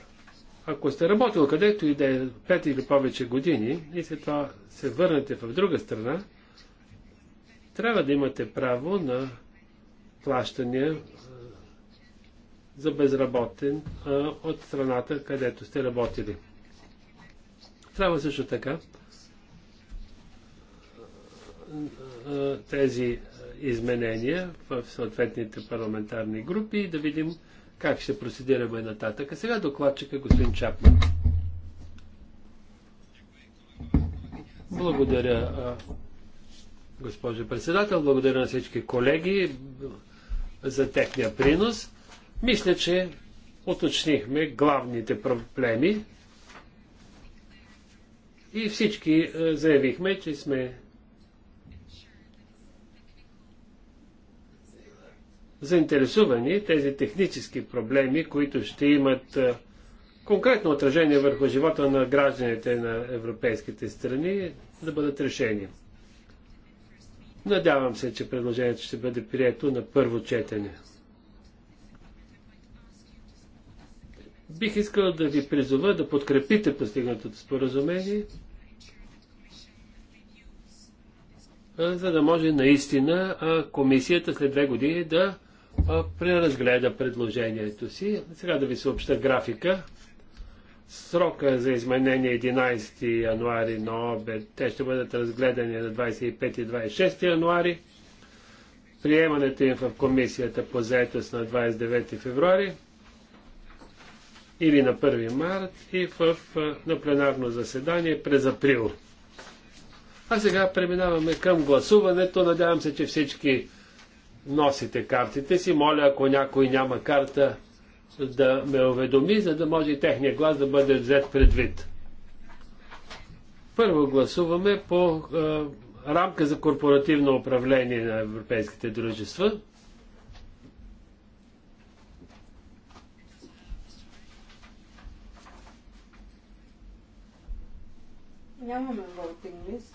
ако сте работил където и да е 5 или повече години и след това се върнете в друга страна, трябва да имате право на плащания за безработен от страната, където сте работили. Трябва също така тези изменения в съответните парламентарни групи и да видим как ще процедираме нататък. А сега докладчика господин Чапман. Благодаря, госпожо председател. Благодаря на всички колеги за техния принос. Мисля, че уточнихме главните проблеми и всички е, заявихме, че сме заинтересувани тези технически проблеми, които ще имат е, конкретно отражение върху живота на гражданите на европейските страни, да бъдат решени. Надявам се, че предложението ще бъде прието на първо четене. Бих искал да ви призова да подкрепите постигнатото споразумение, за да може наистина комисията след две години да преразгледа предложението си. Сега да ви съобща графика. Срока за изменение 11 е януари на обед. Те ще бъдат разгледани на 25 и 26 януари. Приемането им в комисията по заетост на 29 февруари или на 1 март и в, на пленарно заседание през април. А сега преминаваме към гласуването. Надявам се, че всички носите картите си. Моля, ако някой няма карта, да ме уведоми, за да може и техния глас да бъде взет предвид. Първо гласуваме по е, рамка за корпоративно управление на европейските дружества. Нямаме волтинг лист.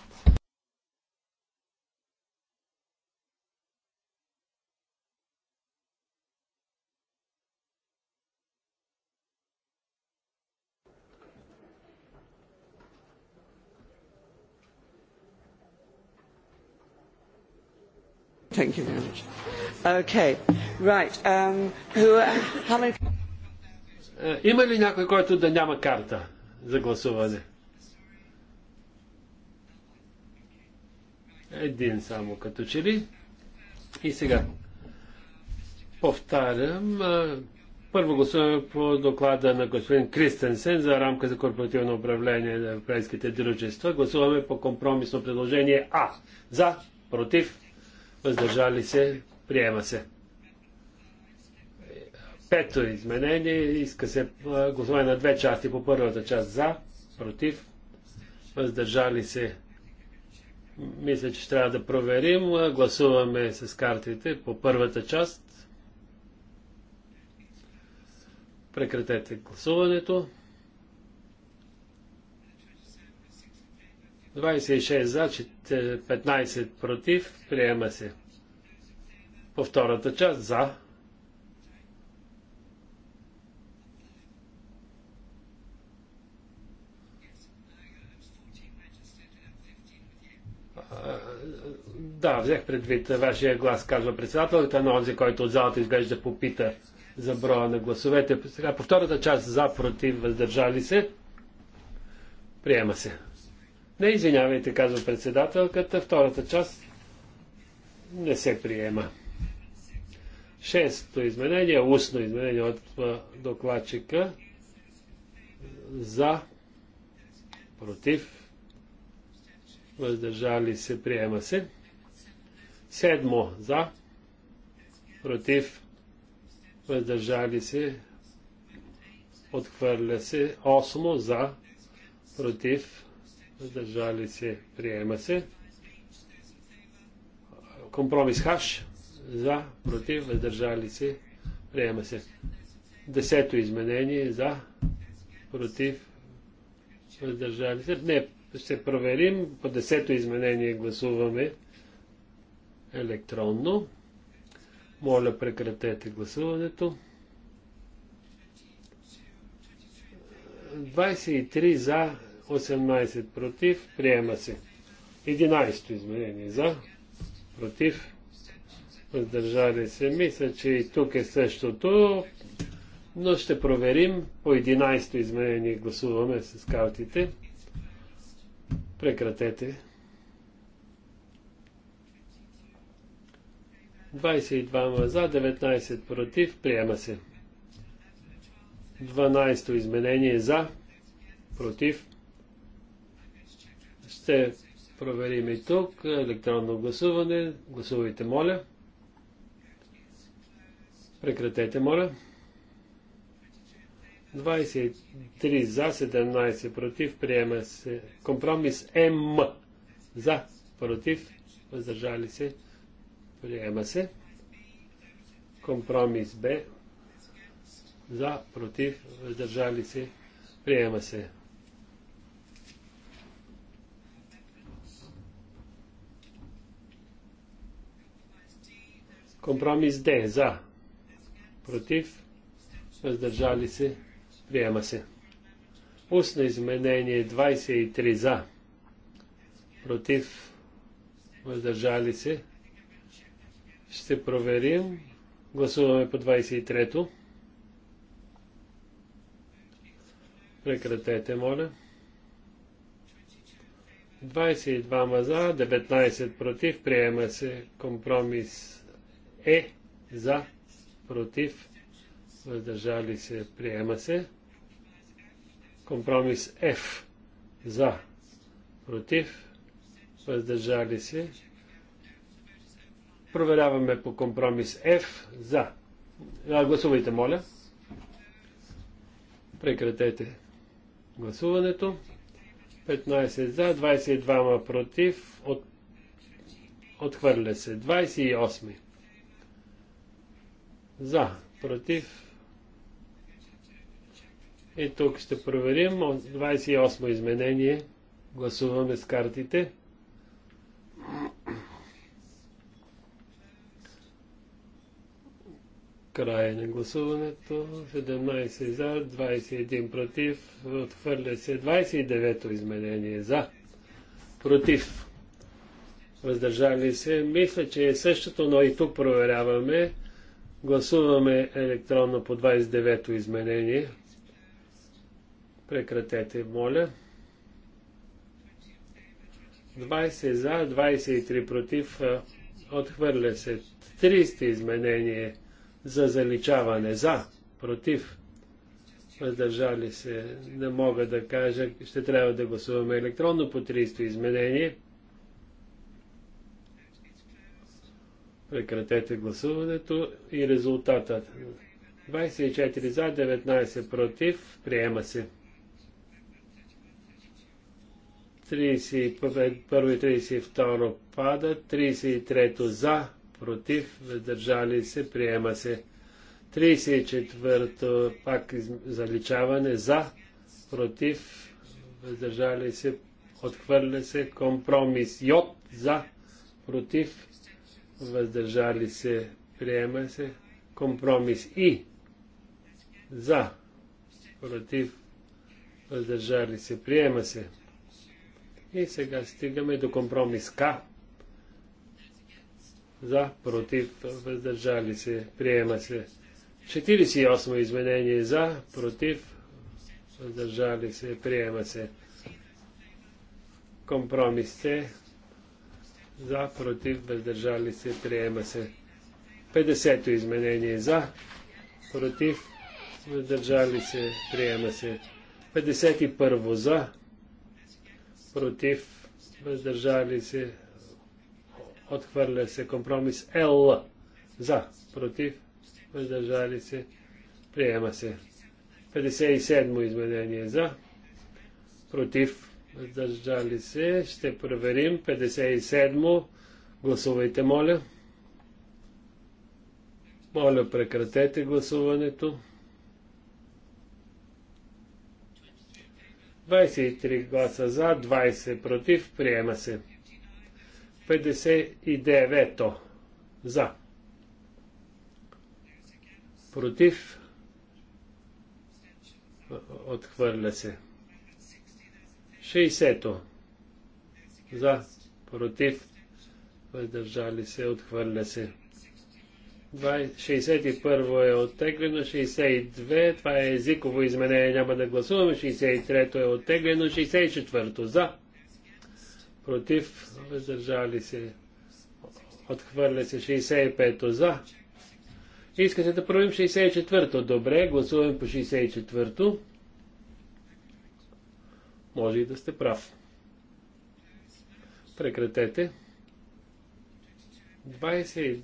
Thank you very much. Okay. Right. Um, who, uh, how many... Е, има ли някой, който да няма карта за гласуване? Един само като че ли. И сега. Повтарям. Е, първо гласуваме по доклада на господин Кристенсен за рамка за корпоративно управление на европейските дружества. Гласуваме по компромисно предложение А. За, против, въздържали се, приема се. Пето изменение, иска се гласуване на две части. По първата част за, против, въздържали се. Мисля, че трябва да проверим. Гласуваме с картите по първата част. Прекратете гласуването. 26 за, 15 против. Приема се. По втората част за. Да, взех предвид вашия глас, казва председателката, на онзи, който от залата изглежда попита за броя на гласовете. Сега по втората част за, против, въздържали се. Приема се. Не извинявайте, казва председателката, втората част не се приема. Шесто изменение, устно изменение от докладчика за, против, въздържали се, приема се. Седмо за, против, въздържали се, отхвърля се. Осмо за, против, въздържали се, приема се. Компромис хаш, за, против, въздържали се, приема се. Десето изменение, за, против, въздържали се. Не, ще проверим, по десето изменение гласуваме електронно. Моля, прекратете гласуването. 23 за, 18 против, приема се. 11 изменение за, против, въздържали се. Мисля, че и тук е същото, но ще проверим. По 11 изменение гласуваме с картите. Прекратете. 22 за, 19 против, приема се. 12 изменение за, против, ще проверим и тук електронно гласуване. Гласувайте, моля. Прекратете, моля. 23 за, 17 против, приема се компромис М. За, против, въздържали се, приема се. Компромис Б. За, против, въздържали се, приема се. Компромис Д. За. Против. Въздържали се. Приема се. Устно изменение 23 за. Против. Въздържали се. Ще проверим. Гласуваме по 23-то. Прекратете, моля. 22 за, 19 против. Приема се компромис е за, против, въздържали се, приема се. Компромис Ф за, против, въздържали се. Проверяваме по компромис F за. А, гласувайте, моля. Прекратете гласуването. 15 за, 22 против. От... Отхвърля се. 28. За, против. И тук ще проверим 28 изменение. Гласуваме с картите. Края на гласуването. 17 за, 21 против. Отхвърля се 29-то изменение за. Против. Въздържали се. Мисля, че е същото, но и тук проверяваме. Гласуваме електронно по 29-то изменение. Прекратете, моля. 20 за, 23 против, отхвърля се. 30 изменение за заличаване. За, против, въздържали се. Не мога да кажа, ще трябва да гласуваме електронно по 30 изменение. Прекратете гласуването и резултата. 24 за, 19 против. Приема се. 31 32 пада, 33 за, против, въздържали се, приема се. 34 пак заличаване за, против, въздържали се, отхвърля се, компромис йод за, против, въздържали се, приема се. Компромис И за, против, въздържали се, приема се. И сега стигаме до компромис К. За, против, въздържали се, приема се. 48 изменение за, против, въздържали се, приема се. Компромис С за, против, въздържали се, приема се. 50-то изменение за, против, въздържали се, приема се. 51 за, против, въздържали се, отхвърля се. Компромис Л за, против, въздържали се, приема се. 57 изменение за, против, въздържали се. Ще проверим. 57-мо. Гласувайте, моля. Моля, прекратете гласуването. 23 гласа за, 20 против. Приема се. 59-то. За. Против. Отхвърля се. 60-то. За, против, въздържали се, отхвърля се. 61 е оттеглено, 62, това е езиково изменение, няма да гласуваме, 63 е оттеглено, 64 за, против, въздържали се, отхвърля се, 65 за. Искате да правим 64-то, добре, гласуваме по 64-то. Може и да сте прав. Прекратете. 23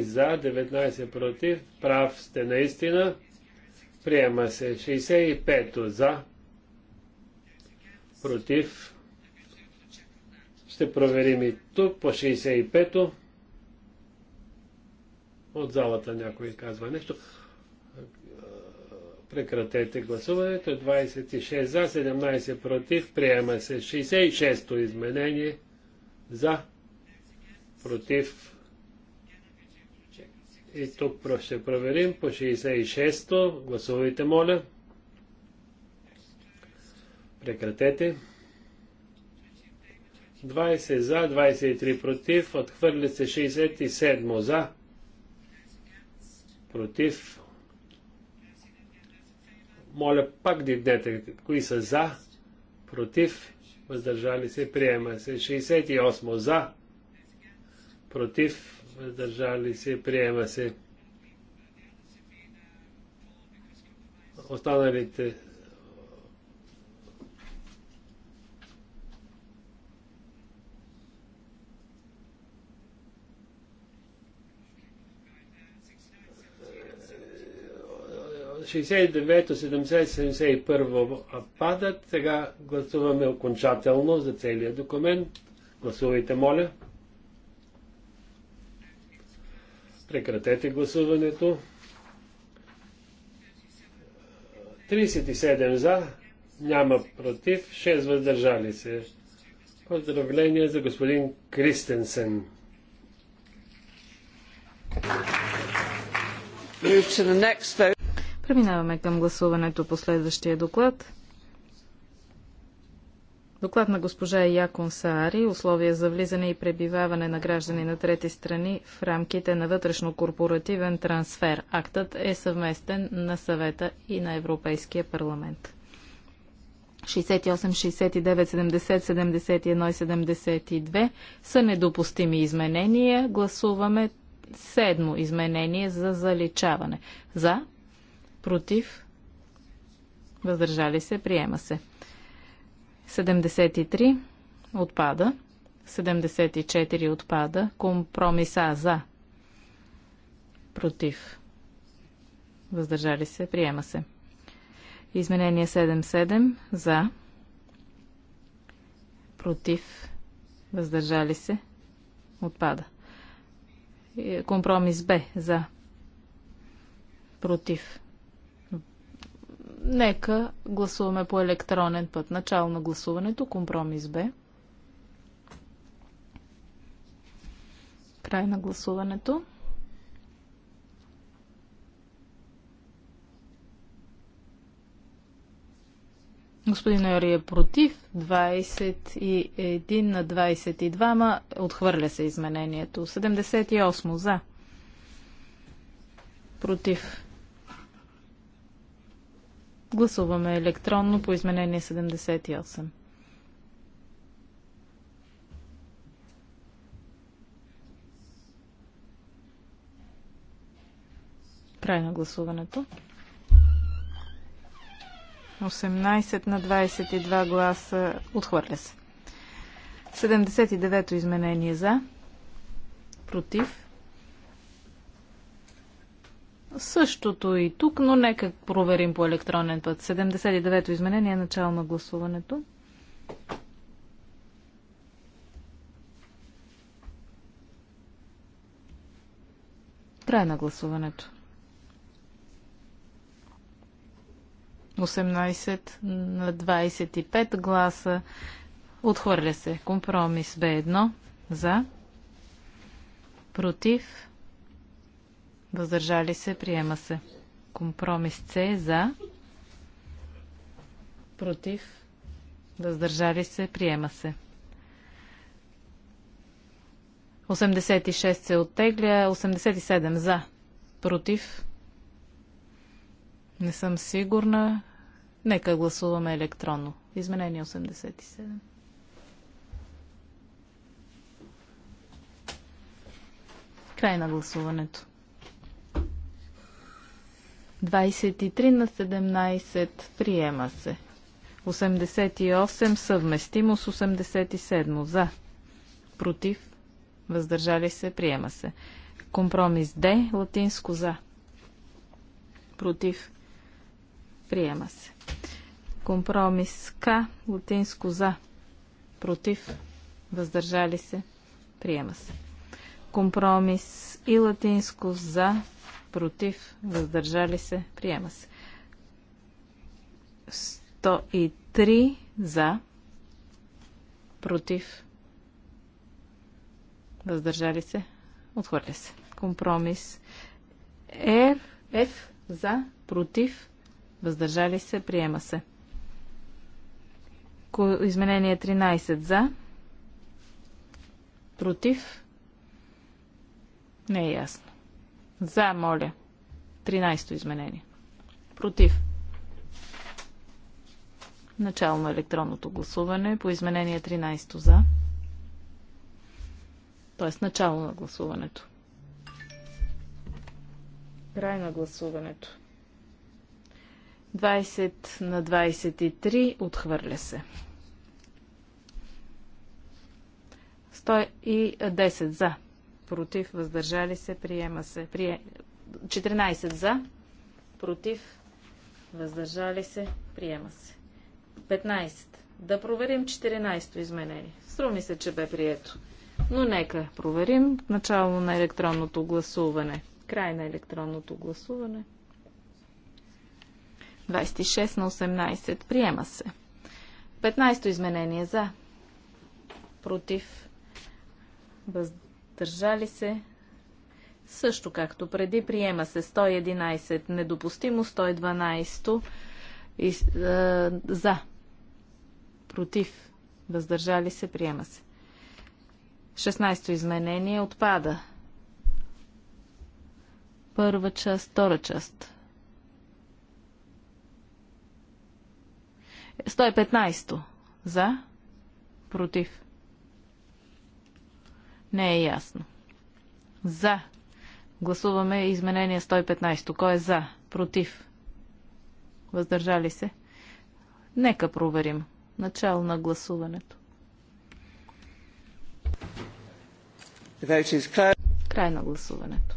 за, 19 против. Прав сте наистина. Приема се 65 за, против. Ще проверим и тук по 65 От залата някой казва нещо. Прекратете гласуването. 26 за, 17 против. Приема се 66-то изменение. За, против. И тук ще проверим по 66-то. Гласувайте, моля. Прекратете. 20 за, 23 против. Отхвърля се 67 за. Против. Моля, пак дигнете кои са за, против, въздържали се, приема се. 68 за, против, въздържали се, приема се. Останалите 69, 70, 71 падат. Сега гласуваме окончателно за целият документ. Гласувайте, моля. Прекратете гласуването. 37 за, няма против, 6 въздържали се. Поздравление за господин Кристенсен. Move to the next vote. Преминаваме към гласуването по следващия доклад. Доклад на госпожа Якон Саари Условия за влизане и пребиваване на граждани на трети страни в рамките на вътрешно-корпоративен трансфер. Актът е съвместен на съвета и на Европейския парламент. 68, 69, 70, 71 и 72 са недопустими изменения. Гласуваме седмо изменение за заличаване. За, против, въздържали се, приема се. 73 отпада, 74 отпада, компромиса за, против, въздържали се, приема се. Изменение 77 за, против, въздържали се, отпада. Е, компромис Б за, против, Нека гласуваме по електронен път. Начало на гласуването, компромис Б. Край на гласуването. Господин Ори е против. 21 на 22. Ма отхвърля се изменението. 78 за. Против. Гласуваме електронно по изменение 78. Край на гласуването. 18 на 22 гласа отхвърля се. 79-то изменение за, против, Същото и тук, но нека проверим по електронен път. 79-то изменение е начало на гласуването. Край на гласуването. 18 на 25 гласа. Отхвърля се. Компромис Б1 за. Против. Въздържали се. Приема се. Компромис С за. Против. Въздържали се. Приема се. 86 се оттегля. 87 за. Против. Не съм сигурна. Нека гласуваме електронно. Изменение 87. Край на гласуването. 23 на 17 приема се. 88 съвместимо с 87 за. Против. Въздържали се. Приема се. Компромис Д. Латинско за. Против. Приема се. Компромис К. Латинско за. Против. Въздържали се. Приема се. Компромис и латинско за против, въздържали се, приема се. 103 за, против, въздържали се, отхвърля се. Компромис. Р, Ф за, против, въздържали се, приема се. Изменение 13 за, против, не е ясно. За, моля. 13-то изменение. Против. Начало на електронното гласуване по изменение 13 за. Тоест начало на гласуването. Край на гласуването. 20 на 23 отхвърля се. 110 за против, въздържали се, приема се. Прие... 14 за, против, въздържали се, приема се. 15. Да проверим 14-то изменение. Струми се, че бе прието. Но нека проверим начало на електронното гласуване. Край на електронното гласуване. 26 на 18. Приема се. 15-то изменение за. Против. Въз въздържали се. Също както преди, приема се 111 недопустимо, 112 и, е, за, против, въздържали се, приема се. 16-то изменение отпада. Първа част, втора част. 115 за, против, не е ясно. За. Гласуваме изменение 115. Кой е за? Против? Въздържали се? Нека проверим. Начало на гласуването. Край на гласуването.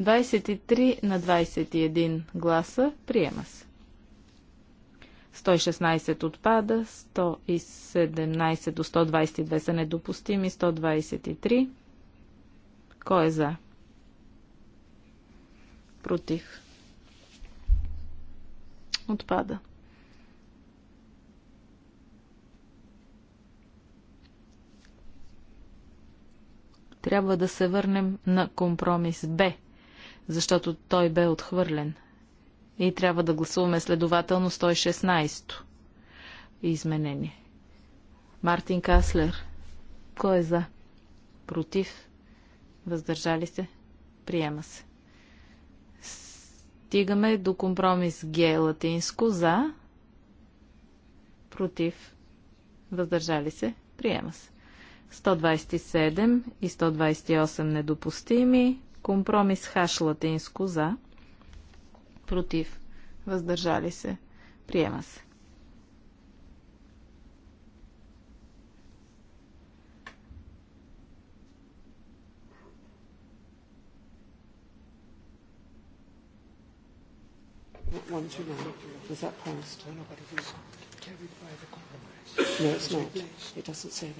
23 на 21 гласа приема се. 116 отпада, 117 до 122 са недопустими, 123. Кой е за? Против. Отпада. Трябва да се върнем на компромис Б, защото той бе отхвърлен и трябва да гласуваме следователно 116-то изменение. Мартин Каслер. Кой е за? Против? Въздържали се? Приема се. Стигаме до компромис Г латинско за, против, въздържали се, приема се. 127 и 128 недопустими, компромис Х латинско за, против, въздържали се, приема се. Yes, No, it it's not. It doesn't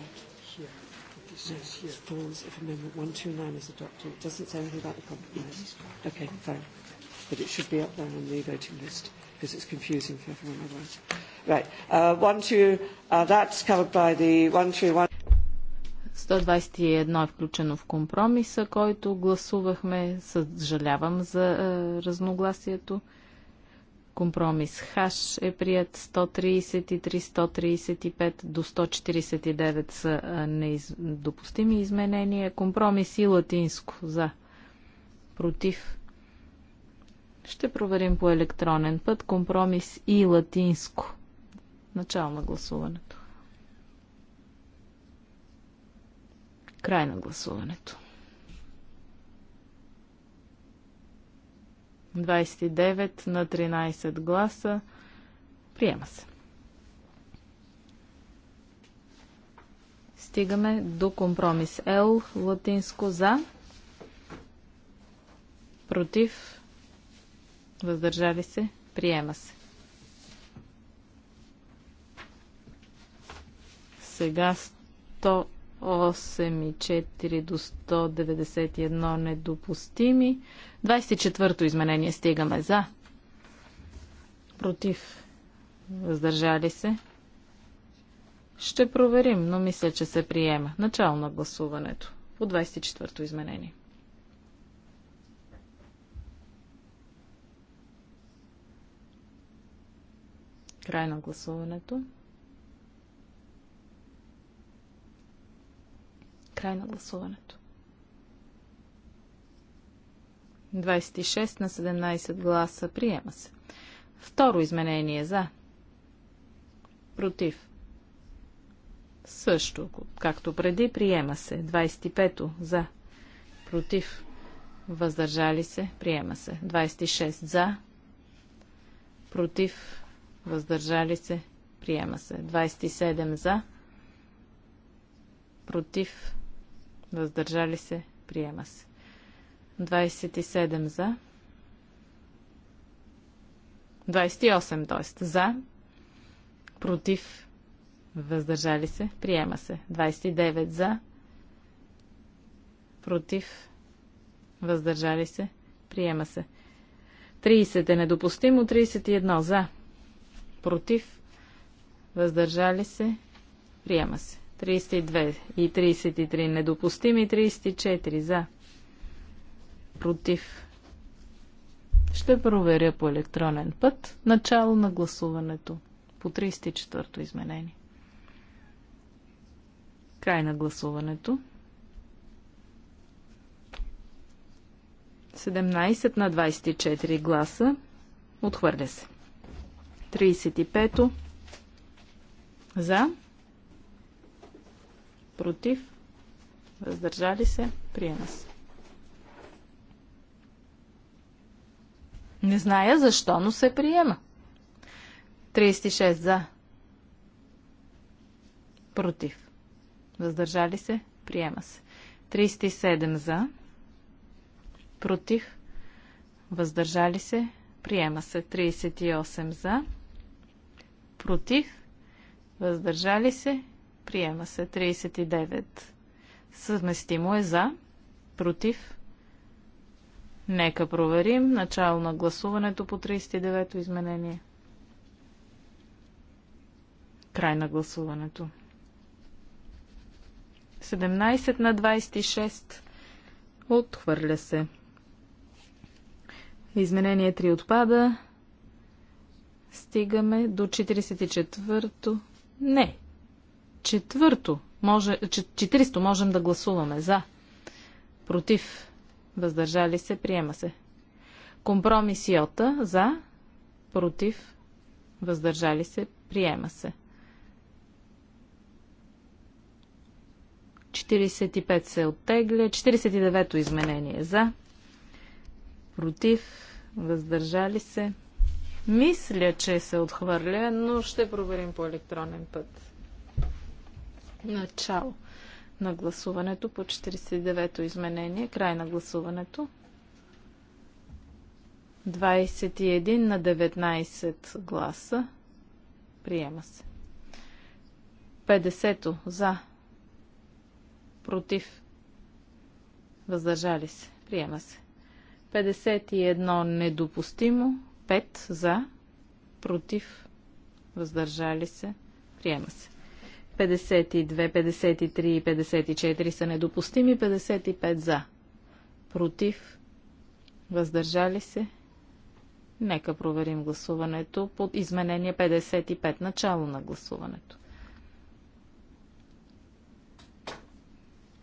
Falls if amendment 129 is adopted. It doesn't say anything about the compromise. Okay, fine but it should be up there on the voting list because it's confusing for everyone otherwise. Right. Uh, one, two, uh, that's covered by the one, two, one. 121 е включено в компромиса, който гласувахме. Съжалявам за е, разногласието. Компромис ХАШ е прият 133, 135 до 149 са е, недопустими изменения. Компромис и латинско за. Против ще проверим по електронен път компромис и латинско. Начало на гласуването. Край на гласуването. 29 на 13 гласа. Приема се. Стигаме до компромис L, латинско за, против, Въздържали се. Приема се. Сега 108 и 4 до 191 недопустими. 24-то изменение стигаме за. Против. Въздържали се. Ще проверим, но мисля, че се приема. Начало на гласуването по 24-то изменение. Край на гласуването. Край на гласуването. 26 на 17 гласа приема се. Второ изменение за. Против. Също, както преди, приема се. 25 за. Против. Въздържали се. Приема се. 26 за. Против въздържали се, приема се. 27 за, против, въздържали се, приема се. 27 за, 28 т.е. за, против, въздържали се, приема се. 29 за, против, въздържали се, приема се. 30 е недопустимо, 31 за, против, въздържали се, приема се. 32 и 33 недопустими, 34 за, против. Ще проверя по електронен път начало на гласуването по 34-то изменение. Край на гласуването. 17 на 24 гласа. Отхвърля се. 35 за, против, въздържали се, приема се. Не зная защо, но се приема. 36 за, против, въздържали се, приема се. 37 за, против, въздържали се, приема се. 38 за, против, против, въздържали се, приема се. 39 съвместимо е за, против. Нека проверим начало на гласуването по 39-то изменение. Край на гласуването. 17 на 26. Отхвърля се. Изменение 3 отпада стигаме до 44-то. Не. Четвърто. Може, 400 можем да гласуваме за. Против. Въздържали се. Приема се. Компромисиота За. Против. Въздържали се. Приема се. 45 се оттегля. 49-то изменение за. Против. Въздържали се. Мисля, че се отхвърля, но ще проверим по електронен път. Начало на гласуването по 49-то изменение. Край на гласуването. 21 на 19 гласа. Приема се. 50-то за. Против. Въздържали се. Приема се. 51 недопустимо. 5 за, против, въздържали се, приема се. 52, 53 и 54 са недопустими, 55 за, против, въздържали се. Нека проверим гласуването под изменение 55, начало на гласуването.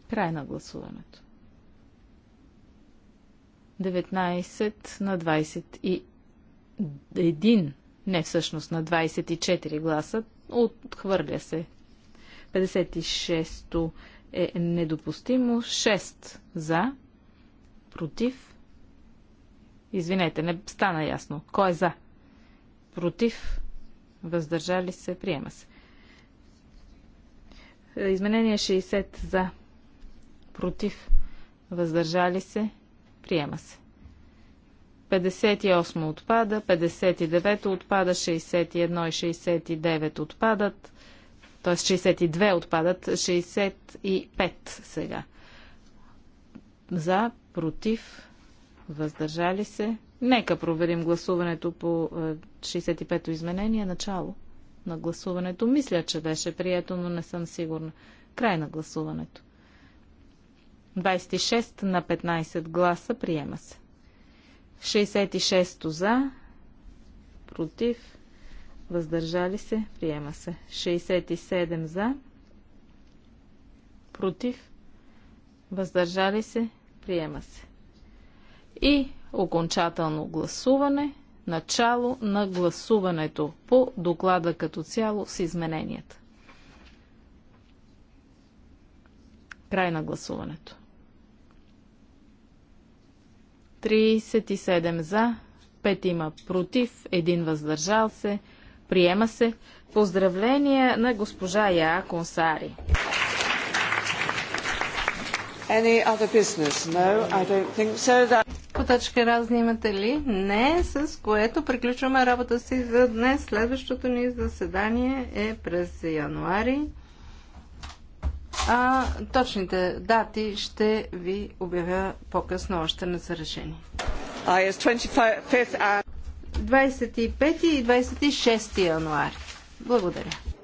Край на гласуването. 19 на един, не всъщност на 24 гласа, отхвърля се. 56-то е недопустимо. 6 за, против. Извинете, не стана ясно. Кой е за? Против. Въздържали се. Приема се. Изменение 60 за. Против. Въздържали се. Приема се. 58 отпада, 59 отпада, 61 и 69 отпадат, т.е. 62 отпадат, 65 сега. За, против, въздържали се. Нека проверим гласуването по 65-то е, изменение. Начало на гласуването. Мисля, че беше прието, но не съм сигурна. Край на гласуването. 26 на 15 гласа приема се. 66 за, против, въздържали се, приема се. 67 за, против, въздържали се, приема се. И окончателно гласуване, начало на гласуването по доклада като цяло с измененията. Край на гласуването. 37 за, 5 има против, 1 въздържал се. Приема се. Поздравления на госпожа Я Консари. Any other business? No, I don't think so. That... разни имате ли? Не, с което приключваме работа си за днес. Следващото ни заседание е през януари. А точните дати ще ви обявя по-късно, още на са 25 ah, uh, и 26 януари. Благодаря.